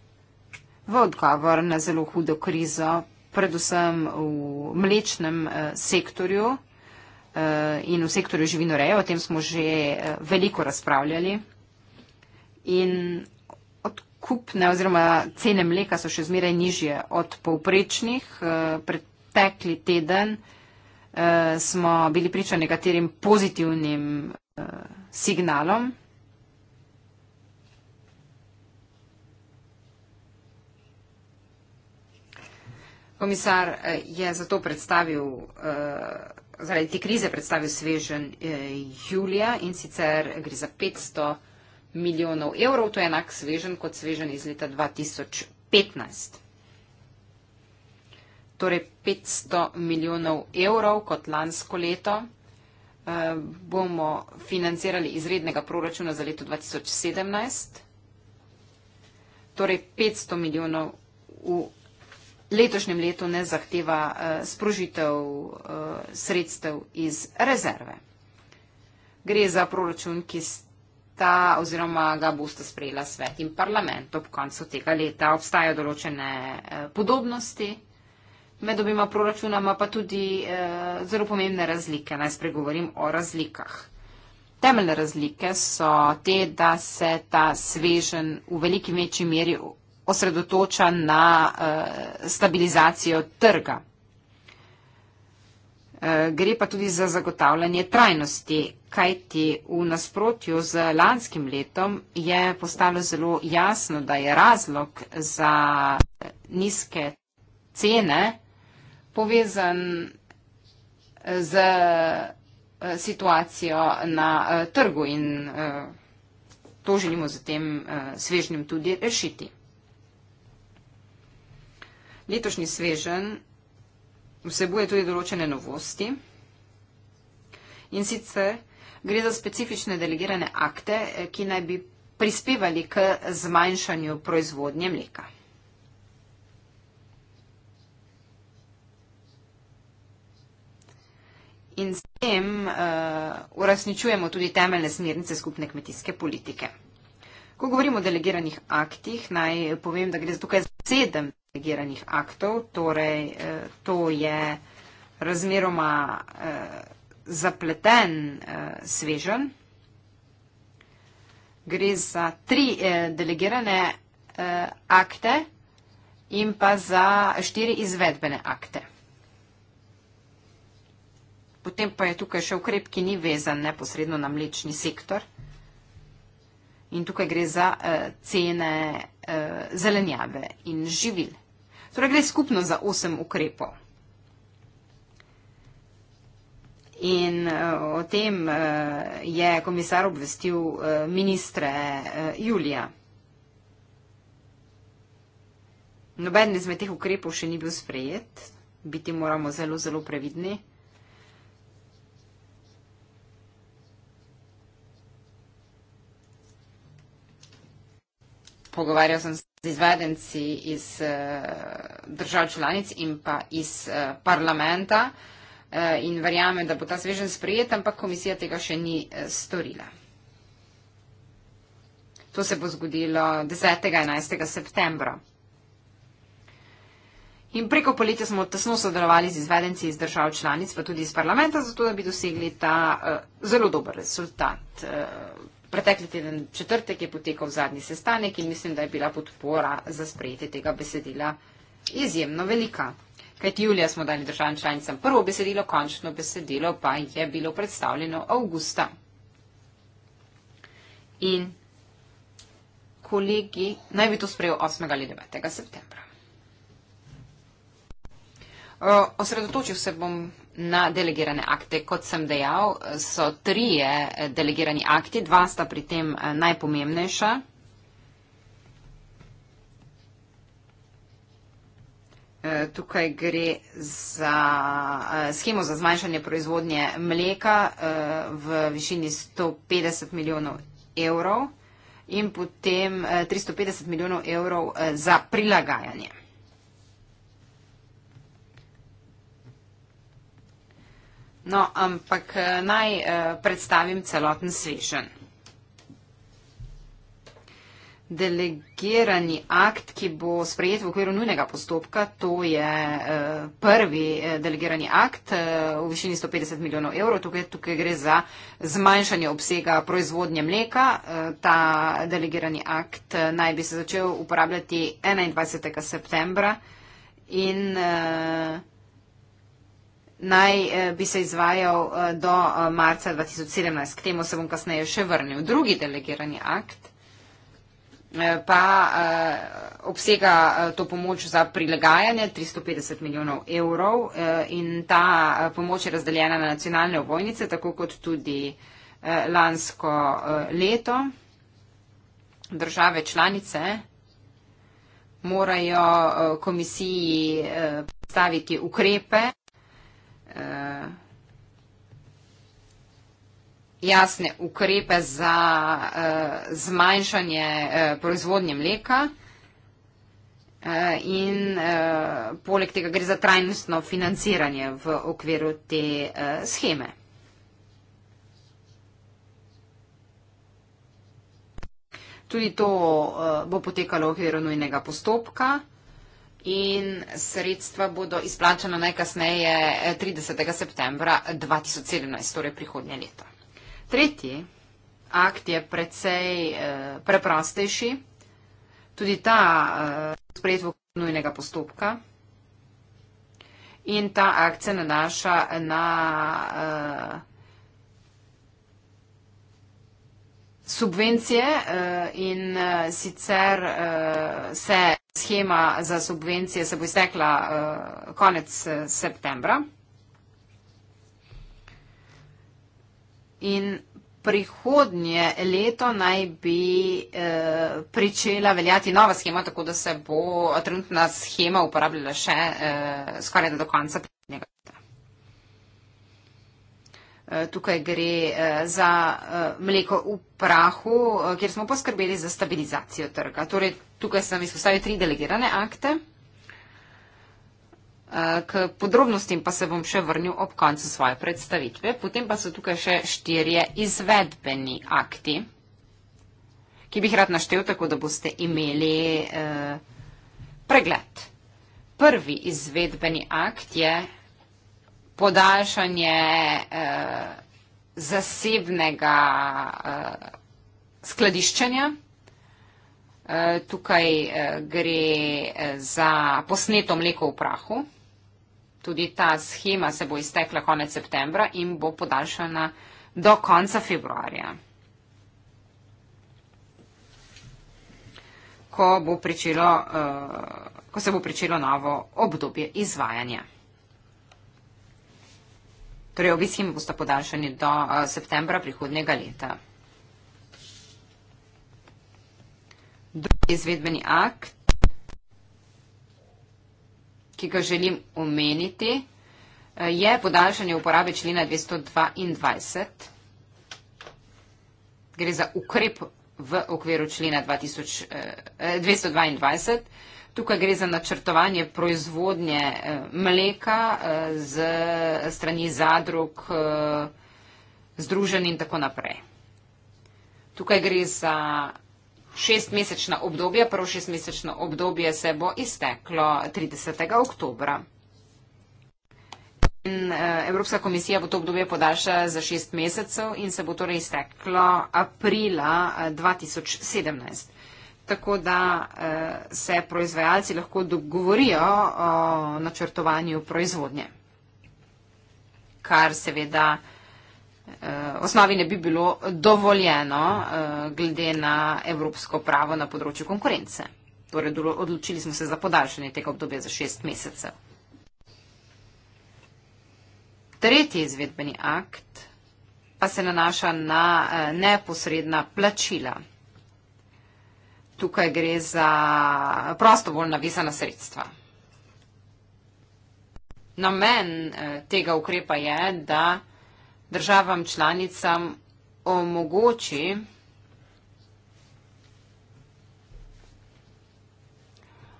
v odgovor na zelo hudo krizo, predvsem v mlečnem uh, sektorju uh, in v sektorju živinoreje. O tem smo že uh, veliko razpravljali. In odkupne oziroma cene mleka so še zmeraj nižje od povprečnih. Uh, pretekli teden uh, Eh, smo bili priča nekaterim pozitivnim uh, signalom. Komisar eh, je zato predstavil, zaradi te krize predstavil svežen julija in sicer gre za 500 milijonov evrov, to je enak svežen kot svežen iz leta 2015 torej 500 milijonov evrov kot lansko leto. Uh, bomo financirali izrednega proračuna za leto 2017. Torej 500 milijonov v letošnjem letu ne zahteva uh, sprožitev uh, sredstev iz rezerve. Gre za proračun, ki sta oziroma ga boste sprejela svet in parlament ob koncu tega leta. Obstajajo določene uh, podobnosti. Med obima proračunama pa tudi eh, zelo pomembne razlike. Naj spregovorim o razlikah. Temeljne razlike so te, da se ta svežen v veliki večji meri osredotoča na eh, stabilizacijo trga. Eh, gre pa tudi za zagotavljanje trajnosti, kajti v nasprotju z lanskim letom je postalo zelo jasno, da je razlog za eh, nizke cene, povezan eh, z eh, situacijo na eh, trgu in to želimo z tem svežnjem tudi rešiti. Letošnji svežen vsebuje tudi določene novosti in sicer gre za specifične delegirane akte, ki naj bi prispevali k zmanjšanju proizvodnje mleka. in s tem uh, uresničujemo tudi temeljne smernice skupne kmetijske politike. Ko govorimo o delegiranih aktih, naj povem, da gre za tukaj sedem delegiranih aktov, torej uh, to je razmeroma uh, zapleten uh, svežen. Gre za tri uh, delegirane uh, akte in pa za štiri izvedbene akte. Potem pa je tukaj še ukrep, ki ni vezan neposredno na mlečni sektor. In tukaj gre za uh, cene uh, zelenjave in živil. Torej gre skupno za osem ukrepov. In uh, o tem uh, je komisar obvestil uh, ministre uh, Julija. Noben izmed teh ukrepov še ni bil sprejet. Biti moramo zelo, zelo previdni. pogovarjal sem z izvedenci iz eh, držav članic in pa iz eh, parlamenta eh, in verjame, da bo ta svežen sprejet, ampak komisija tega še ni storila. To se bo zgodilo 10. in 11. septembra. In preko poletja smo tesno sodelovali z izvedenci iz držav članic, pa tudi iz parlamenta, zato da bi dosegli ta uh, zelo dober rezultat. Uh, Pretekli teden četrtek je potekal zadnji sestanek in mislim, da je bila podpora za sprejetje tega besedila izjemno velika. Kaj ti julija smo dali državam članicam prvo besedilo, končno besedilo pa je bilo predstavljeno avgusta. In kolegi naj bi to sprejel 8. ali 9. septembra. Osredotočil se bom na delegirane akte. Kot sem dejal, so trije delegirani akti, dva sta pri tem eh, najpomembnejša. Eh, tukaj gre za eh, schemo za zmanjšanje proizvodnje mleka v višini 150 milijonov evrov in potem 350 milijonov evrov za prilagajanje. No, ampak eh, naj eh, predstavim celoten svežen. Delegirani akt, ki bo sprejet v okviru nujnega postopka, to je eh, prvi delegirani akt v višini 150 milijonov evrov. Tukaj, tukaj gre za zmanjšanje obsega proizvodnje mleka. Ta delegirani akt naj bi se začel uporabljati 21. septembra in naj eh, bi se izvajal eh, do eh, marca 2017. K temu se bom kasneje še vrnil. Drugi delegirani akt pa obsega to pomoč za prilagajanje 350 milijonov evrov in ta pomoč je razdeljena na nacionalne ovojnice, tako kot tudi lansko leto. Države članice morajo komisiji predstaviti ukrepe. Eh, jasne ukrepe za uh, zmanjšanje uh, proizvodnje mleka uh, in uh, poleg tega gre za trajnostno financiranje v okviru te uh, scheme. Tudi to uh, bo potekalo v okviru nujnega postopka in sredstva bodo izplačena najkasneje 30. Eh, septembra 2017, torej prihodnje leto. Tretji akt je precej eh, preprostejši, tudi ta eh, sprejet v nujnega postopka. In ta akt se nanaša na uh, subvencije uh, in uh, sicer uh, se Schema za subvencije se bo iztekla uh, konec eh, septembra. In prihodnje leto naj bi e, pričela veljati nova schema, tako da se bo trenutna schema uporabljala še e, skoraj da do konca prihodnjega leta. Eh, tukaj gre eh, za eh, mleko v prahu, kjer smo poskrbeli za stabilizacijo trga. Torej, tukaj sem izpostavil tri delegirane akte. K podrobnostim pa se bom še vrnil ob koncu svoje predstavitve. Potem pa so tukaj še štirje izvedbeni akti, ki bih rad naštel tako, da boste imeli eh, pregled. Prvi izvedbeni akt je podaljšanje eh, zasebnega eh, skladiščenja. Eh, tukaj eh, gre eh, za posneto mleko v prahu. Tudi ta schema se bo iztekla konec septembra in bo podaljšana do konca februarja. Ko, bo pričelo, uh, ko se bo pričelo novo obdobje izvajanja. Torej, obiski mi boste podaljšani do uh, septembra prihodnega leta. Drugi izvedbeni akt, ki ga želim omeniti, eh, je podaljšanje uporabe člena 222. Gre za ukrep v okviru člena 2000, eh, 222. Tukaj gre za načrtovanje proizvodnje eh, mleka eh, z strani zadrug, eh, združen in tako naprej. Tukaj gre za šestmesečna obdobja. Prvo šestmesečno obdobje se bo izteklo 30. oktobra. Evropska komisija bo to obdobje podaljša za šest mesecev in se bo torej izteklo aprila 2017 tako da eh, se proizvajalci lahko dogovorijo o načrtovanju proizvodnje, kar seveda eh, osnovi ne bi bilo dovoljeno eh, glede na evropsko pravo na področju konkurence. Torej, odločili smo se za podaljšanje tega obdobja za šest mesecev. Tretji izvedbeni akt pa se nanaša na eh, neposredna plačila tukaj gre za prostovoljna vizana sredstva. Namen eh, tega ukrepa je, da državam članicam omogoči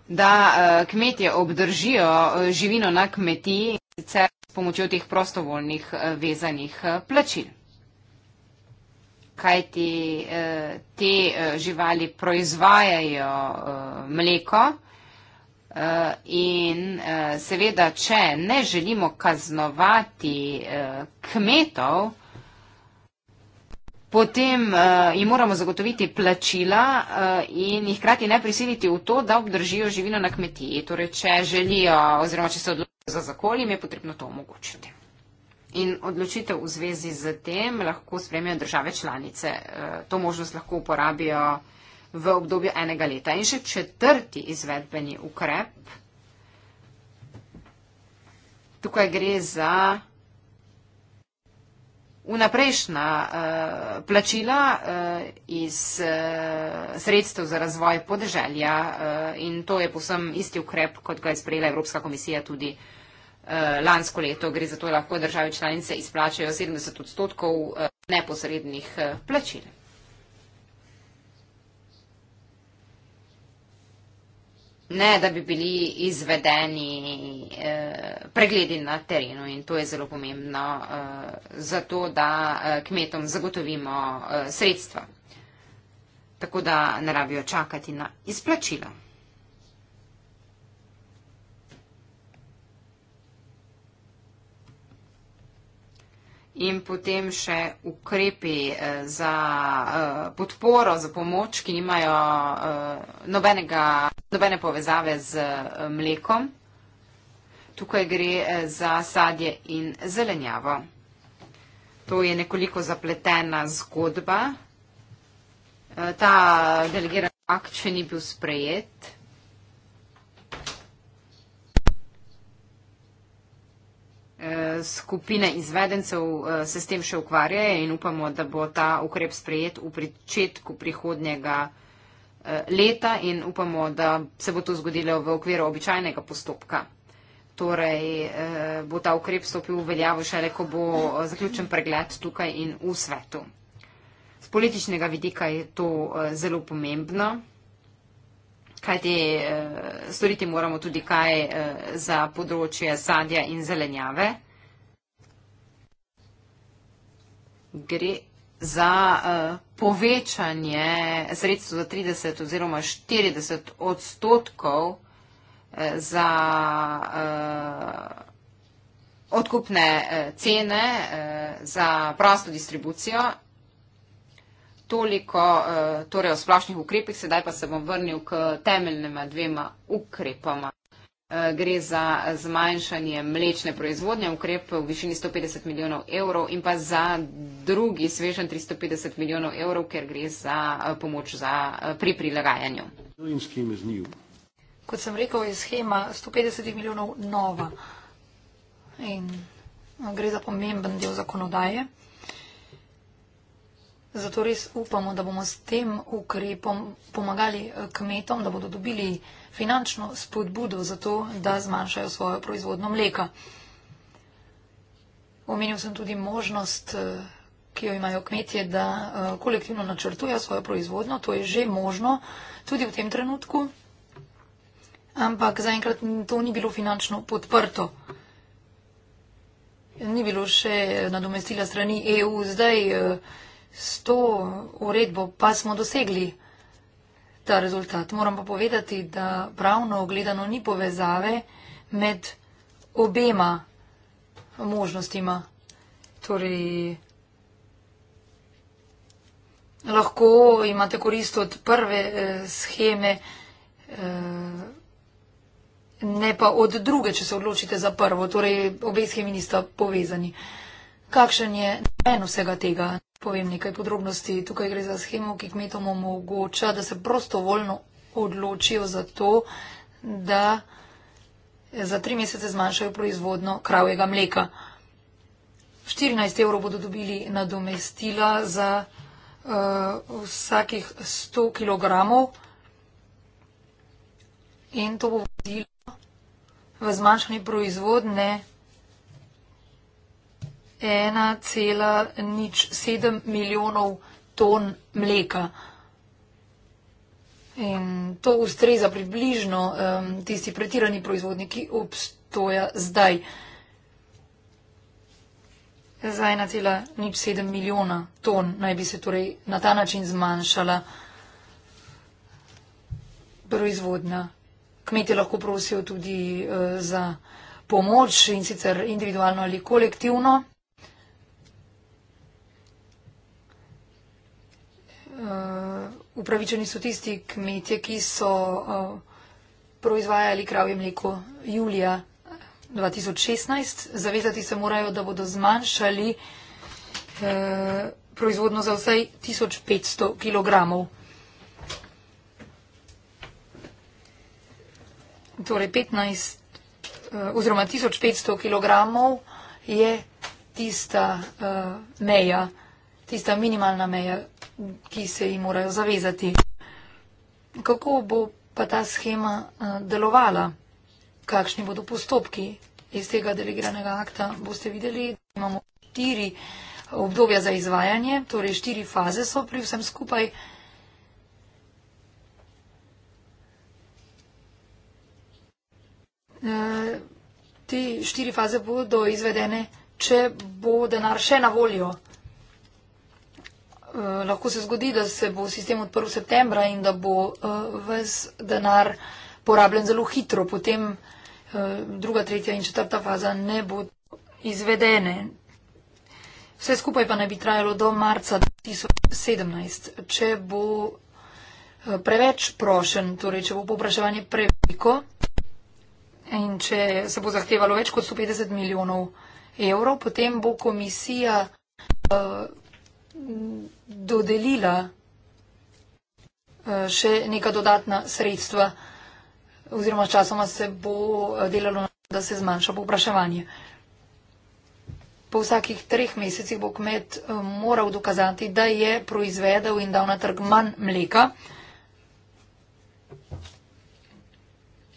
da eh, kmetje obdržijo eh, živino na kmetiji, sicer s pomočjo teh prostovoljnih vezanih plačil kaj ti eh, te eh, živali proizvajajo eh, mleko. In seveda, če ne želimo kaznovati kmetov, potem jim moramo zagotoviti plačila in jih krati ne prisiliti v to, da obdržijo živino na kmetiji. Torej, če želijo oziroma če se odločijo za zakolje, jim je potrebno to omogočiti. In odločitev v zvezi z tem lahko spremijo države članice. E, to možnost lahko uporabijo v obdobju enega leta. In še četrti izvedbeni ukrep. Tukaj gre za vnaprejšnja e, plačila e, iz sredstev za razvoj podeželja. In to je posem isti ukrep, kot ga je sprejela Evropska komisija tudi. Eh, lansko leto. Gre za to, da lahko države članice izplačajo 70 odstotkov eh, neposrednih eh, plačil. Ne, da bi bili izvedeni eh, pregledi na terenu in to je zelo pomembno, eh, zato da eh, kmetom zagotovimo eh, sredstva, tako da ne rabijo čakati na izplačilo. in potem še ukrepi eh, za eh, podporo, za pomoč, ki nimajo eh, nobenega, nobene povezave z mlekom. Tukaj gre za sadje in zelenjavo. To je nekoliko zapletena zgodba. Ta delegiran akt še ni bil sprejet. skupine izvedencev eh, se s tem še ukvarjajo in upamo, da bo ta ukrep sprejet v pričetku prihodnjega eh, leta in upamo, da se bo to zgodilo v okviru običajnega postopka. Torej eh, bo ta ukrep stopil v veljavo šele, ko bo zaključen pregled tukaj in v svetu. Z političnega vidika je to zelo pomembno kaj te, eh, storiti moramo tudi kaj eh, za področje sadja in zelenjave. Gre za eh, povečanje sredstvo za 30 oziroma 40 odstotkov za odkupne cene za prosto distribucijo toliko uh, torej o splošnih ukrepih, sedaj pa se bom vrnil k temeljnima dvema ukrepama. Uh, eh, gre za zmanjšanje mlečne proizvodnje, ukrep v višini 150 milijonov evrov in pa za drugi svežen 350 milijonov evrov, ker gre za uh, pomoč za, uh, pri prilagajanju. Kot sem rekel, je schema 150 milijonov nova in gre za pomemben del zakonodaje. Zato res upamo, da bomo s tem ukrepom pomagali eh, kmetom, da bodo dobili finančno spodbudo za to, da zmanjšajo svojo proizvodno mleka. Omenil sem tudi možnost, eh, ki jo imajo kmetje, da eh, kolektivno načrtujejo svojo proizvodno. To je že možno tudi v tem trenutku, ampak zaenkrat to ni bilo finančno podprto. Ni bilo še nadomestila strani EU. Zdaj, S to uredbo pa smo dosegli ta rezultat. Moram pa povedati, da pravno gledano ni povezave med obema možnostima. Torej, lahko imate korist od prve eh, scheme, eh, ne pa od druge, če se odločite za prvo. Torej, obe schemi nista povezani. Kakšen je namen vsega tega? Povem nekaj podrobnosti. Tukaj gre za schemo, ki kmetom omogoča, da se prostovoljno odločijo za to, da za tri mesece zmanjšajo proizvodno kravjega mleka. 14 evrov bodo dobili nadomestila za uh, vsakih 100 kg in to bo vodilo v zmanjšanje proizvodne. 1,07 milijonov ton mleka. In to ustreza približno um, tisti pretirani proizvodni, ki obstoja zdaj. Za 1,07 milijona ton naj bi se torej na ta način zmanjšala proizvodnja. Kmetje lahko prosijo tudi uh, za pomoč in sicer individualno ali kolektivno. uh, upravičeni so tisti kmetje, ki so uh, proizvajali kravje mleko julija 2016. Zavezati se morajo, da bodo zmanjšali uh, proizvodno za vsaj 1500 kg. Torej 15 uh, oziroma 1500 kg je tista uh, meja, tista minimalna meja, ki se jim morajo zavezati. Kako bo pa ta schema eh, delovala? Kakšni bodo postopki iz tega delegiranega akta? Boste videli, da imamo štiri obdobja za izvajanje, torej štiri faze so pri vsem skupaj. Eh, te štiri faze bodo izvedene, če bo denar še na voljo. Eh, lahko se zgodi, da se bo sistem odprl v septembra in da bo uh, ves denar porabljen zelo hitro, potem uh, druga, tretja in četrta faza ne bo izvedene. Vse skupaj pa ne bi trajalo do marca 2017. Če bo preveč prošen, torej če bo popraševanje preveliko in če se bo zahtevalo več kot 150 milijonov evrov, potem bo komisija dodelila eh, še neka dodatna sredstva oziroma časoma se bo eh, delalo, da se zmanjša povpraševanje. Po vsakih treh mesecih bo kmet eh, moral dokazati, da je proizvedel in dal na trg manj mleka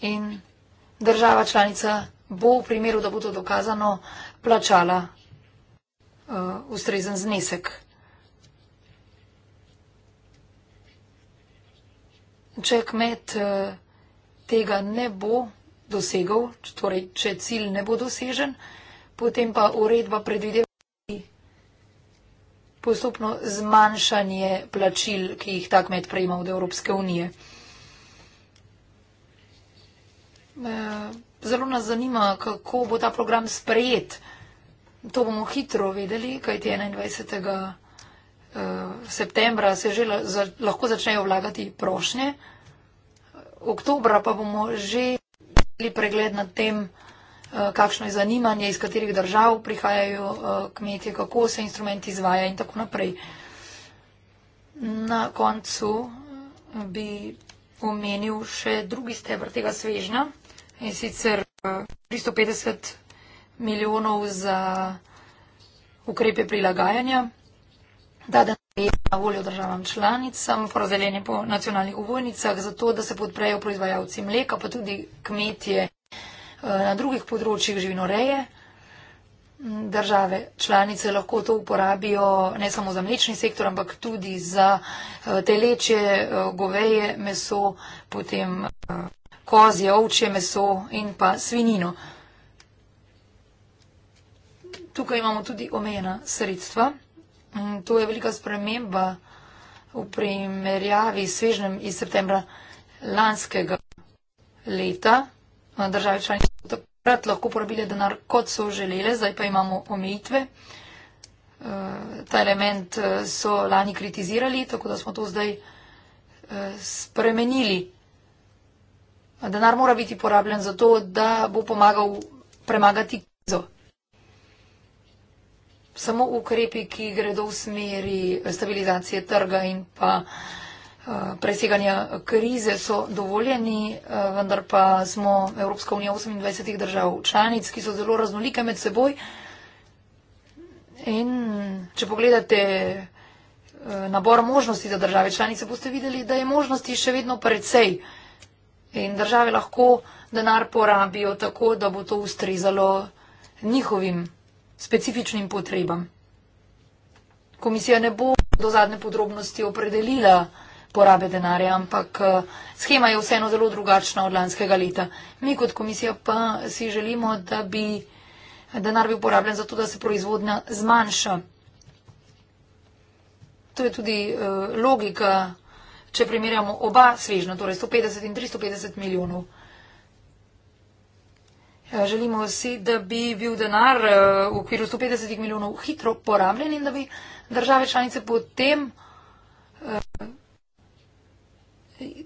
in država članica bo v primeru, da bo to dokazano, plačala uh, ustrezen znesek. če kmet eh, tega ne bo dosegel, torej če cilj ne bo dosežen, potem pa uredba predvideva postopno zmanjšanje plačil, ki jih ta kmet prejema od Evropske unije. Eh, zelo nas zanima, kako bo ta program sprejet. To bomo hitro vedeli, kaj ti 21. Eh, septembra se že lahko začnejo vlagati prošnje, oktobra pa bomo že imeli pregled nad tem, eh, kakšno je zanimanje, iz katerih držav prihajajo eh, kmetje, kako se instrument izvaja in tako naprej. Na koncu bi omenil še drugi stebr tega svežnja in sicer 350 milijonov za ukrepe prilagajanja. Ta denar je na voljo državam članicam, porazdeljen je po nacionalnih uvojnicah, zato da se podprejo proizvajalci mleka, pa tudi kmetje eh, na drugih področjih živinoreje. Države članice lahko to uporabijo ne samo za mlečni sektor, ampak tudi za eh, teleče, eh, goveje, meso, potem kozje, ovčje meso in pa svinino. Tukaj imamo tudi omejena sredstva. Mm, to je velika sprememba v primerjavi s svežnjem iz septembra lanskega leta. Države članice so takrat lahko porabile denar, kot so želele, zdaj pa imamo omejitve. E, ta element e, so lani kritizirali, tako da smo to zdaj e, spremenili. Denar mora biti porabljen za to, da bo pomagal premagati samo ukrepi, ki gredo v smeri stabilizacije trga in pa eh, preseganja krize so dovoljeni, eh, vendar pa smo Evropska unija 28 držav članic, ki so zelo raznolike med seboj. In če pogledate eh, nabor možnosti za države članice, boste videli, da je možnosti še vedno precej. In države lahko denar porabijo tako, da bo to ustrezalo njihovim specifičnim potrebam. Komisija ne bo do zadnje podrobnosti opredelila porabe denarja, ampak eh, schema je vseeno zelo drugačna od lanskega leta. Mi kot komisija pa si želimo, da bi denar bil uporabljen za to, da se proizvodnja zmanjša. To je tudi eh, logika, če primerjamo oba svežna, torej 150 in 350 milijonov. Eh, želimo si, da bi bil denar eh, v okviru 150 milijonov hitro porabljen in da bi države članice potem eh,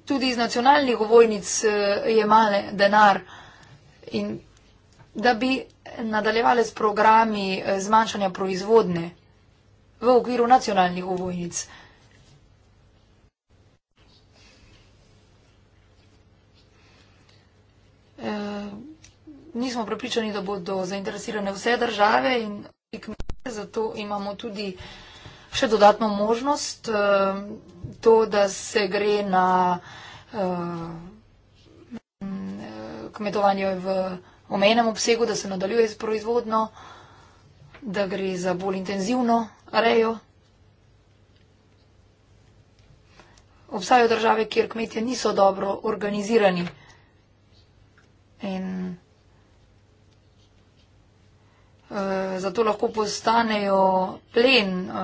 tudi iz nacionalnih vojnic jemale denar in da bi nadaljevale s programi zmanjšanja proizvodne v okviru nacionalnih vojnic. nismo prepričani, da bodo zainteresirane vse države in kmete, zato imamo tudi še dodatno možnost, eh, to, da se gre na eh, kmetovanje v omenem obsegu, da se nadaljuje proizvodno, da gre za bolj intenzivno rejo. Obstajajo države, kjer kmetje niso dobro organizirani. And... Eh, zato lahko postanejo plen eh,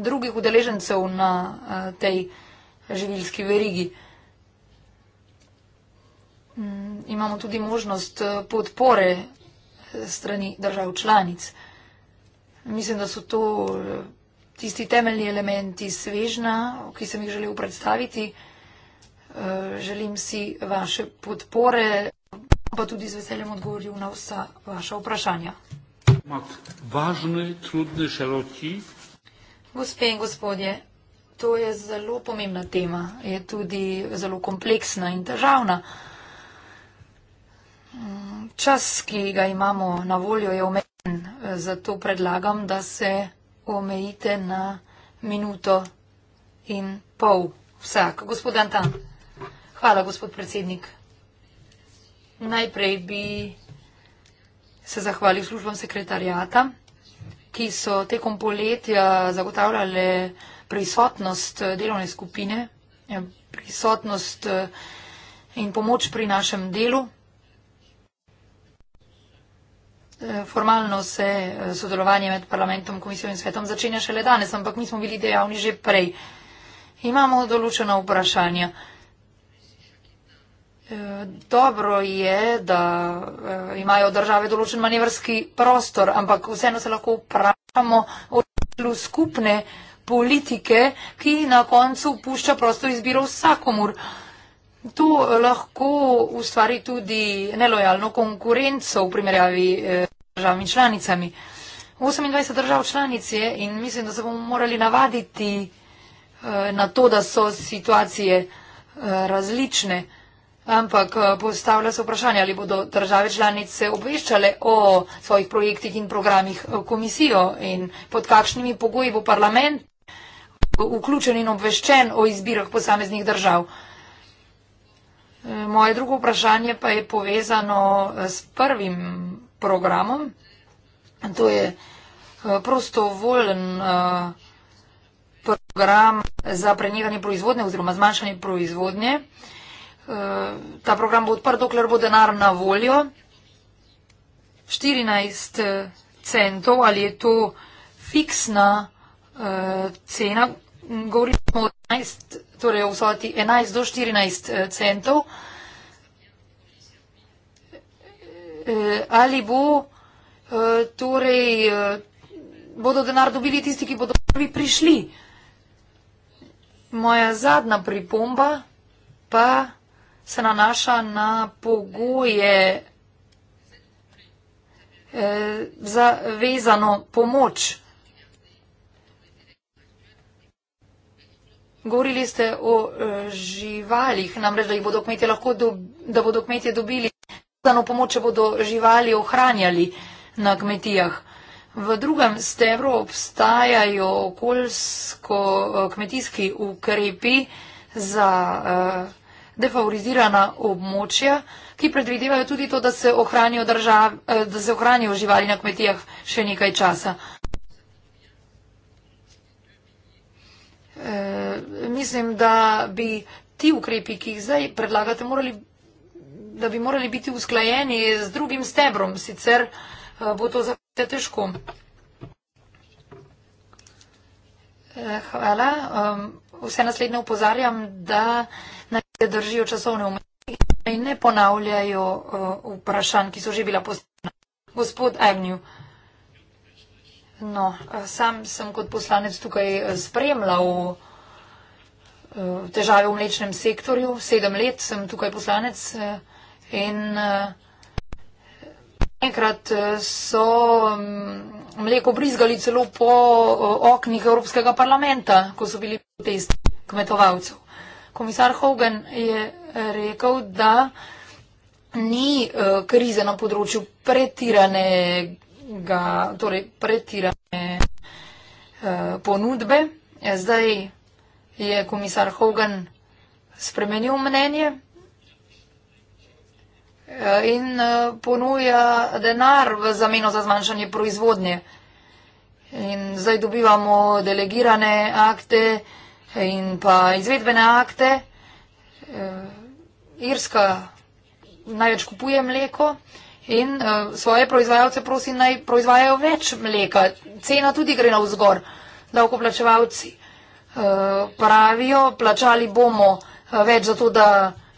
drugih udeležencev na eh, tej živilski verigi. Mm, imamo tudi možnost podpore strani držav članic. Mislim, da so to tisti temeljni elementi svežna, ki sem jih želel predstaviti. Želim si vaše podpore pa tudi z veseljem odgovoril na vsa vaša vprašanja. Imate važne, trudne želoči? Gospe in gospodje, to je zelo pomembna tema. Je tudi zelo kompleksna in težavna. Mm, čas, ki ga imamo na voljo, je omejen. Zato predlagam, da se omejite na minuto in pol. Vsak, gospod Antan. Hvala, gospod predsednik. Najprej bi se zahvalil službam sekretarjata, ki so tekom poletja zagotavljale prisotnost delovne skupine, prisotnost eh, in pomoč pri našem delu. Eh, formalno se eh, sodelovanje med parlamentom, komisijo in svetom začenja šele danes, ampak mi smo bili dejavni že prej. Imamo določena vprašanja. Eh, dobro je, da eh, imajo države določen manevrski prostor, ampak vseeno se lahko vprašamo o delu skupne politike, ki na koncu pušča prosto izbiro vsakomur. To lahko ustvari tudi nelojalno konkurenco v primerjavi eh, državami članicami. 28 držav članic je in mislim, da se bomo morali navaditi na to, da so situacije različne. Ampak eh, postavlja se vprašanje, ali bodo države članice obveščale o svojih projektih in programih eh, komisijo in pod kakšnimi pogoji bo parlament eh, vključen in obveščen o izbirah posameznih držav. Moje drugo vprašanje pa je povezano s prvim programom. To je prostovoljen program za preniganje proizvodnje oziroma zmanjšanje proizvodnje ta program bo odprt, dokler bo denar na voljo. 14 eh, centov, ali je to fiksna uh, cena, govorimo o 11, torej 11 do 14 eh, centov. Uh, ali bo, uh, torej, uh, bodo denar dobili tisti, ki bodo prvi prišli. Moja zadnja pripomba pa je, se nanaša na pogoje eh, za vezano pomoč. Govorili ste o eh, živalih, namreč, da, jih bodo lahko do, da bodo kmetje dobili vezano pomoč, če bodo živali ohranjali na kmetijah. V drugem stebru obstajajo okoljsko-kmetijski eh, ukrepi za uh, defavorizirana območja, ki predvidevajo tudi to, da se ohranijo, držav, eh, da se ohranijo živali na kmetijah še nekaj časa. E, mislim, da bi ti ukrepi, ki jih zdaj predlagate, morali, da bi morali biti usklajeni z drugim stebrom, sicer eh, bo to zapite težko. E, hvala. E, vse naslednje upozarjam, da naj se držijo časovne umetnosti in naj ne ponavljajo uh, vprašanj, ki so že bila postavljena. Gospod Agnew, no, eh, sam sem kot poslanec tukaj eh, spremljal težave v mlečnem sektorju. Sedem let sem tukaj poslanec in uh, Enkrat eh, so mm, mleko brizgali celo po eh, oknih Evropskega parlamenta, ko so bili protesti kmetovalcev. Komisar Hogan je eh, rekel, da ni krize na področju pretiranega, torej pretirane ponudbe. Zdaj je komisar Hogan spremenil mnenje. Eh, in eh, ponuja denar v zameno za zmanjšanje proizvodnje. In zdaj dobivamo delegirane akte in pa izvedbene akte. Eh, Irska največ kupuje mleko in svoje proizvajalce prosi naj proizvajajo več mleka. Cena tudi gre na vzgor. Davkoplačevalci pravijo, plačali bomo več za to, da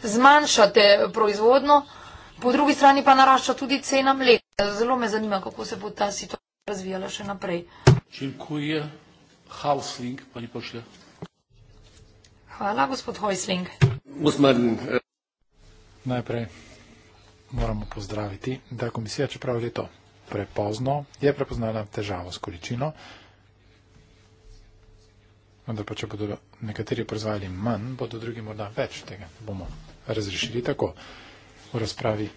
zmanjšate proizvodno. Po drugi strani pa narašča tudi cena mleka. Zelo me zanima, kako se bo ta situacija razvijala še naprej. Dziękuję. Hausling, pani pošle. Hvala, gospod Hausling. E, Najprej moramo pozdraviti, da komisija, čeprav je to prepozno, je prepoznala težavo s količino. Vendar pa, če bodo nekateri proizvajali manj, bodo drugi morda več tega. Bomo razrešili tako v razpravi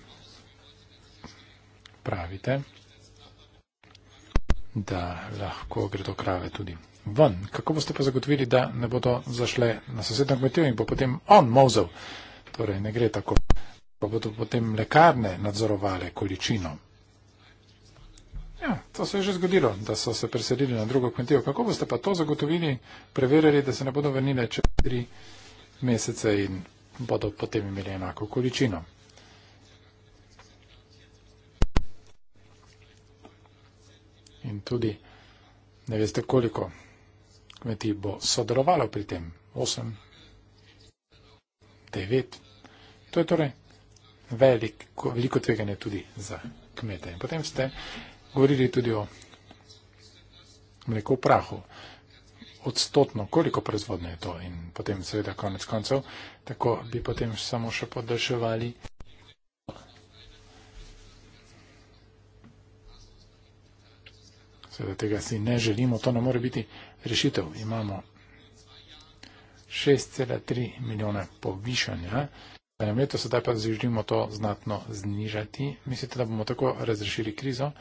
pravite, da lahko gredo krave tudi ven. Kako boste pa zagotovili, da ne bodo zašle na sosednjo kmetijo in bo potem on mozel? Torej, ne gre tako. Pa bodo potem lekarne nadzorovale količino. Ja, to se je že zgodilo, da so se preselili na drugo kmetijo. Kako boste pa to zagotovili, preverili, da se ne bodo vrnile čez tri mesece in bodo potem imeli enako količino? in tudi ne veste, koliko kmetij bo sodelovalo pri tem. 8, 9. To je torej veliko, veliko tveganje tudi za kmete. In potem ste govorili tudi o mleku v prahu. Odstotno, koliko proizvodno je to in potem seveda konec koncev, tako bi potem samo še podaljševali. Seveda tega si ne želimo, to ne more biti rešitev. Imamo 6,3 milijone povišanja. Na leto sedaj pa želimo to znatno znižati. Mislite, da bomo tako razrešili krizo,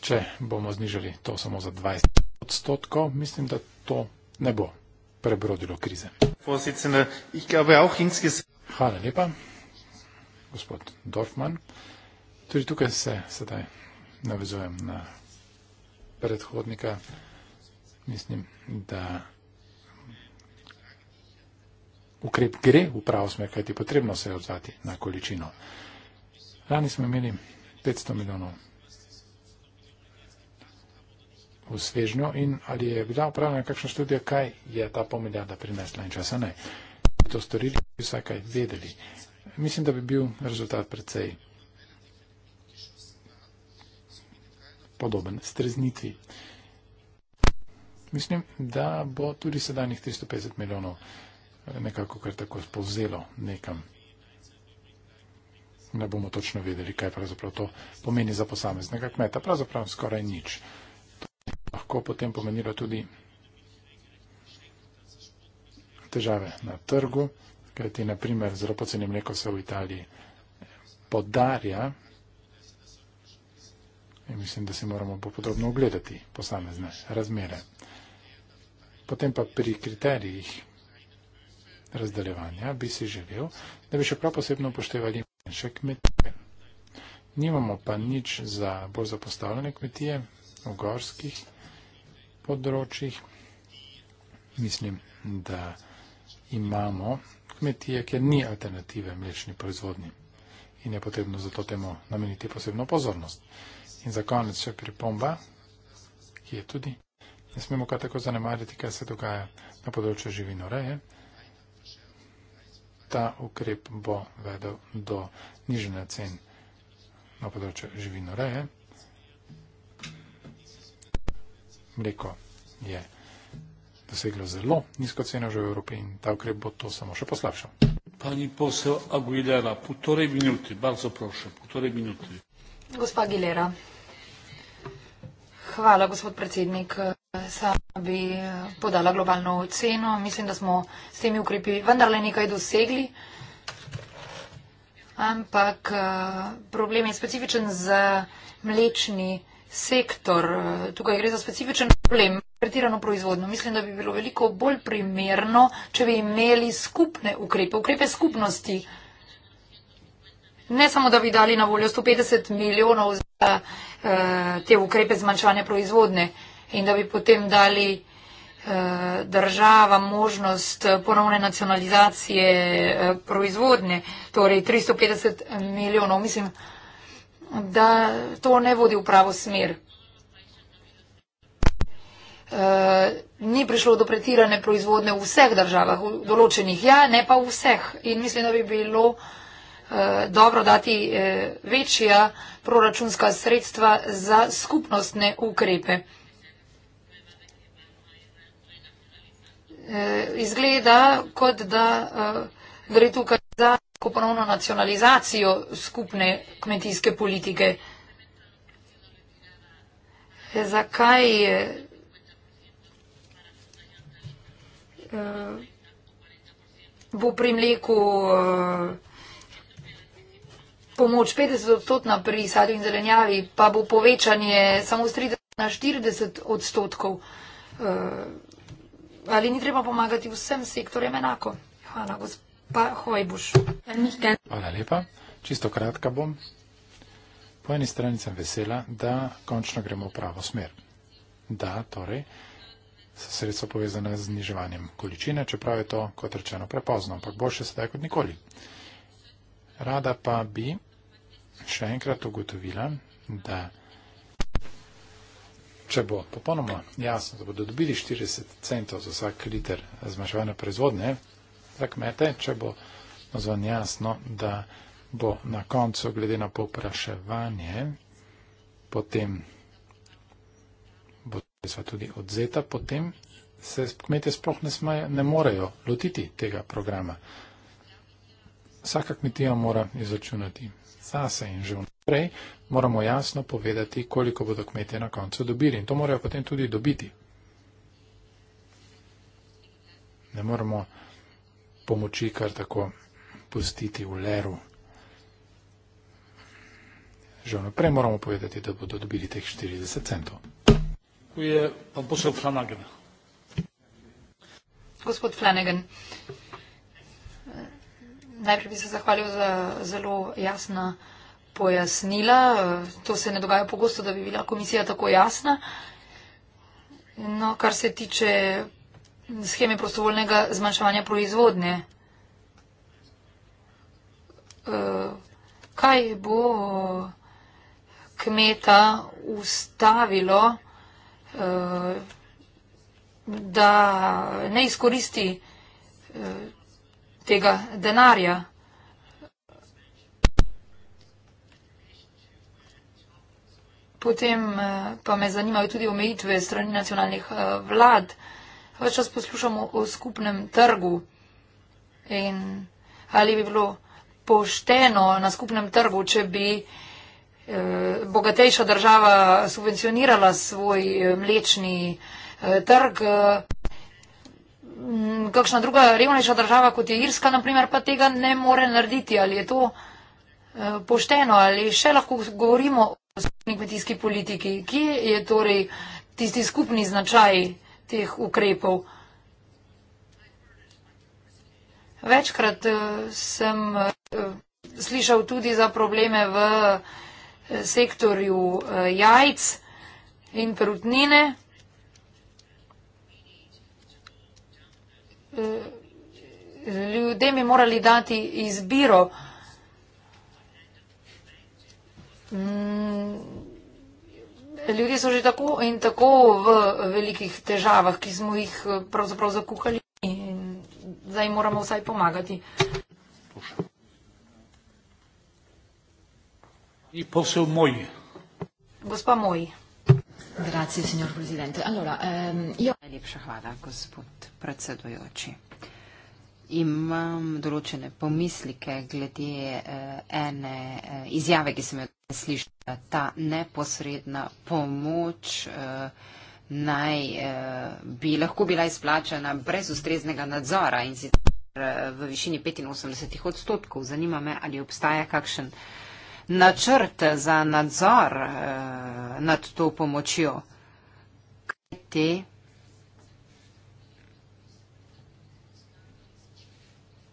če bomo znižali to samo za 20 odstotkov? Mislim, da to ne bo prebrodilo krize. Hvala lepa, gospod Dorfman. Tudi tukaj se sedaj navezujem na predhodnika, mislim, da ukrep gre v pravo smer, kajti potrebno se je odzvati na količino. Lani smo imeli 500 milijonov v svežnjo in ali je bila upravljena kakšna študija, kaj je ta pol milijarda prinesla in časa ne. To storili, vsaj kaj vedeli. Mislim, da bi bil rezultat predvsej. podoben streznitvi. Mislim, da bo tudi sedajnih 350 milijonov eh, nekako kar tako spovzelo nekam. Ne bomo točno vedeli, kaj pravzaprav to pomeni za posameznega kmeta. Pravzaprav skoraj nič. To je lahko potem pomenilo tudi težave na trgu, kajti naprimer zelo poceni mleko se v Italiji podarja in mislim, da se moramo popodobno ogledati posamezne razmere. Potem pa pri kriterijih razdaljevanja bi si želel, da bi še prav posebno upoštevali manjše kmetije. Nimamo pa nič za bolj zapostavljene kmetije v gorskih področjih. Mislim, da imamo kmetije, kjer ni alternative mlečni proizvodnji in je potrebno zato temu nameniti posebno pozornost. In za konec še pripomba, ki je tudi, ne smemo kar tako zanemariti, kaj se dogaja na področju živinoreje. Ta ukrep bo vedel do nižanja cen na področju živinoreje. Mleko je doseglo zelo nizko ceno že v Evropi in ta ukrep bo to samo še poslabšal. Pani posel Aguilera, po torej minuti, bardzo prosim, po torej minuti. Gospa Aguilera. Hvala, gospod predsednik. Sam bi eh, podala globalno oceno. Mislim, da smo s temi ukrepi vendarle nekaj dosegli. Ampak eh, problem je specifičen za mlečni sektor. Tukaj gre za specifičen problem, pretirano proizvodno. Mislim, da bi bilo veliko bolj primerno, če bi imeli skupne ukrepe, ukrepe skupnosti. Ne samo, da bi dali na voljo 150 milijonov. Eh, te ukrepe zmanjšanja proizvodne in da bi potem dali eh, država možnost eh, ponovne nacionalizacije proizvodne, torej 350 milijonov. Mislim, da to ne vodi v pravo smer. Ni prišlo do pretirane proizvodne v vseh državah, določenih ja, ne pa v vseh. In mislim, da bi bilo Eh, dobro dati eh, večja proračunska sredstva za skupnostne ukrepe. Eh, izgleda, kot da gre tukaj za ponovno nacionalizacijo skupne kmetijske politike. Zakaj bo pri mleku pomoč 50 odstotna pri sadju in zelenjavi, pa bo povečanje samo z 30 na 40 odstotkov. E, ali ni treba pomagati vsem sektorjem enako? Hvala, gospa Hojbuš. Hvala lepa. Čisto kratka bom. Po eni strani sem vesela, da končno gremo v pravo smer. Da, torej, so sredstva povezana z zniževanjem količine, čeprav je to, kot rečeno, prepozno, ampak boljše sedaj kot nikoli. Rada pa bi, še enkrat ugotovila, da če bo popolnoma jasno, da bodo dobili 40 centov za vsak liter zmanjševanja proizvodne za kmete, če bo zvon jasno, da bo na koncu glede na popraševanje potem bo tudi odzeta, potem se kmete sploh ne, smajo, ne morejo lotiti tega programa. Vsaka kmetija mora izračunati zase in že vnaprej, moramo jasno povedati, koliko bodo kmetje na koncu dobili in to morajo potem tudi dobiti. Ne moramo pomoči kar tako pustiti v leru. Že vnaprej moramo povedati, da bodo dobili teh 40 centov. Gospod Flanagan. Gospod Flanagan najprej bi se zahvalil za zelo jasna pojasnila. To se ne dogaja pogosto, da bi bila komisija tako jasna. No, kar se tiče scheme prostovoljnega zmanjševanja proizvodnje. Eh, kaj bo kmeta ustavilo, eh, da ne izkoristi eh, tega denarja. Potem eh, pa me zanimajo tudi omejitve strani nacionalnih eh, vlad. Več čas poslušamo o skupnem trgu in ali bi bilo pošteno na skupnem trgu, če bi eh, bogatejša država subvencionirala svoj mlečni trg. Mm, kakšna druga revnejša država, kot je Irska, naprimer, pa tega ne more narediti. Ali je to eh, pošteno, ali še lahko govorimo o skupni kmetijski politiki? Kje je torej tisti skupni značaj teh ukrepov? Večkrat eh, sem eh, slišal tudi za probleme v sektorju jajc in perutnine. ljudem bi morali dati izbiro. Mm, ljudje so že tako in tako v velikih težavah, ki smo jih eh, pravzaprav zakuhali in zdaj moramo vsaj pomagati. Gospa moj. Grazie, signor Presidente. Allora, ehm, io... Najlepša hvala, gospod predsedujoči. Imam določene pomislike glede eh, ene eh, izjave, ki sem jo slišala, ta neposredna pomoč eh, naj eh, bi lahko bila izplačana brez ustreznega nadzora in sicer eh, v višini 85 odstotkov. Zanima me, ali obstaja kakšen eh, načrt za nadzor eh, nad to pomočjo. Kaj te?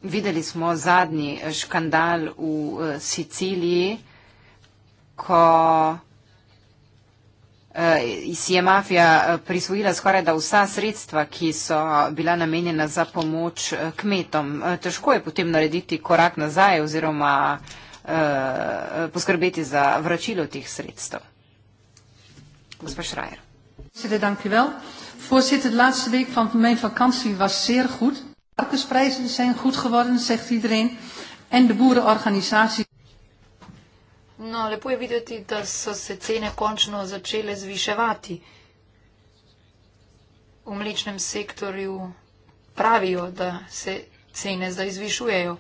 Videli smo zadnji škandal v eh, Siciliji, ko eh, si je mafija prisvojila skoraj da vsa sredstva, ki so bila namenjena za pomoč kmetom. Težko je potem narediti korak nazaj oziroma Eh, poskrbeti za vračilo teh sredstev. Gospa Šrajer. Voorzitter, de laatste week van mijn vakantie was zeer goed. De varkensprijzen zijn goed geworden, zegt iedereen. En de boerenorganisatie. No, lepo je videti, da so se cene končno začele zviševati. V mlečnem sektorju pravijo, da se cene zdaj zvišujejo.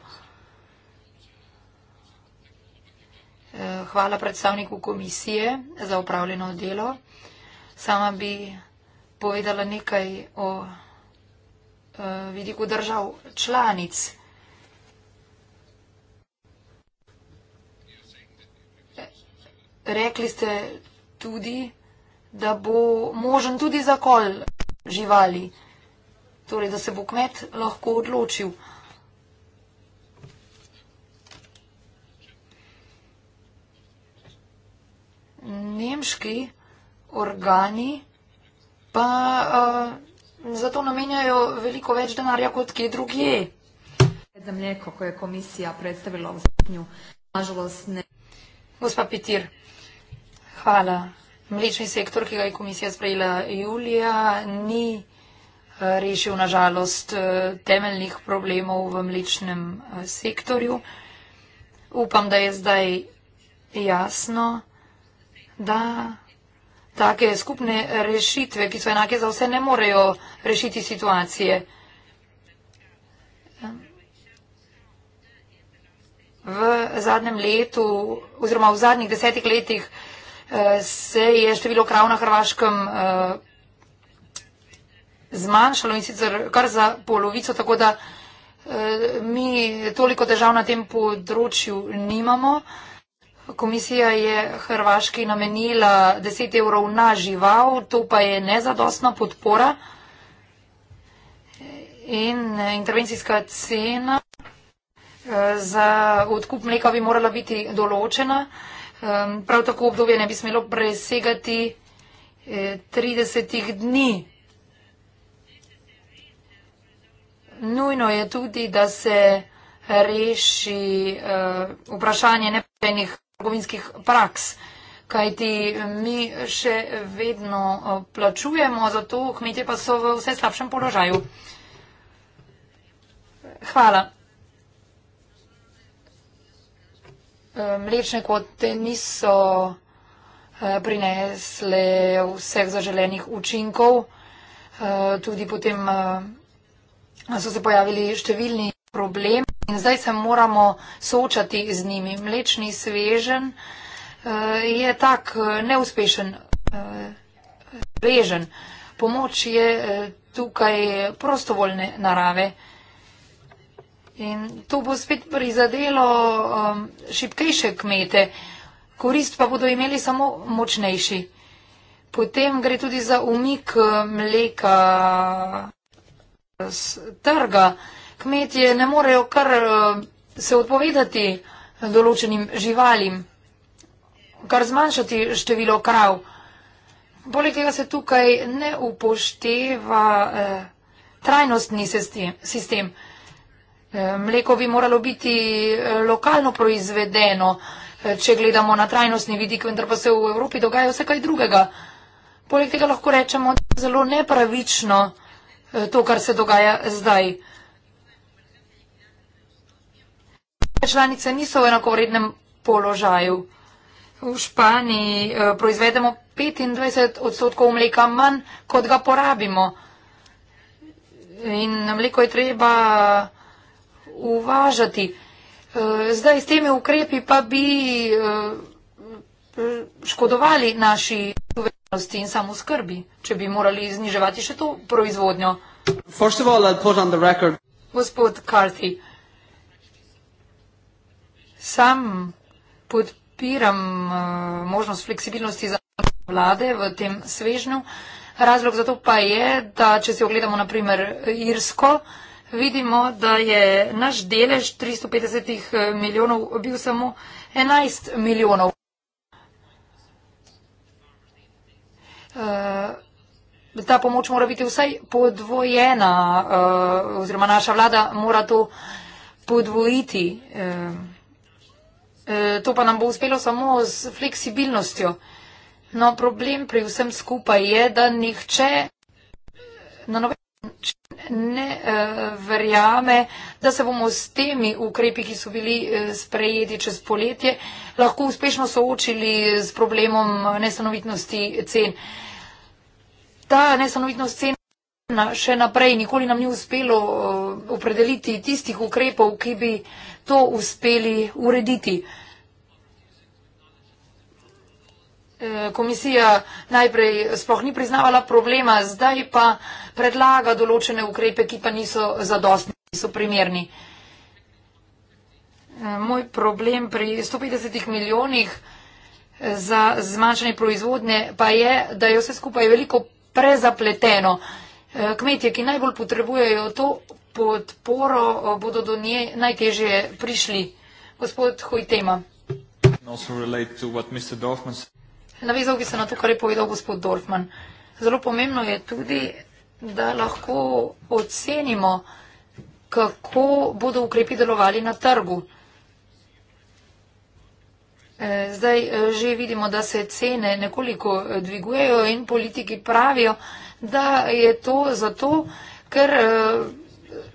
Hvala predstavniku komisije za upravljeno delo. Sama bi povedala nekaj o eh, vidiku držav članic. Rekli ste tudi, da bo možen tudi zakol živali, torej da se bo kmet lahko odločil. nemški organi pa uh, zato namenjajo veliko več denarja kot kje drugje. Za mleko, ko je komisija predstavila v zadnju, nažalost ne. Gospa Petir, hvala. Mlečni sektor, ki ga je komisija sprejela julija, ni eh, rešil nažalost eh, temeljnih problemov v mlečnem sektorju. Upam, da je zdaj jasno da take skupne rešitve, ki so enake za vse, ne morejo rešiti situacije. V zadnjem letu oziroma v zadnjih desetih letih eh, se je število krav na Hrvaškem eh, zmanjšalo in sicer kar za polovico, tako da eh, mi toliko težav na tem področju nimamo. Komisija je Hrvaški namenila 10 evrov na žival, to pa je nezadostna podpora. In intervencijska cena eh, za odkup mleka bi morala biti določena. Prav tako obdobje ne bi smelo presegati 30 eh, dni. Nujno je tudi, da se reši eh, vprašanje neprejenih trgovinskih praks. Kajti eh, mi še vedno eh, plačujemo, zato kmetje pa so v vse slabšem položaju. Hvala. Eh, mlečne kvote niso prinesle vseh zaželenih učinkov. Tudi potem so se pojavili številni problem in zdaj se moramo soočati z njimi. Mlečni svežen eh, je tak eh, neuspešen eh, svežen. Pomoč je tukaj prostovoljne narave. In to bo spet prizadelo ehm, šipkejše kmete, korist pa bodo imeli samo močnejši. Potem gre tudi za umik mleka z trga kmetje ne morejo kar eh, se odpovedati določenim živalim, kar zmanjšati število krav. Poleg tega se tukaj ne upošteva eh, trajnostni sistem. sistem. Eh, mleko bi moralo biti eh, lokalno proizvedeno, eh, če gledamo na trajnostni vidik, vendar pa se v Evropi dogaja vse kaj drugega. Poleg tega lahko rečemo, da je zelo nepravično eh, to, kar se dogaja zdaj. Eh, članice niso v enakovrednem položaju. V Španiji eh, proizvedemo 25 odstotkov mleka manj, kot ga porabimo. In mleko je treba uvažati. Eh, zdaj s temi ukrepi pa bi eh, škodovali naši suverenosti in samoskrbi, če bi morali zniževati še to proizvodnjo. First of all, I'll put on the record. Gospod Carthy, uh, Sam podpiram uh, možnost fleksibilnosti za vlade v tem svežnju. Razlog za to pa je, da če se ogledamo na primer Irsko, vidimo, da je naš delež 350 eh, milijonov bil samo 11 milijonov. Eh, ta pomoč mora biti vsaj podvojena oziroma naša vlada mora to podvojiti. E, to pa nam bo uspelo samo z fleksibilnostjo. No, problem pri vsem skupaj je, da nihče na noben način ne uh, verjame, da se bomo s temi ukrepi, ki so bili e, sprejeti čez poletje, lahko uspešno soočili z problemom nestanovitnosti cen. Ta nestanovitnost cen. Na, še naprej nikoli nam ni uspelo uh, opredeliti tistih ukrepov, ki bi to uspeli urediti. Eh, komisija najprej sploh ni priznavala problema, zdaj pa predlaga določene ukrepe, ki pa niso zadostni, niso primerni. Eh, moj problem pri 150 milijonih za zmanjšanje proizvodne pa je, da je vse skupaj veliko prezapleteno. Eh, kmetje, ki najbolj potrebujejo to podporo, eh, bodo do nje najtežje prišli. Gospod Hojtema. Navezal bi se na to, kar je povedal gospod Dorfman. Zelo pomembno je tudi, da lahko ocenimo, kako bodo ukrepi delovali na trgu. Eh, zdaj že vidimo, da se cene nekoliko dvigujejo in politiki pravijo, da je to zato, ker eh,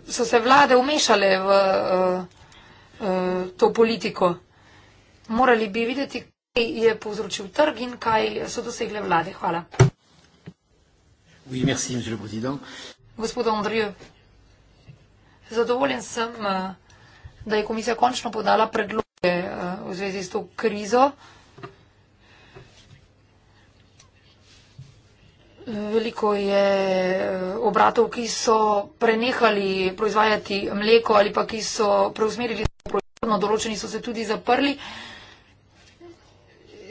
so se vlade umešale v eh, eh, to politiko. Morali bi videti, kaj je povzročil trg in kaj so dosegle vlade. Hvala. Gospod Andrijo, zadovoljen sem, da je komisija končno podala predloge v zvezi s to krizo. Veliko je eh, obratov, ki so prenehali proizvajati mleko ali pa ki so preusmerili proizvodno, določeni so se tudi zaprli.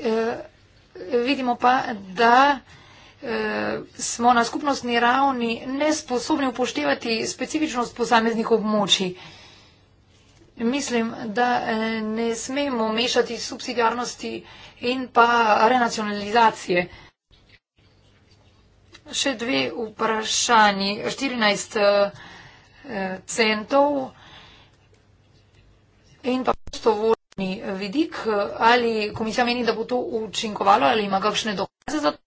Eh, vidimo pa, da eh, smo na skupnostni ravni nesposobni upoštevati specifičnost posameznih območij. Mislim, da ne smemo mešati subsidiarnosti in pa renacionalizacije. Še dve vprašanji. 14 eh, centov in pa prostovoljni vidik. Ali komisija meni, da bo to učinkovalo ali ima kakšne dokaze za to?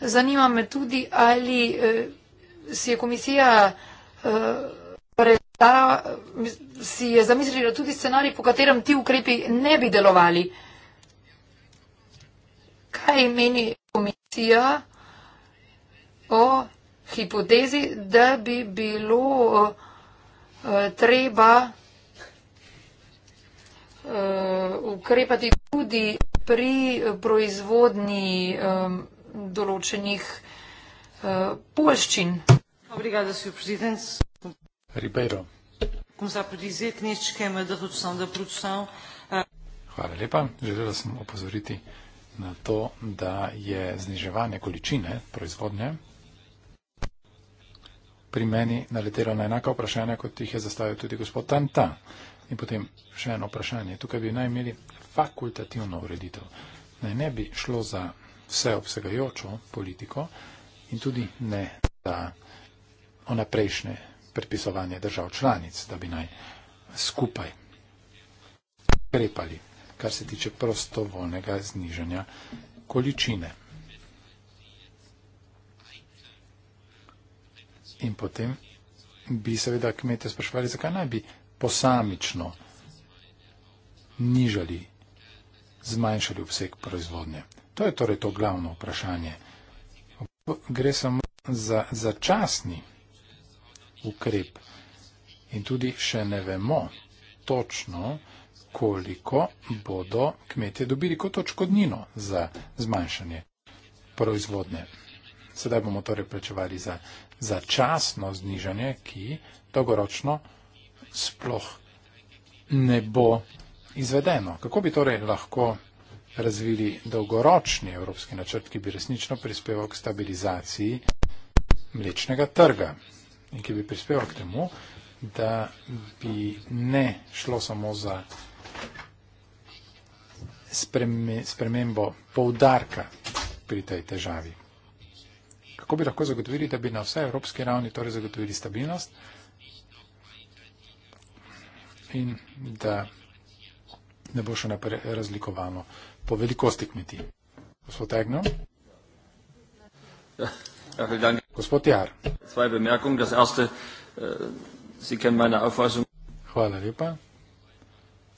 Zanima me tudi, ali eh, si je komisija eh, preda, si je zamislila tudi scenarij, po katerem ti ukrepi ne bi delovali. Kaj meni komisija? o hipotezi, da bi bilo uh, treba uh, ukrepati tudi pri proizvodni um, eh, določenih uh, polščin. Obrigada, senhor presidente. Ribeiro. Começar por dizer que neste esquema da redução da produção. Hvala lepa. Želela sem opozoriti na to, da je zniževanje količine proizvodnje pri meni naletelo na enaka vprašanja, kot jih je zastavil tudi gospod Tanta. In potem še eno vprašanje. Tukaj bi naj imeli fakultativno ureditev. Naj ne bi šlo za vseobsegajočo politiko in tudi ne za onaprejšnje predpisovanje držav članic, da bi naj skupaj ukrepali, kar se tiče prostovoljnega znižanja količine. In potem bi seveda kmete sprašvali, zakaj naj bi posamično nižali, zmanjšali obseg proizvodnje. To je torej to glavno vprašanje. Gre samo za začasni ukrep in tudi še ne vemo točno, koliko bodo kmetje dobili kot očkodnino za zmanjšanje proizvodnje. Sedaj bomo torej plačevali za začasno znižanje, ki dolgoročno sploh ne bo izvedeno. Kako bi torej lahko razvili dolgoročni evropski načrt, ki bi resnično prispeval k stabilizaciji mlečnega trga in ki bi prispeval k temu, da bi ne šlo samo za spremembo poudarka pri tej težavi kako bi lahko zagotovili, da bi na vsej evropski ravni torej zagotovili stabilnost in da ne bo še naprej razlikovano po velikosti kmetij. Gospod Egno. Ja, Gospod Jar. Äh, Hvala lepa.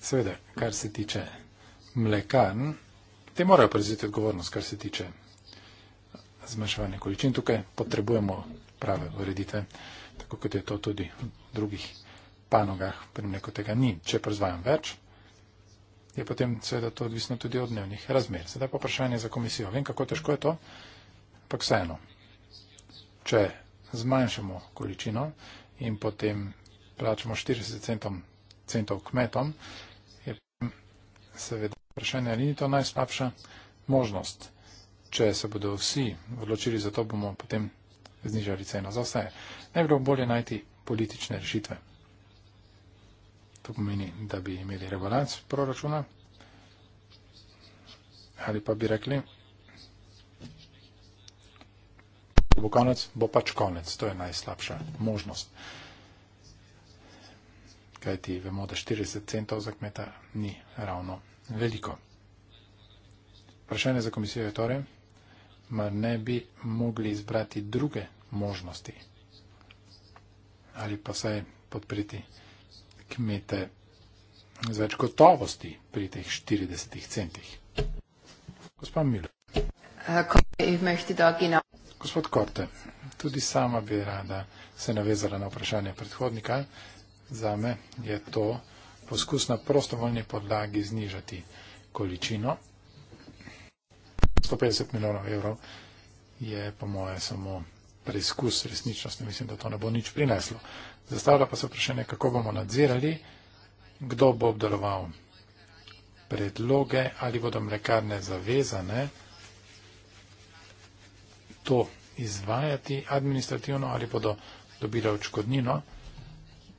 Seveda, kar se tiče mlekarn, te morajo prevzeti odgovornost, kar se tiče zmanjševanje količin. Tukaj potrebujemo prave ureditve, tako kot je to tudi v drugih panogah, pri mleku tega ni. Če proizvajam več, je potem seveda to odvisno tudi od dnevnih razmer. Sedaj pa vprašanje za komisijo. Vem, kako težko je to, ampak vseeno. Če zmanjšamo količino in potem plačamo 40 centom, centov kmetom, je seveda vprašanje, ali ni to najslabša možnost če se bodo vsi odločili za to, bomo potem znižali ceno za vse. Najbolj bolje najti politične rešitve. To pomeni, da bi imeli rebalans proračuna ali pa bi rekli, da bo konec, bo pač konec. To je najslabša možnost. Kaj ti vemo, da 40 centov za kmeta ni ravno veliko. Vprašanje za komisijo je torej ma ne bi mogli izbrati druge možnosti ali pa saj podpriti kmete z več gotovosti pri teh 40 centih. Gospod Miller. Gospod Korte, tudi sama bi rada se navezala na vprašanje predhodnika. Za me je to poskus na prostovoljni podlagi znižati količino 150 milijonov evrov, je po moje samo preizkus resničnosti. Mislim, da to ne bo nič prineslo. Zastavlja pa se vprašanje, kako bomo nadzirali, kdo bo obdeloval predloge, ali bodo mlekarne zavezane to izvajati administrativno ali bodo dobile očkodnino,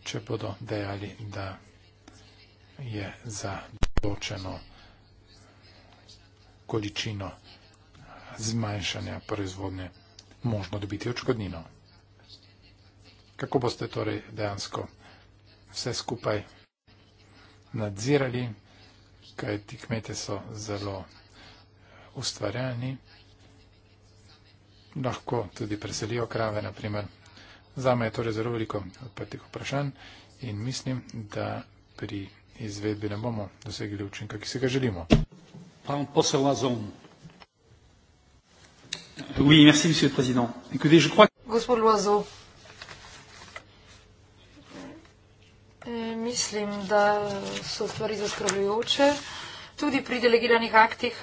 če bodo dejali, da je za določeno količino zmanjšanja proizvodnje možno dobiti očkodnino. Kako boste torej dejansko vse skupaj nadzirali, kaj ti kmete so zelo ustvarjani, lahko tudi preselijo krave, naprimer. Zame je torej zelo veliko odprtih vprašanj in mislim, da pri izvedbi ne bomo dosegli učinka, ki se ga želimo. Pan Poselazon. Oui, merci Monsieur le Président. Écoutez, je crois que... Gospod Loiseau. E, mislim, da so stvari zaskrbljujoče. Tudi pri delegiranih aktih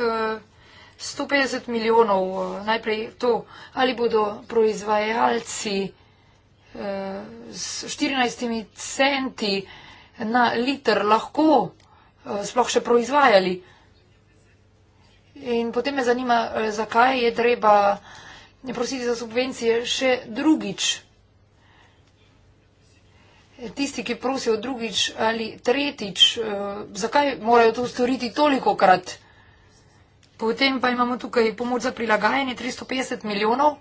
150 e, milijonov, e, najprej to, ali bodo proizvajalci e, s 14 centi na liter lahko sploh še proizvajali. In potem me zanima, eh, zakaj je treba prositi za subvencije še drugič. Tisti, ki prosijo drugič ali tretjič, eh, zakaj morajo to storiti toliko krat? Potem pa imamo tukaj pomoč za prilagajanje 350 milijonov.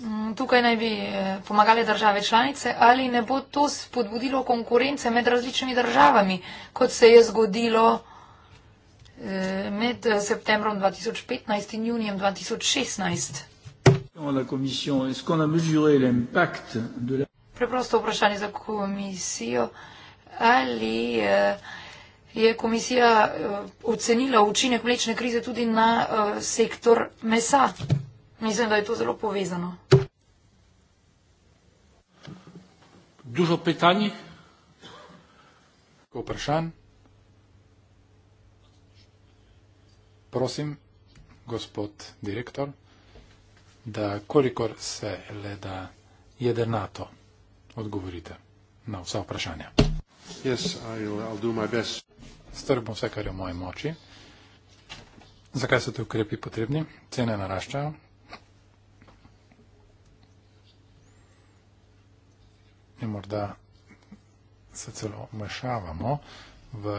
Mm, tukaj naj bi eh, pomagale države članice, ali ne bo to spodbudilo konkurence med različnimi državami, kot se je zgodilo. Eh, med eh, septembrom 2015 in junijem 2016. Preprosto vprašanje za komisijo. Ali eh, je komisija ocenila učinek mlečne krize tudi na sektor mesa? Mislim, da je to zelo povezano. Dužo vprašanje. prosim, gospod direktor, da kolikor se le da jedernato odgovorite na vsa vprašanja. Yes, I'll do my best. Strg bom vse, kar je v moji moči. Zakaj so te ukrepi potrebni? Cene naraščajo. In morda se celo mešavamo v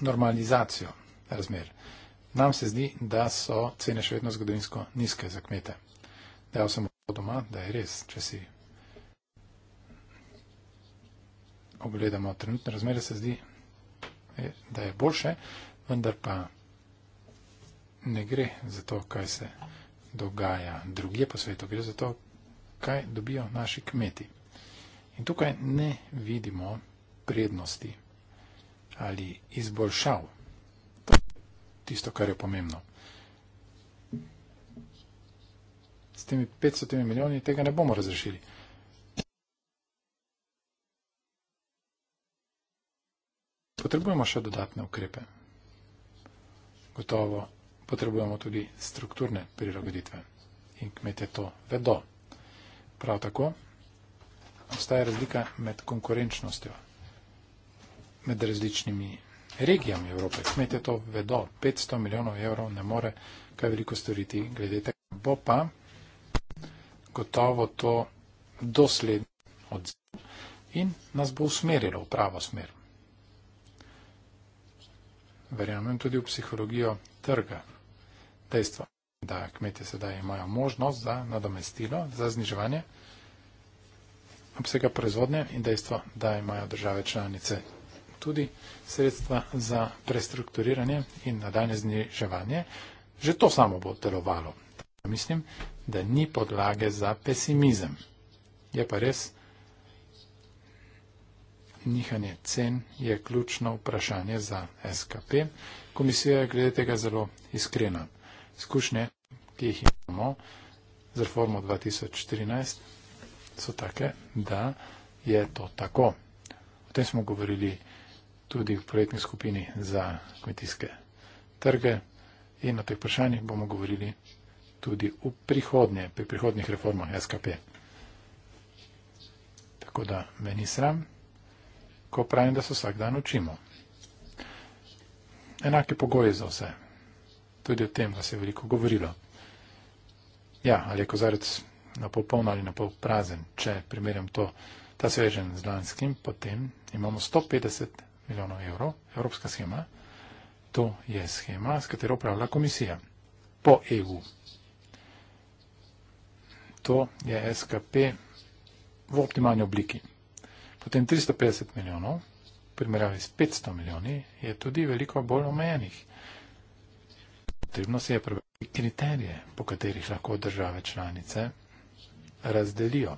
normalizacijo razmer. Nam se zdi, da so cene še vedno zgodovinsko nizke za kmete. Dejal sem od doma, da je res, če si ogledamo trenutne razmere, se zdi, da je boljše, vendar pa ne gre za to, kaj se dogaja drugje po svetu, gre za to, kaj dobijo naši kmeti. In tukaj ne vidimo prednosti ali izboljšav tisto, kar je pomembno. S temi 500 milijoni tega ne bomo razrešili. Potrebujemo še dodatne ukrepe. Gotovo potrebujemo tudi strukturne prilagoditve in kmete to vedo. Prav tako obstaja razlika med konkurenčnostjo, med različnimi regijam Evrope. Kmetje to vedo, 500 milijonov evrov ne more kaj veliko storiti. Glede tega bo pa gotovo to dosledno odziv in nas bo usmerilo v pravo smer. Verjamem tudi v psihologijo trga. Dejstvo, da kmetje sedaj imajo možnost za nadomestilo, za zniževanje obsega proizvodnje in dejstvo, da imajo države članice tudi sredstva za prestrukturiranje in nadaljne zniževanje, že to samo bo delovalo. Mislim, da ni podlage za pesimizem. Je pa res, nihanje cen je ključno vprašanje za SKP. Komisija je glede tega zelo iskrena. Skušnje, ki jih imamo z reformo 2014, so take, da je to tako. O tem smo govorili tudi v projektni skupini za kmetijske trge in o teh vprašanjih bomo govorili tudi v prihodnje, pri prihodnjih reformah SKP. Tako da me ni sram, ko pravim, da se vsak dan učimo. Enake pogoje za vse. Tudi o tem vas je veliko govorilo. Ja, ali je kozarec na pol poln ali na pol prazen, če primerjam to, ta svežen z lanskim, potem imamo 150 milijonov evrov, evropska schema. To je schema, s katero upravlja komisija po EU. To je SKP v optimalni obliki. Potem 350 milijonov, primerjavi s 500 milijoni, je tudi veliko bolj omejenih. Potrebno se je prebrati kriterije, po katerih lahko države članice razdelijo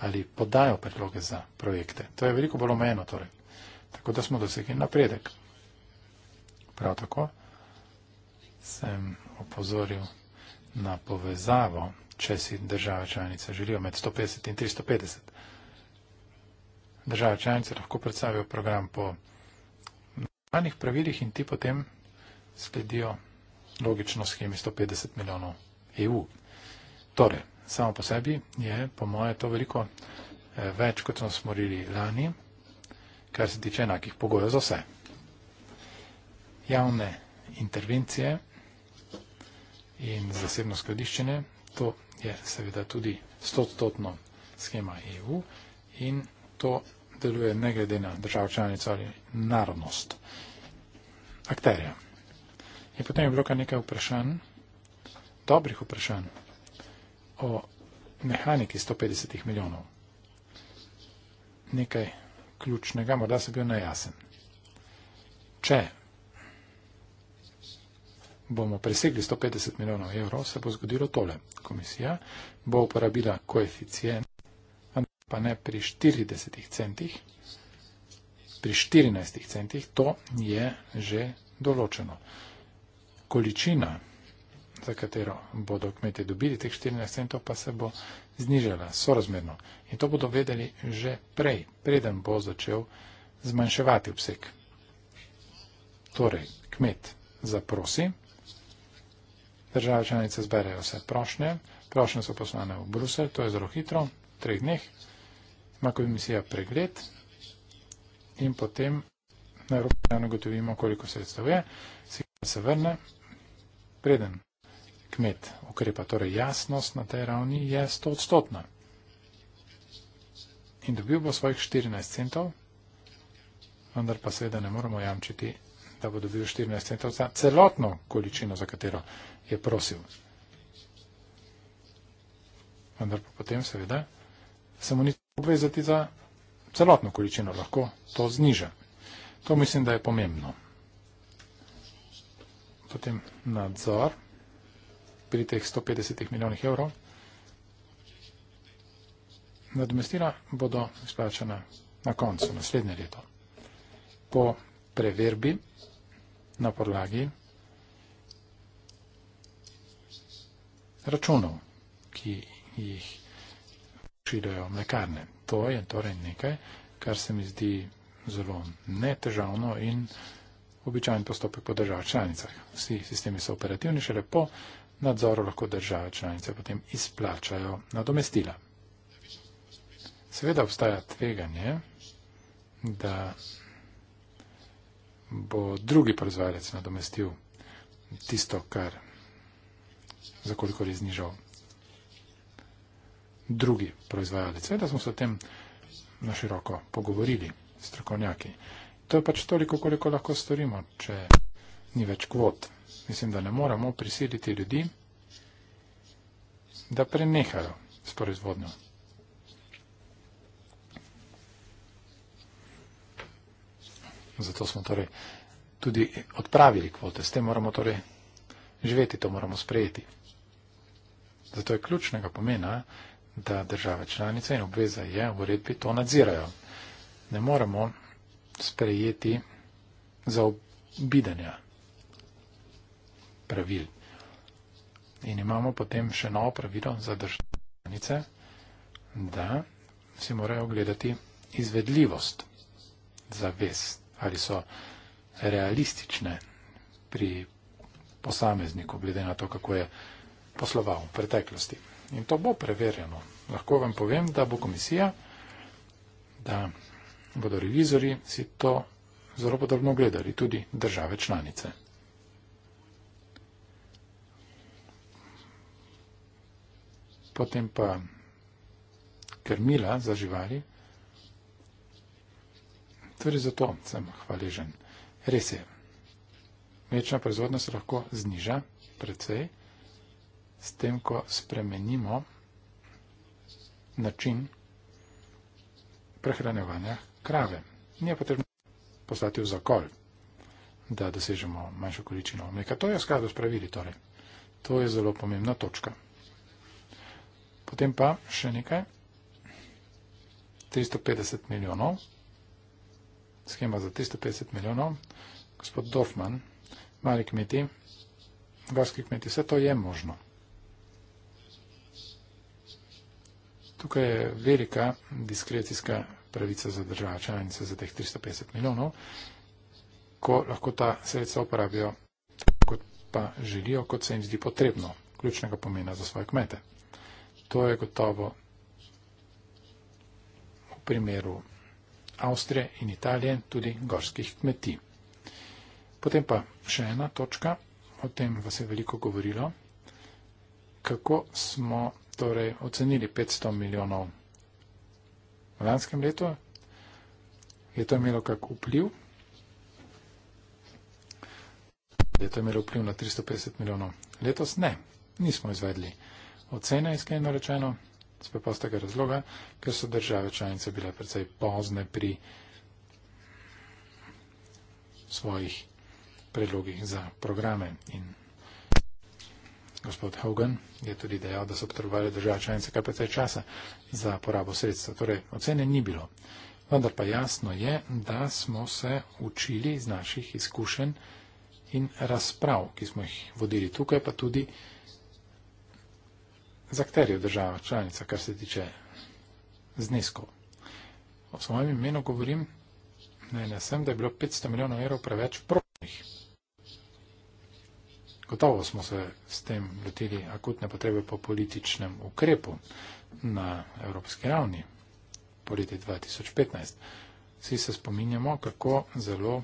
ali podajo predloge za projekte. To je veliko bolj omejeno torej. Tako da smo dosegli napredek. Prav tako sem opozoril na povezavo, če si države članice želijo med 150 in 350. Države članice lahko predstavijo program po normalnih pravilih in ti potem sledijo logično schemi 150 milijonov EU. Torej, samo po sebi je po moje to veliko eh, več, kot smo smorili lani kar se tiče enakih pogojev za vse. Javne intervencije in zasebno skladiščenje, to je seveda tudi stotstotno schema EU in to deluje ne glede na državo članico ali narodnost akterja. In potem je bilo kar nekaj vprašanj, dobrih vprašanj o mehaniki 150 milijonov. Nekaj ključnega, morda sem bil najjasen. Če bomo presegli 150 milijonov evrov, se bo zgodilo tole. Komisija bo uporabila koeficient, pa ne pri 40 centih, pri 14 centih, to je že določeno. Količina, za katero bodo kmetje dobili teh 14 centov, pa se bo znižala sorazmerno in to bodo vedeli že prej, preden bo začel zmanjševati obseg. Torej, kmet zaprosi, države članice zberejo vse prošnje, prošnje so poslane v Brusel, to je zelo hitro, v treh dneh, ima komisija pregled in potem na Evropi ugotovimo, koliko sredstev je, se vrne, preden kmet ukrepa. Torej jasnost na tej ravni je stotstotna. In dobil bo svojih 14 centov, vendar pa seveda ne moramo jamčiti, da bo dobil 14 centov za celotno količino, za katero je prosil. Vendar pa potem seveda se mu ni obvezati za celotno količino, lahko to zniža. To mislim, da je pomembno. Potem nadzor pri teh 150 milijonih evrov. Nadomestila bodo izplačena na koncu, naslednje leto. Po preverbi na podlagi računov, ki jih šiljajo mlekarne. To je torej nekaj, kar se mi zdi zelo netežavno in običajen postopek po državah članicah. Vsi sistemi so operativni, šele po nadzoru lahko države članice potem izplačajo nadomestila. Seveda obstaja tveganje, da bo drugi proizvajalec nadomestil tisto, kar zakoliko je znižal drugi proizvajalec. Seveda smo se o tem na široko pogovorili s strokovnjaki. To je pač toliko, koliko lahko storimo, če ni več kvot. Mislim, da ne moramo prisiliti ljudi, da prenehajo s proizvodnjo. Zato smo torej tudi odpravili kvote. S tem moramo torej živeti, to moramo sprejeti. Zato je ključnega pomena, da države članice in obveza je v uredbi to nadzirajo. Ne moramo sprejeti zaobidanja pravil. In imamo potem še novo pravilo za državljanice, da si morajo gledati izvedljivost zavez, ali so realistične pri posamezniku, glede na to, kako je posloval v preteklosti. In to bo preverjeno. Lahko vam povem, da bo komisija, da bodo revizori si to zelo podobno gledali, tudi države članice. potem pa krmila za živali. Torej zato sem hvaležen. Res je, mlečna proizvodnja se lahko zniža precej s tem, ko spremenimo način prehranevanja krave. Ni je potrebno poslati v zakol, da dosežemo manjšo količino mleka. To je v skladu s pravili, torej. To je zelo pomembna točka. Potem pa še nekaj. 350 milijonov. Schema za 350 milijonov. Gospod Dorfman, mali kmeti, gorski kmeti, vse to je možno. Tukaj je velika diskrecijska pravica za država članice za teh 350 milijonov, ko lahko ta sredstva uporabijo, kot pa želijo, kot se jim zdi potrebno, ključnega pomena za svoje kmete. To je gotovo v primeru Avstrije in Italije tudi gorskih kmetij. Potem pa še ena točka, o tem vas je veliko govorilo, kako smo torej ocenili 500 milijonov v lanskem letu. Je to imelo kak vpliv? Je to imelo vpliv na 350 milijonov? Letos ne, nismo izvedli ocene, iskreno rečeno, z preprostega razloga, ker so države članice bile predvsej pozne pri svojih predlogih za programe. In gospod Hogan je tudi dejal, da so potrebovali države članice kar precej časa za porabo sredstva. Torej, ocene ni bilo. Vendar pa jasno je, da smo se učili iz naših izkušenj in razprav, ki smo jih vodili tukaj, pa tudi za katero država članica, kar se tiče znesko. O svojem imenu govorim, ne, ne sem, da je bilo 500 milijonov evrov preveč prošnjih. Gotovo smo se s tem lotili akutne potrebe po političnem ukrepu na evropski ravni po leti 2015. Vsi se spominjamo, kako zelo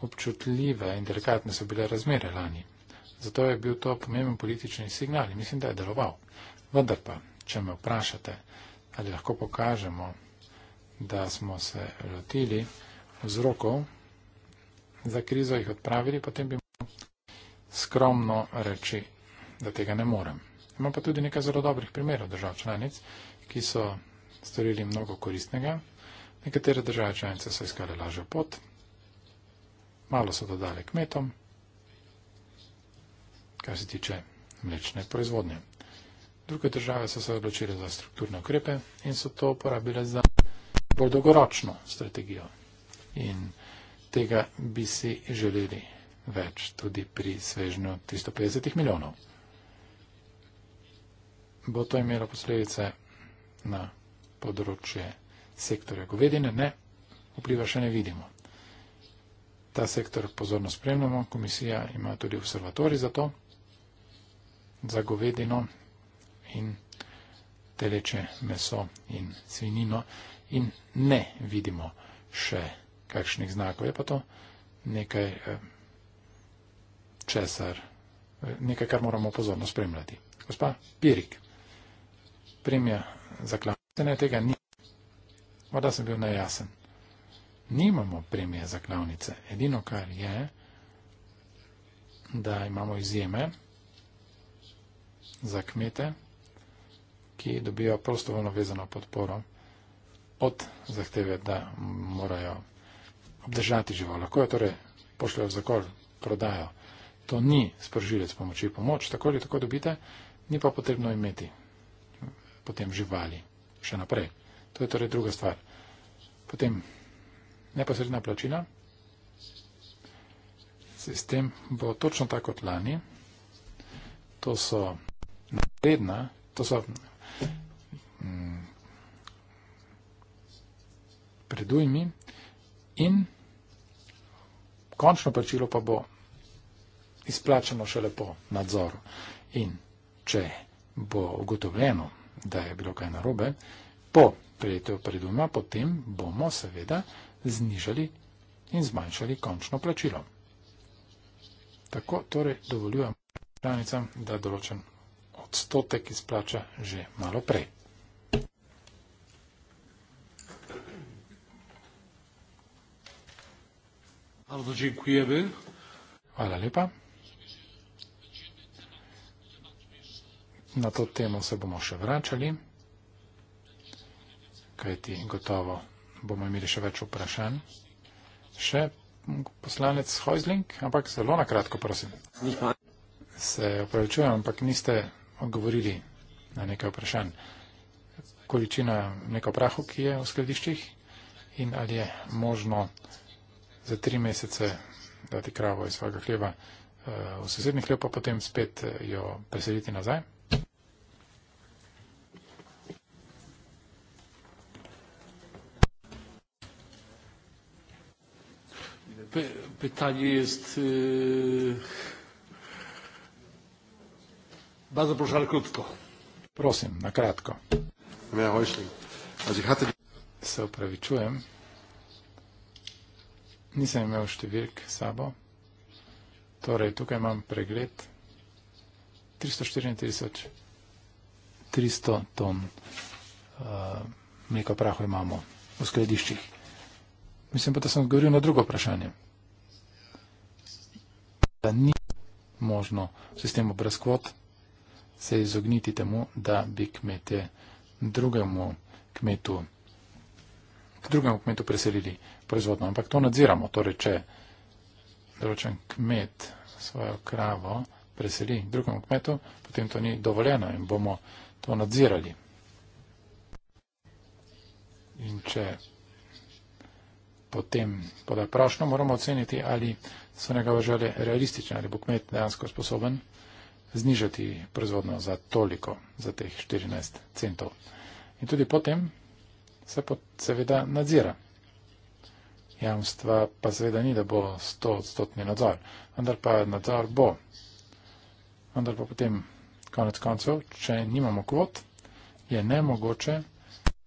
občutljive in delikatne so bile razmere lani. Zato je bil to pomemben politični signal in mislim, da je deloval. Vendar pa, če me vprašate, ali lahko pokažemo, da smo se lotili vzrokov za krizo, jih odpravili, potem bi moral skromno reči, da tega ne morem. Imam pa tudi nekaj zelo dobrih primerov držav članic, ki so storili mnogo koristnega. Nekatere države članice so iskale lažjo pot, malo so dodale kmetom kar se tiče mlečne proizvodnje. Druge države so se odločile za strukturne ukrepe in so to uporabile za bolj dolgoročno strategijo. In tega bi si želeli več tudi pri svežnju 350 milijonov. Bo to imelo posledice na področje sektorja govedine? Ne, vpliva še ne vidimo. Ta sektor pozorno spremljamo, komisija ima tudi observatori za to za govedino in teleče meso in svinino in ne vidimo še kakšnih znakov. Je pa to nekaj eh, česar, eh, nekaj, kar moramo pozorno spremljati. Gospa Pirik, premija za klavnice, tega ni. Voda sem bil najjasen. Nimamo premije za klavnice. Edino, kar je, da imamo izjeme, za kmete, ki dobijo prostovoljno vezano podporo od zahteve, da morajo obdržati živo. Lahko jo torej pošljajo v zakol, prodajo. To ni sprožilec pomoči. Pomoč tako ali tako dobite, ni pa potrebno imeti potem živali še naprej. To je torej druga stvar. Potem neposredna plačina. Sistem bo točno tako kot lani. To so napredna, to so mm, predujmi, in končno plačilo pa bo izplačano šele po nadzoru. In če bo ugotovljeno, da je bilo kaj narobe, po prijetju predujma, potem bomo seveda znižali in zmanjšali končno plačilo. Tako torej dovoljujem članicam, da določen odstotek izplača že malo prej. Bardzo dziękujemy. Hvala lepa. Na to temo se bomo še vračali, kajti gotovo bomo imeli še več vprašanj. Še poslanec Hojzling, ampak zelo na kratko, prosim. Se opravičujem, ampak niste odgovorili na nekaj vprašanj. Količina neko prahu, ki je v skladiščih in ali je možno za tri mesece dati kravo iz svojega hleva eh, v sosednji hleb, pa potem spet eh, jo preseliti nazaj. Pitanje je, Bardzo proszę, ale krótko. Prosim, na kratko. Se upravičujem. Nisem imel številk sabo. Torej, tukaj imam pregled 334.300 ton uh, eh, mleka prahu imamo v skladiščih. Mislim pa, da sem odgovoril na drugo vprašanje. Da ni možno v sistemu brez kvot se izogniti temu, da bi kmete drugemu kmetu, k drugemu kmetu preselili proizvodno. Ampak to nadziramo. Torej, če določen kmet svojo kravo preseli drugemu kmetu, potem to ni dovoljeno in bomo to nadzirali. In če potem poda prošnjo, moramo oceniti, ali so njegove želje realistične, ali bo kmet dejansko sposoben znižati proizvodno za toliko, za teh 14 centov. In tudi potem se pot seveda nadzira. Jamstva pa seveda ni, da bo 100 odstotni nadzor, vendar pa nadzor bo. Vendar pa potem, konec koncev, če nimamo kvot, je nemogoče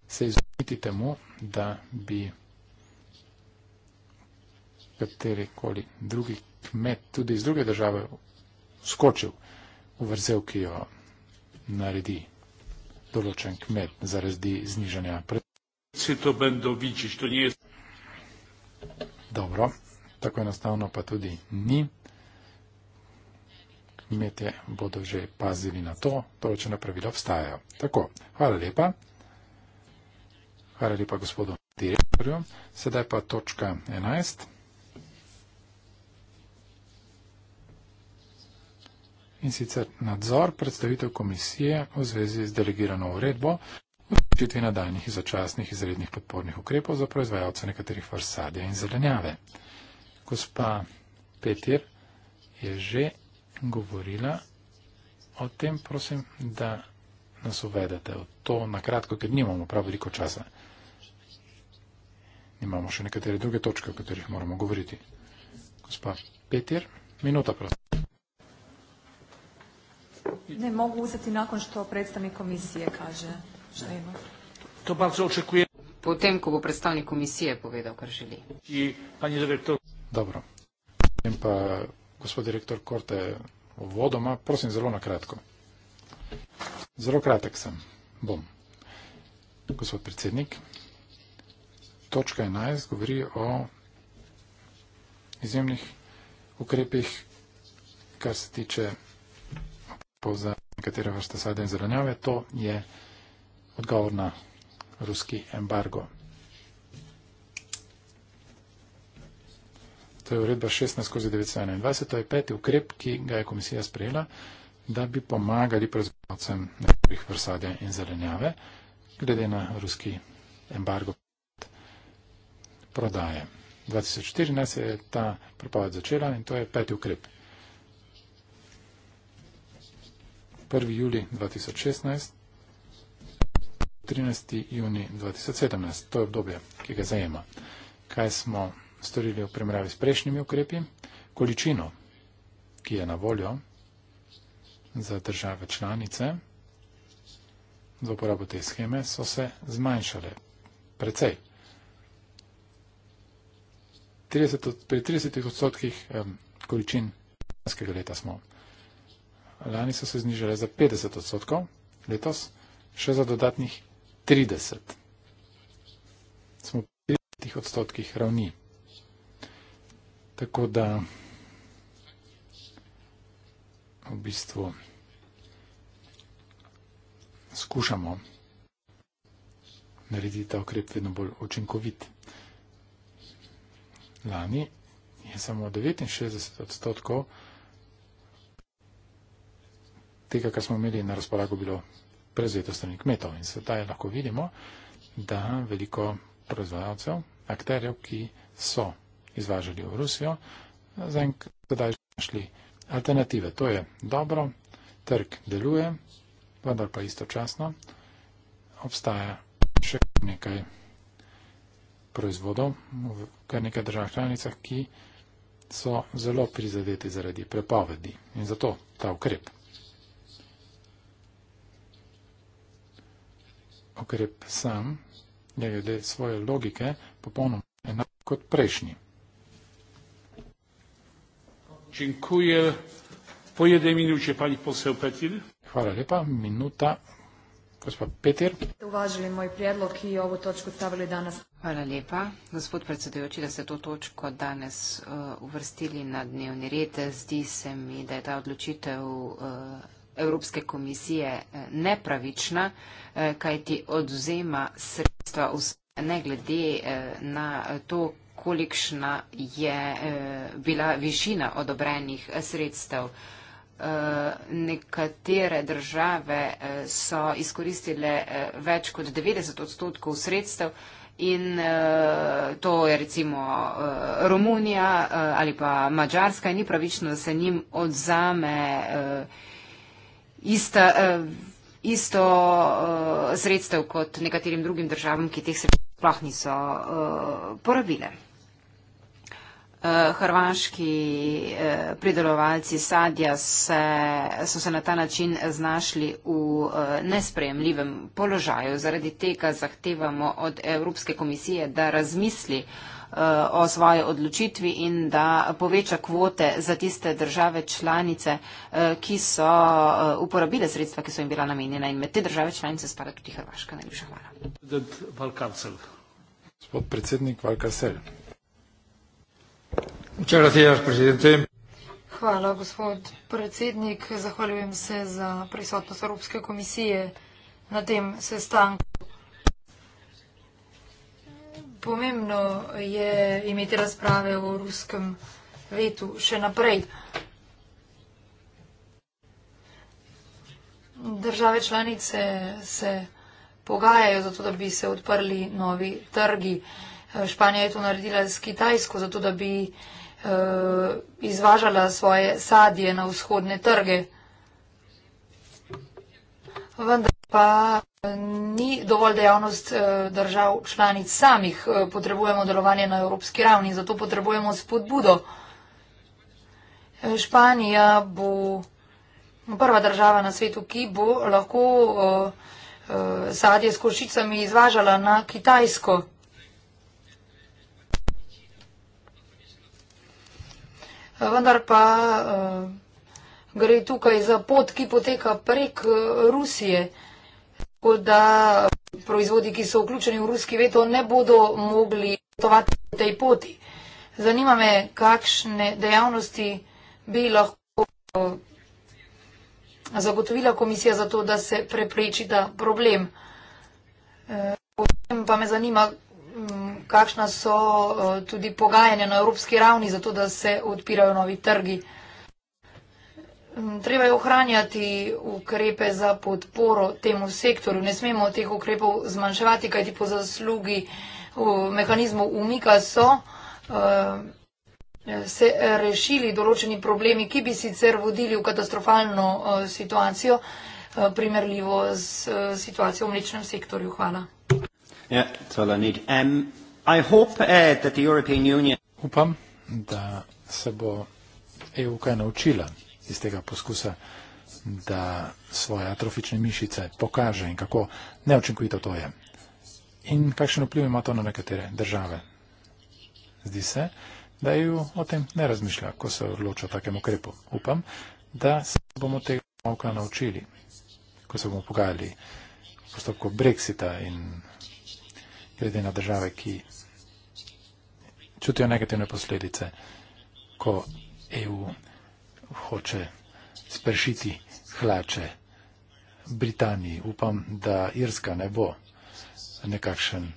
se izogniti temu, da bi katerikoli drugi kmet tudi iz druge države skočil vrzel, ki jo naredi določen kmet zaradi znižanja predstavitve. Dobro, tako enostavno pa tudi ni. Kmetje bodo že pazili na to, določena pravila obstajajo. Tako, hvala lepa. Hvala lepa gospodu direktorju. Sedaj pa točka 11. in sicer nadzor predstavitev komisije v zvezi z delegirano uredbo o vključitvi nadaljnih začasnih izrednih podpornih ukrepov za proizvajalce nekaterih vrst sadja in zelenjave. Gospa Petir je že govorila o tem, prosim, da nas uvedete v to na kratko, ker nimamo prav veliko časa. Imamo še nekatere druge točke, o katerih moramo govoriti. Gospa Petir, minuta prosim. Ne, mogu uzeti nakon što predstavnik komisije kaže što ima. To bardzo očekuje. Potem, ko bo predstavnik komisije povedal, kar želi. I, panje direktor. Dobro. In pa, gospod direktor Korte, vodoma, prosim, zelo na kratko. Zelo kratek sem. Bom. Gospod predsednik, točka 11 govori o izjemnih ukrepih, kar se tiče po za nekatere vrste sadja in zelenjave, to je odgovor na ruski embargo. To je uredba 16 skozi 921, to je peti ukrep, ki ga je komisija sprejela, da bi pomagali proizvodcem nekaterih vrst sadja in zelenjave, glede na ruski embargo prodaje. 2014 je ta prepoved začela in to je peti ukrep. 1. juli 2016, 13. juni 2017. To je obdobje, ki ga zajema. Kaj smo storili v primerjavi s prejšnjimi ukrepi? Količino, ki je na voljo za države članice za uporabo te scheme, so se zmanjšale precej. Pri 30 odstotkih količin lanskega leta smo lani so se znižale za 50 odstotkov, letos še za dodatnih 30. Smo pri 30 odstotkih ravni. Tako da v bistvu skušamo narediti ta okrep vedno bolj učinkovit. Lani je samo 69 odstotkov tega, kar smo imeli na razpolago, bilo prezeto strani kmetov. In sedaj lahko vidimo, da veliko proizvajalcev, akterjev, ki so izvažali v Rusijo, zdaj našli alternative. To je dobro, trg deluje, vendar pa istočasno obstaja še nekaj proizvodov v kar nekaj državah članicah, ki so zelo prizadeti zaradi prepovedi in zato ta ukrep. okrep sam, je glede svoje logike popolnoma enak kot prejšnji. Hvala lepa. Minuta. Gospod Peter. Uvažili moj predlog, ki je ovo točko stavili danes. Hvala lepa, gospod predsedujoči, da ste to točko danes uh, uvrstili na dnevni red. Zdi se mi, da je ta odločitev uh, Evropske komisije eh, nepravična, eh, kaj ti odzema sredstva ne glede eh, na to, kolikšna je bila višina odobrenih sredstev. Nekatere države so izkoristile več kot 90 odstotkov sredstev in to je recimo Romunija ali pa Mačarska in ni pravično, da se njim odzame sredstva ista, uh, isto uh, sredstev kot nekaterim drugim državam, ki teh sredstev sploh niso uh, porabile. Uh, hrvaški uh, pridelovalci sadja se, so se na ta način znašli v uh, nesprejemljivem položaju. Zaradi tega zahtevamo od Evropske komisije, da razmisli uh, Eh, o svoji odločitvi in da poveča kvote za tiste države članice, eh, ki so eh, uporabile sredstva, ki so jim bila namenjena. In med te države članice spada tudi Hrvaška. Najlepša hvala. Gospod predsednik Valkarsel. Hvala, gospod predsednik. Zahvaljujem se za prisotnost Evropske komisije na tem sestanku pomembno je imeti razprave o ruskem vetu še naprej. Države članice se pogajajo zato, da bi se odprli novi trgi. Španija je to naredila s Kitajsko, zato da bi eh, izvažala svoje sadje na vzhodne trge. Vendar pa ni dovolj dejavnost eh, držav članic samih. Eh, potrebujemo delovanje na evropski ravni, zato potrebujemo spodbudo. Eh, Španija bo prva država na svetu, ki bo lahko sadje s košicami izvažala na Kitajsko. Vendar pa gre tukaj za pot, ki poteka prek Rusije tako da proizvodi, ki so vključeni v ruski veto, ne bodo mogli potovati po tej poti. Zanima me, kakšne dejavnosti bi lahko eh, zagotovila komisija za to, da se prepreči ta problem. Eh, potem pa me zanima, mm, kakšna so eh, tudi pogajanja na evropski ravni za to, da se odpirajo novi trgi. Mm, treba je ohranjati ukrepe za podporo temu sektorju. Ne smemo teh ukrepov zmanjševati, kajti po zaslugi mehanizmov umika so eh, se rešili določeni problemi, ki bi sicer vodili v katastrofalno eh, situacijo, eh, primerljivo z situacijo v mlečnem sektorju. Hvala. Yeah, ja, um, hope, uh, Upam, da se bo EU kaj naučila iz tega poskusa, da svoje atrofične mišice pokaže in kako neočinkovito to je. In kakšen vpliv ima to na nekatere države? Zdi se, da ju o tem ne razmišlja, ko se odloča o takem ukrepu. Upam, da se bomo tega malka naučili, ko se bomo pogajali v postopku Brexita in glede na države, ki čutijo negativne posledice, ko EU hoče spršiti hlače Britaniji. Upam, da Irska ne bo nekakšen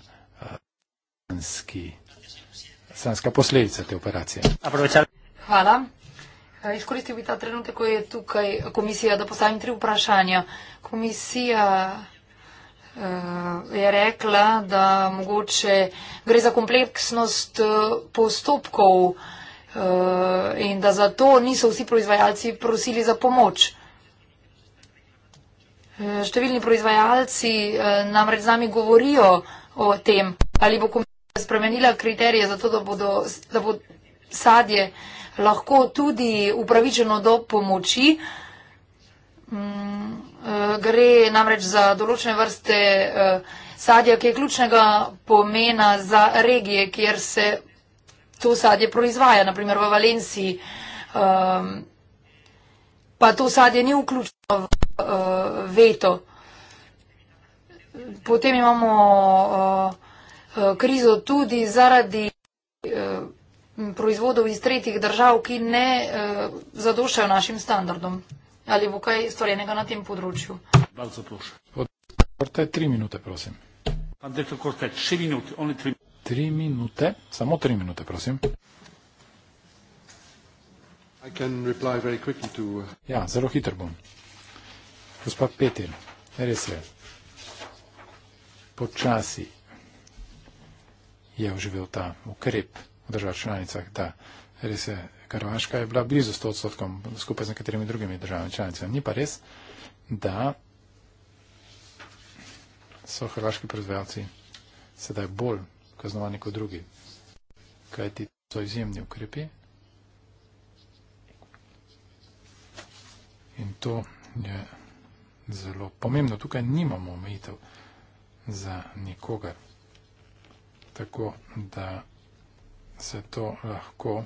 eh, slanska posledica te operacije. Hvala. Eh, izkoristil bi ta trenutek, ko je tukaj komisija, da postavim tri vprašanja. Komisija eh, je rekla, da mogoče gre za kompleksnost postopkov, Eh, in da zato niso vsi proizvajalci prosili za pomoč. Eh, številni proizvajalci eh, namreč z nami govorijo o tem, ali bo komisija spremenila kriterije za to, da, bodo, da bo sadje lahko tudi upravičeno do pomoči. Mm, gre namreč za določene vrste sadja, ki je ključnega pomena za regije, kjer se to sadje proizvaja, naprimer v Valenciji, um, pa to sadje ni vključeno v uh, veto. Potem imamo uh, krizo tudi zaradi uh, proizvodov iz tretjih držav, ki ne uh, zadošajo našim standardom. Ali bo kaj storjenega na tem področju? Od 3 minute, prosim. Pan Dektor Korte, 3 minute, oni 3 minute tri minute, samo tri minute, prosim. To... Uh, ja, zelo hitro bom. Gospa Petir, res je. Počasi je oživel ta ukrep v državah članicah, da res je, Karvaška je bila blizu 100 odstotkom skupaj z nekaterimi drugimi državami članicami. Ni pa res, da so hrvaški proizvajalci sedaj bolj kaznovani kot drugi. Kaj ti so izjemni ukrepi? In to je zelo pomembno. Tukaj nimamo omejitev za nikogar. Tako da se to lahko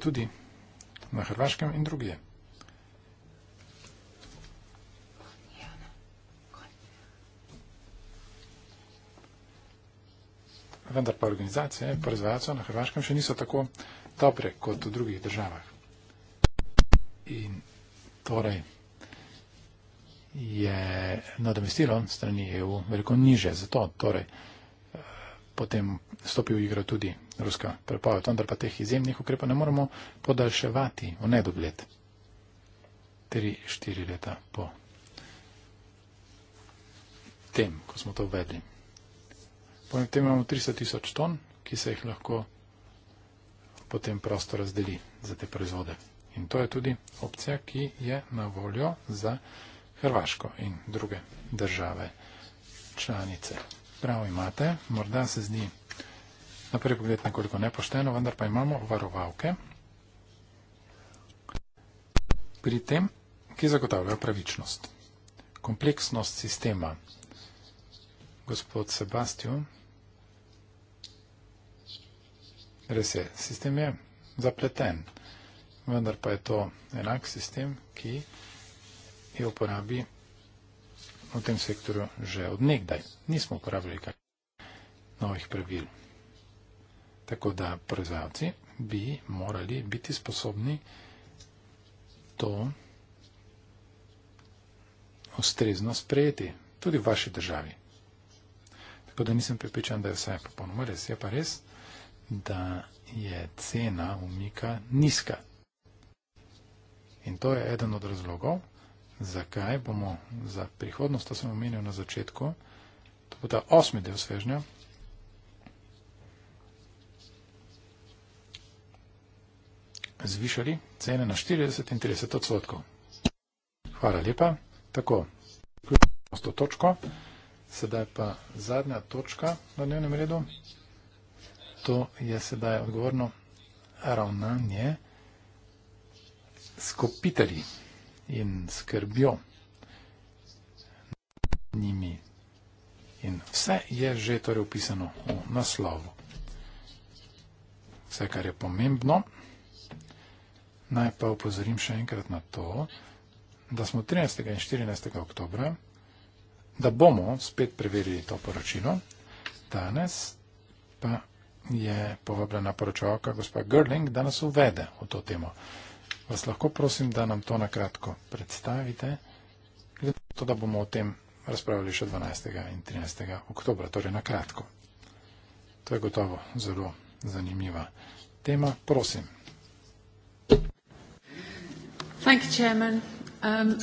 tudi na Hrvaškem in drugje. vendar pa organizacije proizvajalcev na Hrvaškem še niso tako dobre kot v drugih državah. In torej je nadomestilo strani EU veliko niže, zato torej eh, potem stopi v igro tudi ruska prepoved, vendar pa teh izjemnih ukrepov ne moremo podaljševati v nedogled. Tri, štiri leta po tem, ko smo to uvedli. Potem imamo 300 tisoč ton, ki se jih lahko potem prosto razdeli za te proizvode. In to je tudi opcija, ki je na voljo za Hrvaško in druge države članice. Prav imate, morda se zdi na prvi pogled nekoliko nepošteno, vendar pa imamo varovalke pri tem, ki zagotavljajo pravičnost. Kompleksnost sistema. Gospod Sebastian, Res je, sistem je zapleten, vendar pa je to enak sistem, ki je uporabi v tem sektorju že od nekdaj. Nismo uporabljali kaj novih pravil. Tako da proizvajalci bi morali biti sposobni to ustrezno sprejeti, tudi v vaši državi. Tako da nisem pripričan, da je vse popolnoma res. Je pa res, da je cena umika nizka. In to je eden od razlogov, zakaj bomo za prihodnost, to sem omenil na začetku, to bo ta osmi del svežnja, zvišali cene na 40 in 30 odstotkov. Hvala lepa. Tako, s to točko. Sedaj pa zadnja točka na dnevnem redu to je sedaj odgovorno ravnanje s kopitelji in skrbjo njimi. In vse je že torej upisano v naslovu. Vse, kar je pomembno, naj pa upozorim še enkrat na to, da smo 13. in 14. oktobra, da bomo spet preverili to poročilo, danes pa je povabljena poročevalka gospa Gerling, da nas uvede v to temo. Vas lahko prosim, da nam to na kratko predstavite, glede na to, da bomo o tem razpravljali še 12. in 13. oktober, torej na kratko. To je gotovo zelo zanimiva tema. Prosim. Um, um,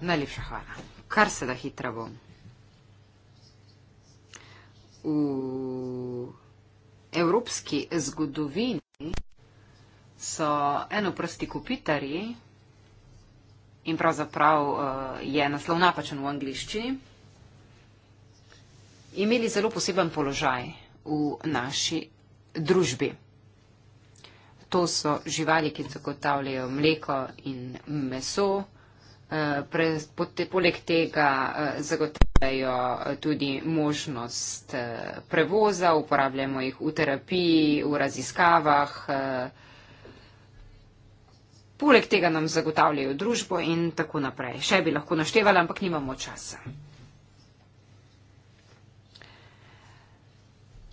Najlepša hvala. Kar se da hitro bom v evropski zgodovini so enoprsti kopitarji in pravzaprav eh, je naslov napačen v angliščini, imeli zelo poseben položaj v naši družbi. To so živali, ki zagotavljajo mleko in meso, eh, poleg tega eh, zagotavljajo uporabljajo eh, tudi možnost eh, prevoza, uporabljamo jih v terapiji, v raziskavah. Eh. Poleg tega nam zagotavljajo družbo in tako naprej. Še bi lahko naštevala, ampak nimamo časa.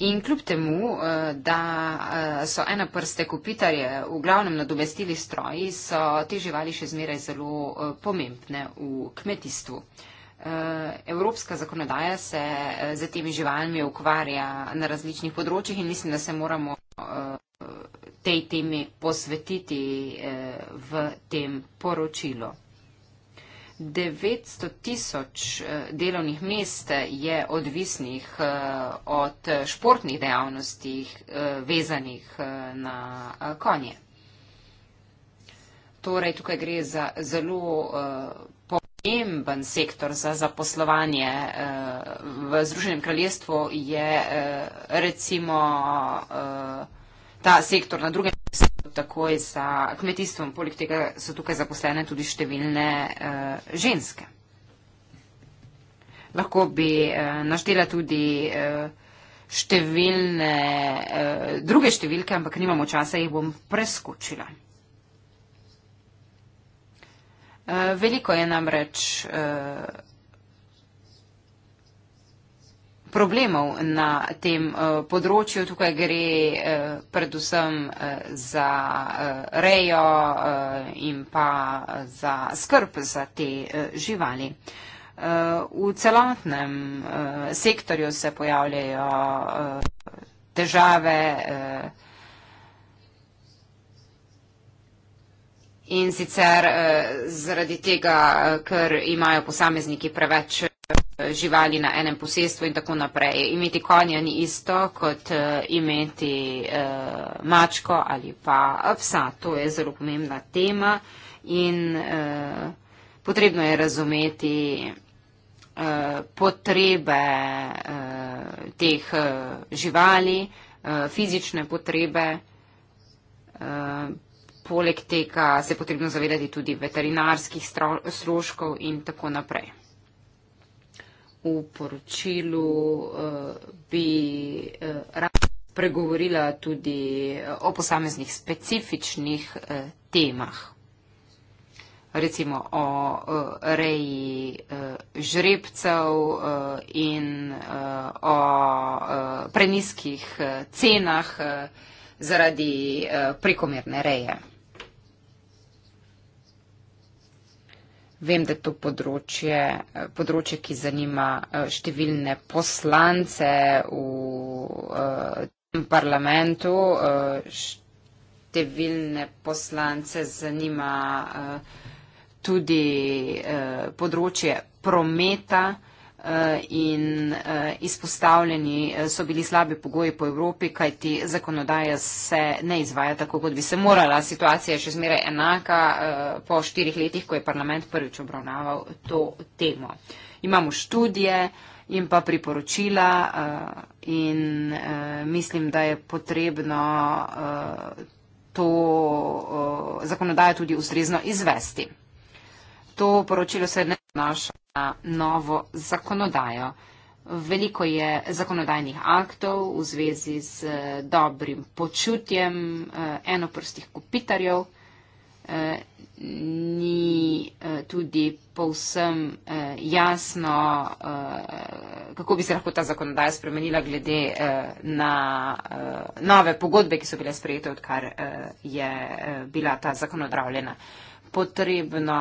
In kljub temu, da so ena prste kopitarje v glavnem nadomestili stroji, so te živali še zmeraj zelo pomembne v kmetijstvu. Eh, evropska zakonodaja se eh, z temi živalmi ukvarja na različnih področjih in mislim, da se moramo eh, tej temi posvetiti v tem poročilu. 900 tisoč delovnih mest je odvisnih od športnih dejavnosti vezanih na konje. Torej, tukaj gre za zelo pomemben sektor za zaposlovanje eh, v Združenem kraljestvu, je eh, recimo eh, ta sektor na drugem mestu takoj za kmetijstvom. Poleg tega so tukaj zaposlene tudi številne ženske. Lahko bi naštela tudi številne, druge številke, ampak nimamo časa, jih bom preskočila. Eh, veliko je namreč uh, problemov na tem uh, področju. Tukaj gre uh, predvsem uh, za uh, rejo uh, in pa uh, za skrb za te uh, živali. Uh, v celotnem uh, sektorju se pojavljajo uh, težave. Uh, in sicer eh, zaradi tega, eh, ker imajo posamezniki preveč eh, živali na enem posestvu in tako naprej. Imeti konja ni isto, kot imeti mačko ali pa psa. To je zelo pomembna tema in potrebno je razumeti potrebe teh živali, fizične potrebe poleg tega se je potrebno zavedati tudi veterinarskih stroškov in tako naprej. V poročilu uh, bi uh, rada pregovorila tudi eh, o posameznih specifičnih uh, temah. Recimo o uh, reji uh, žrebcev uh, in uh, o uh, preniskih uh, cenah uh, zaradi uh, prekomerne reje. Vem, da je to področje, eh, področje, ki zanima eh, številne poslance v eh, tem parlamentu, številne poslance zanima tudi področje prometa. Eh, in eh, izpostavljeni eh, so bili slabi pogoji po Evropi, kajti zakonodaja se ne izvaja tako, kot bi se morala. Situacija je še zmeraj enaka po štirih letih, ko je parlament prvič obravnaval to temo. Imamo študije in pa priporočila in mislim, da je potrebno to zakonodajo tudi ustrezno izvesti. To poročilo se ne odnaša novo zakonodajo. Veliko je zakonodajnih aktov v zvezi z eh, dobrim počutjem eh, enoprstih kupitarjev, eh, ni tudi povsem jasno, kako bi se lahko ta zakonodaja spremenila glede na nove pogodbe, ki so bile sprejete, odkar je bila ta zakonodajna potrebno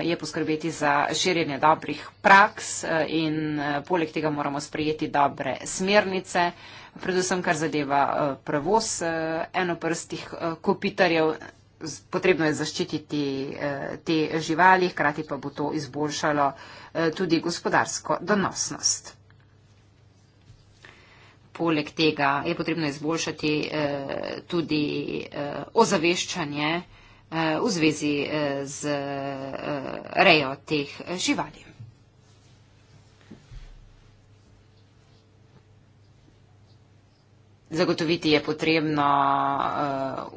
eh, je poskrbeti za širjenje dobrih praks eh, in eh, poleg tega moramo sprejeti dobre smernice, predvsem kar zadeva prevoz enoprstih kopitarjev. Potrebno je zaščititi te živali, hkrati pa bo to izboljšalo tudi gospodarsko donosnost. Poleg tega je potrebno izboljšati eh, tudi eh, ozaveščanje eh, v zvezi eh, z eh, rejo teh eh, živali. Zagotoviti je potrebno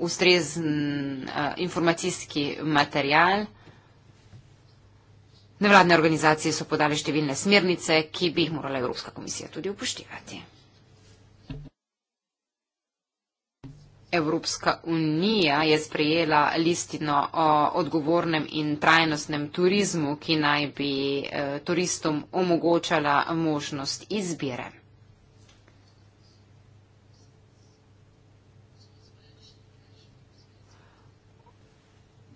ustrezen informacijski material. Nevladne organizacije so podale številne smernice, ki bi jih morala Evropska komisija tudi upoštevati. Evropska unija je sprejela listino o odgovornem in trajnostnem turizmu, ki naj bi eh, turistom omogočala možnost izbire.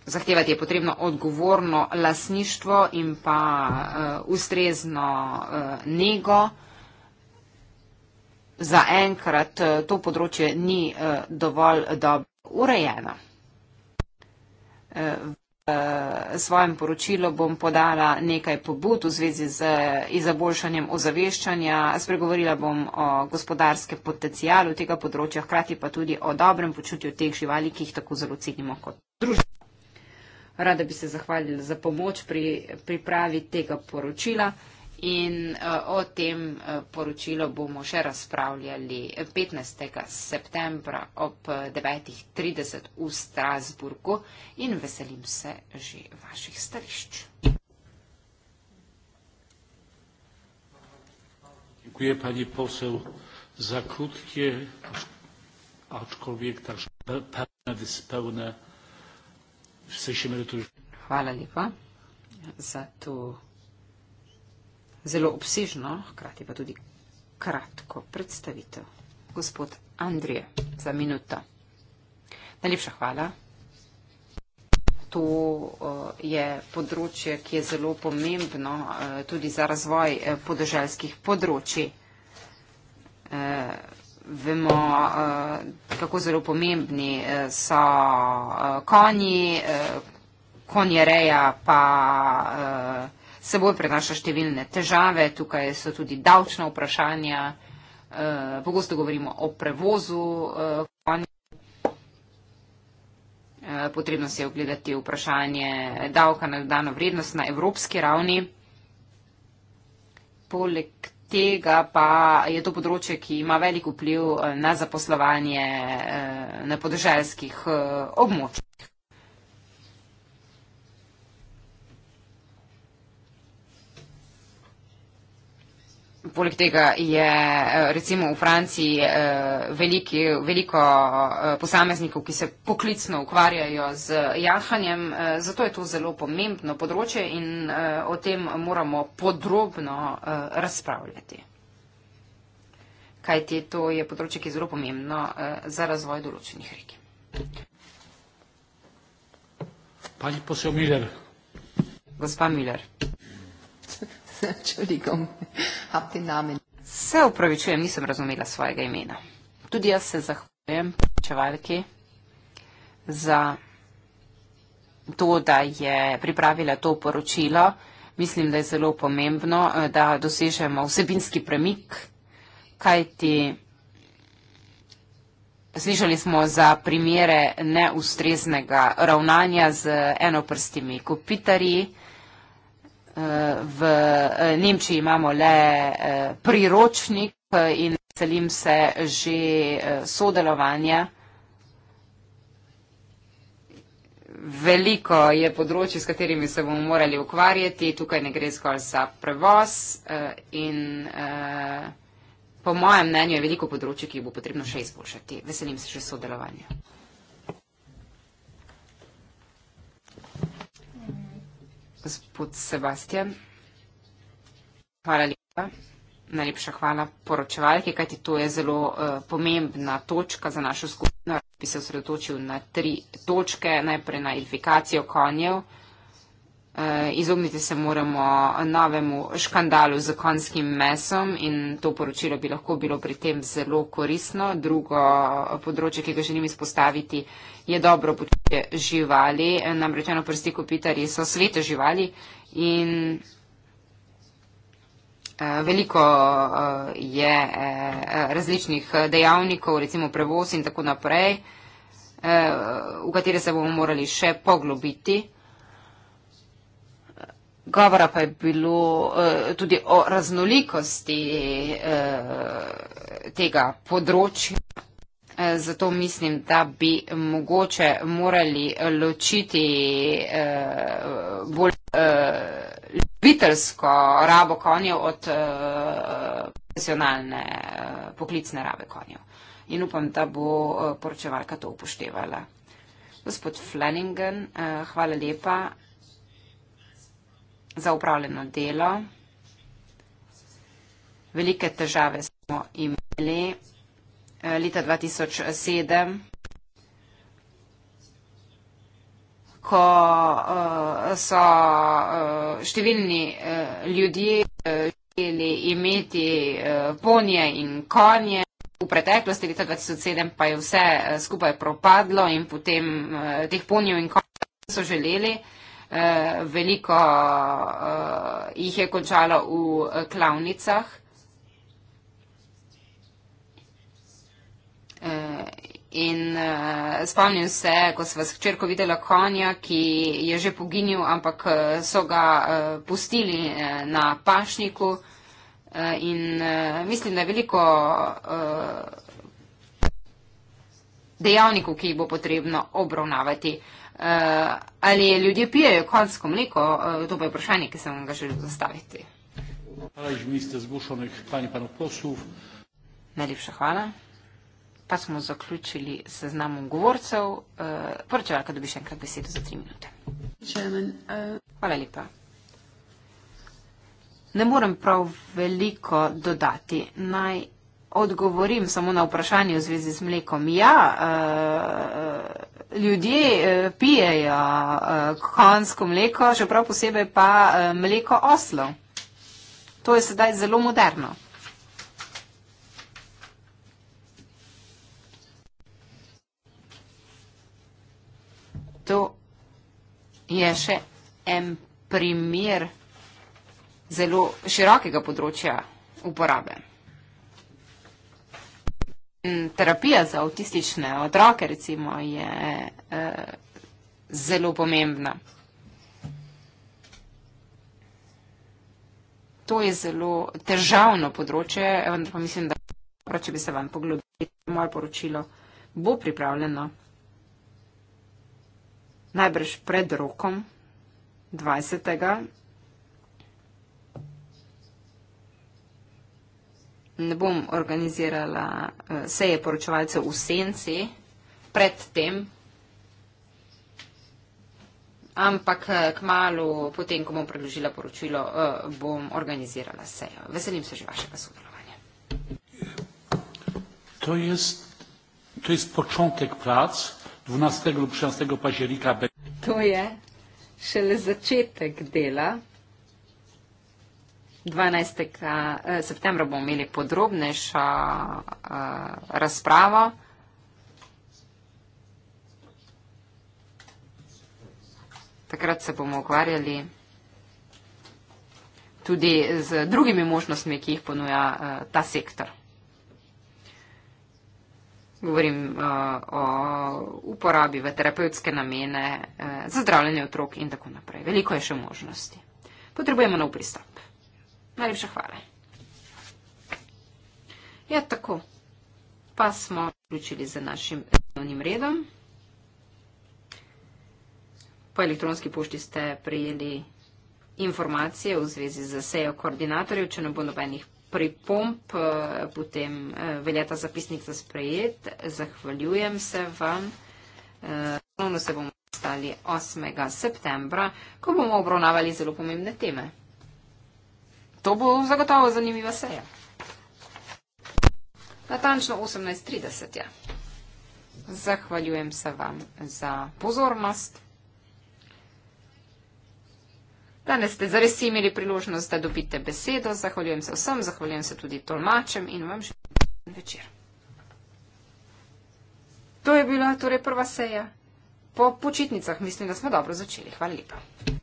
Zahtevati je potrebno odgovorno lasništvo in pa uh, ustrezno uh, nego zaenkrat eh, to področje ni eh, dovolj dobro urejeno. Eh, v svojem poročilu bom podala nekaj pobud v zvezi z izboljšanjem ozaveščanja, spregovorila bom o gospodarskem potencijalu tega področja, hkrati pa tudi o dobrem počutju teh živali, ki jih tako zelo cenimo kot družba. Rada bi se zahvalila za pomoč pri pripravi tega poročila. In uh, o tem uh, poročilo bomo še razpravljali 15. septembra ob 9.30 eh, v Strasburgu in veselim se že vaših stališč. Dziękuję pani poseł za krótkie, aczkolwiek także pełne, wyspełne w sensie merytorycznym. Chwała lipa za to. Tu zelo obsežno, hkrati pa tudi kratko predstavitev. Gospod Andrije, za minuto. Najlepša hvala. To eh, je področje, ki je zelo pomembno eh, tudi za razvoj eh, podeželskih področji. Vemo, kako zelo pomembni so konji, konjereja pa seboj prenaša številne težave, tukaj so tudi davčna vprašanja, eh, pogosto govorimo o prevozu konj. Eh, eh, potrebno se je ogledati vprašanje davka na dano vrednost na evropski ravni. Poleg tega pa je to področje, ki ima velik vpliv na zaposlovanje na podeželskih območjih. Poleg tega je eh, recimo v Franciji eh, veliki, veliko eh, posameznikov, ki se poklicno ukvarjajo z jahanjem, zato je to zelo pomembno področje in o tem moramo podrobno razpravljati. Kajti to je področje, ki je zelo pomembno za razvoj določenih regij. Pani posel Miller. Gospa Miller. Čurikom. Hapti namen. Se upravičujem, nisem razumela svojega imena. Tudi jaz se zahvaljujem čevalki za to, da je pripravila to poročilo. Mislim, da je zelo pomembno, eh, da dosežemo vsebinski premik, kajti slišali smo za primere neustreznega ravnanja z enoprstimi kopitarji v eh, Nemčiji imamo le eh, priročnik eh, in veselim se že sodelovanja. Veliko je področji, s katerimi se bomo morali ukvarjati. Tukaj ne gre zgolj za prevoz in po mojem mnenju je veliko področji, ki jih bo potrebno še izboljšati. Veselim se že sodelovanja. gospod Sebastian. Hvala lepa. Najlepša hvala poročevalki, kajti to je zelo uh, pomembna točka za našo skupino. Bi se osredotočil na tri točke. Najprej na edifikacijo konjev. Eh, izogniti se moramo novemu škandalu z konskim mesom in to poročilo bi lahko bilo pri tem zelo korisno. Drugo področje, ki ga želim izpostaviti, je dobro počutje živali. Eh, namreč eno prsti kopitarji so svete živali in eh, veliko je različnih dejavnikov, recimo prevoz in tako naprej, v katere se bomo morali še poglobiti. Govora pa je bilo uh, tudi o raznolikosti uh, tega področja. Eh, zato mislim, da bi mogoče morali ločiti eh, bolj eh, ljubiteljsko rabo konjev od eh, profesionalne eh, poklicne rabe konjev. In upam, da bo eh, poročevalka to upoštevala. Gospod Flanagan, eh, hvala lepa za upravljeno delo. Velike težave smo imeli eh, leta 2007, ko eh, so eh, številni ljudje želeli imeti ponje in konje. V preteklosti leta 2007 pa je vse skupaj propadlo in potem teh ponjev in konjev so želeli. Eh, veliko uh, jih je končalo v uh, klavnicah. In uh, spomnim se, ko sem vas včerko videla konja, ki je že poginil, ampak so ga uh, pustili uh, na pašniku. Uh, in uh, mislim, da je veliko uh, dejavnikov, ki jih bo potrebno obravnavati. Uh, Uh, ali ljudje pijejo kalsko mleko? Uh, to pa je vprašanje, ki sem vam ga želel zastaviti. Najlepša hvala. Pa smo zaključili seznam govorcev. Uh, Poročevalka dobi še enkrat besedo za tri minute. Hvala lepa. Ne morem prav veliko dodati. Naj odgovorim samo na vprašanje v zvezi z mlekom. Ja, uh, ljudje eh, pijejo eh, konsko mleko, še prav posebej pa eh, mleko oslov. To je sedaj zelo moderno. To je še en primer zelo širokega področja uporabe. Mm, terapija za avtistične otroke, recimo, je eh, zelo pomembna. To je zelo težavno področje, vendar pa mislim, da prav, če bi se vam poglobili, moje poročilo bo pripravljeno najbrž pred rokom 20. ne bom organizirala uh, seje poročevalcev v senci pred tem, ampak eh, k malu, potem, ko bom predložila poročilo, uh, bom organizirala sejo. Veselim se že vašega sodelovanja. To je, to je počontek prac 12. ali 16. pažerika. To je šele začetek dela. 12. Eh, septembra bomo imeli podrobnejšo eh, razpravo. Takrat se bomo ukvarjali tudi z drugimi možnostmi, ki jih ponuja eh, ta sektor. Govorim uh, o uporabi v terapevtske namene, uh, zdravljenje otrok in tako naprej. Veliko je še možnosti. Potrebujemo nov pristop. Najlepša hvala. Ja, tako. Pa smo vključili z našim dnevnim redom. Po elektronski pošti ste prijeli informacije v zvezi z sejo koordinatorjev. Če ne bo nobenih pripomp, eh, potem eh, veljata zapisnik za sprejet. Zahvaljujem se vam. Eh, ponovno se bomo stali 8. septembra, ko bomo obravnavali zelo pomembne teme. To bo zagotovo zanimiva seja. Natančno 18.30 je. Zahvaljujem se vam za pozornost. Danes ste zares imeli priložnost, da dobite besedo. Zahvaljujem se vsem, zahvaljujem se tudi tolmačem in vam želim večer. To je bila torej prva seja. Po počitnicah mislim, da smo dobro začeli. Hvala lepa.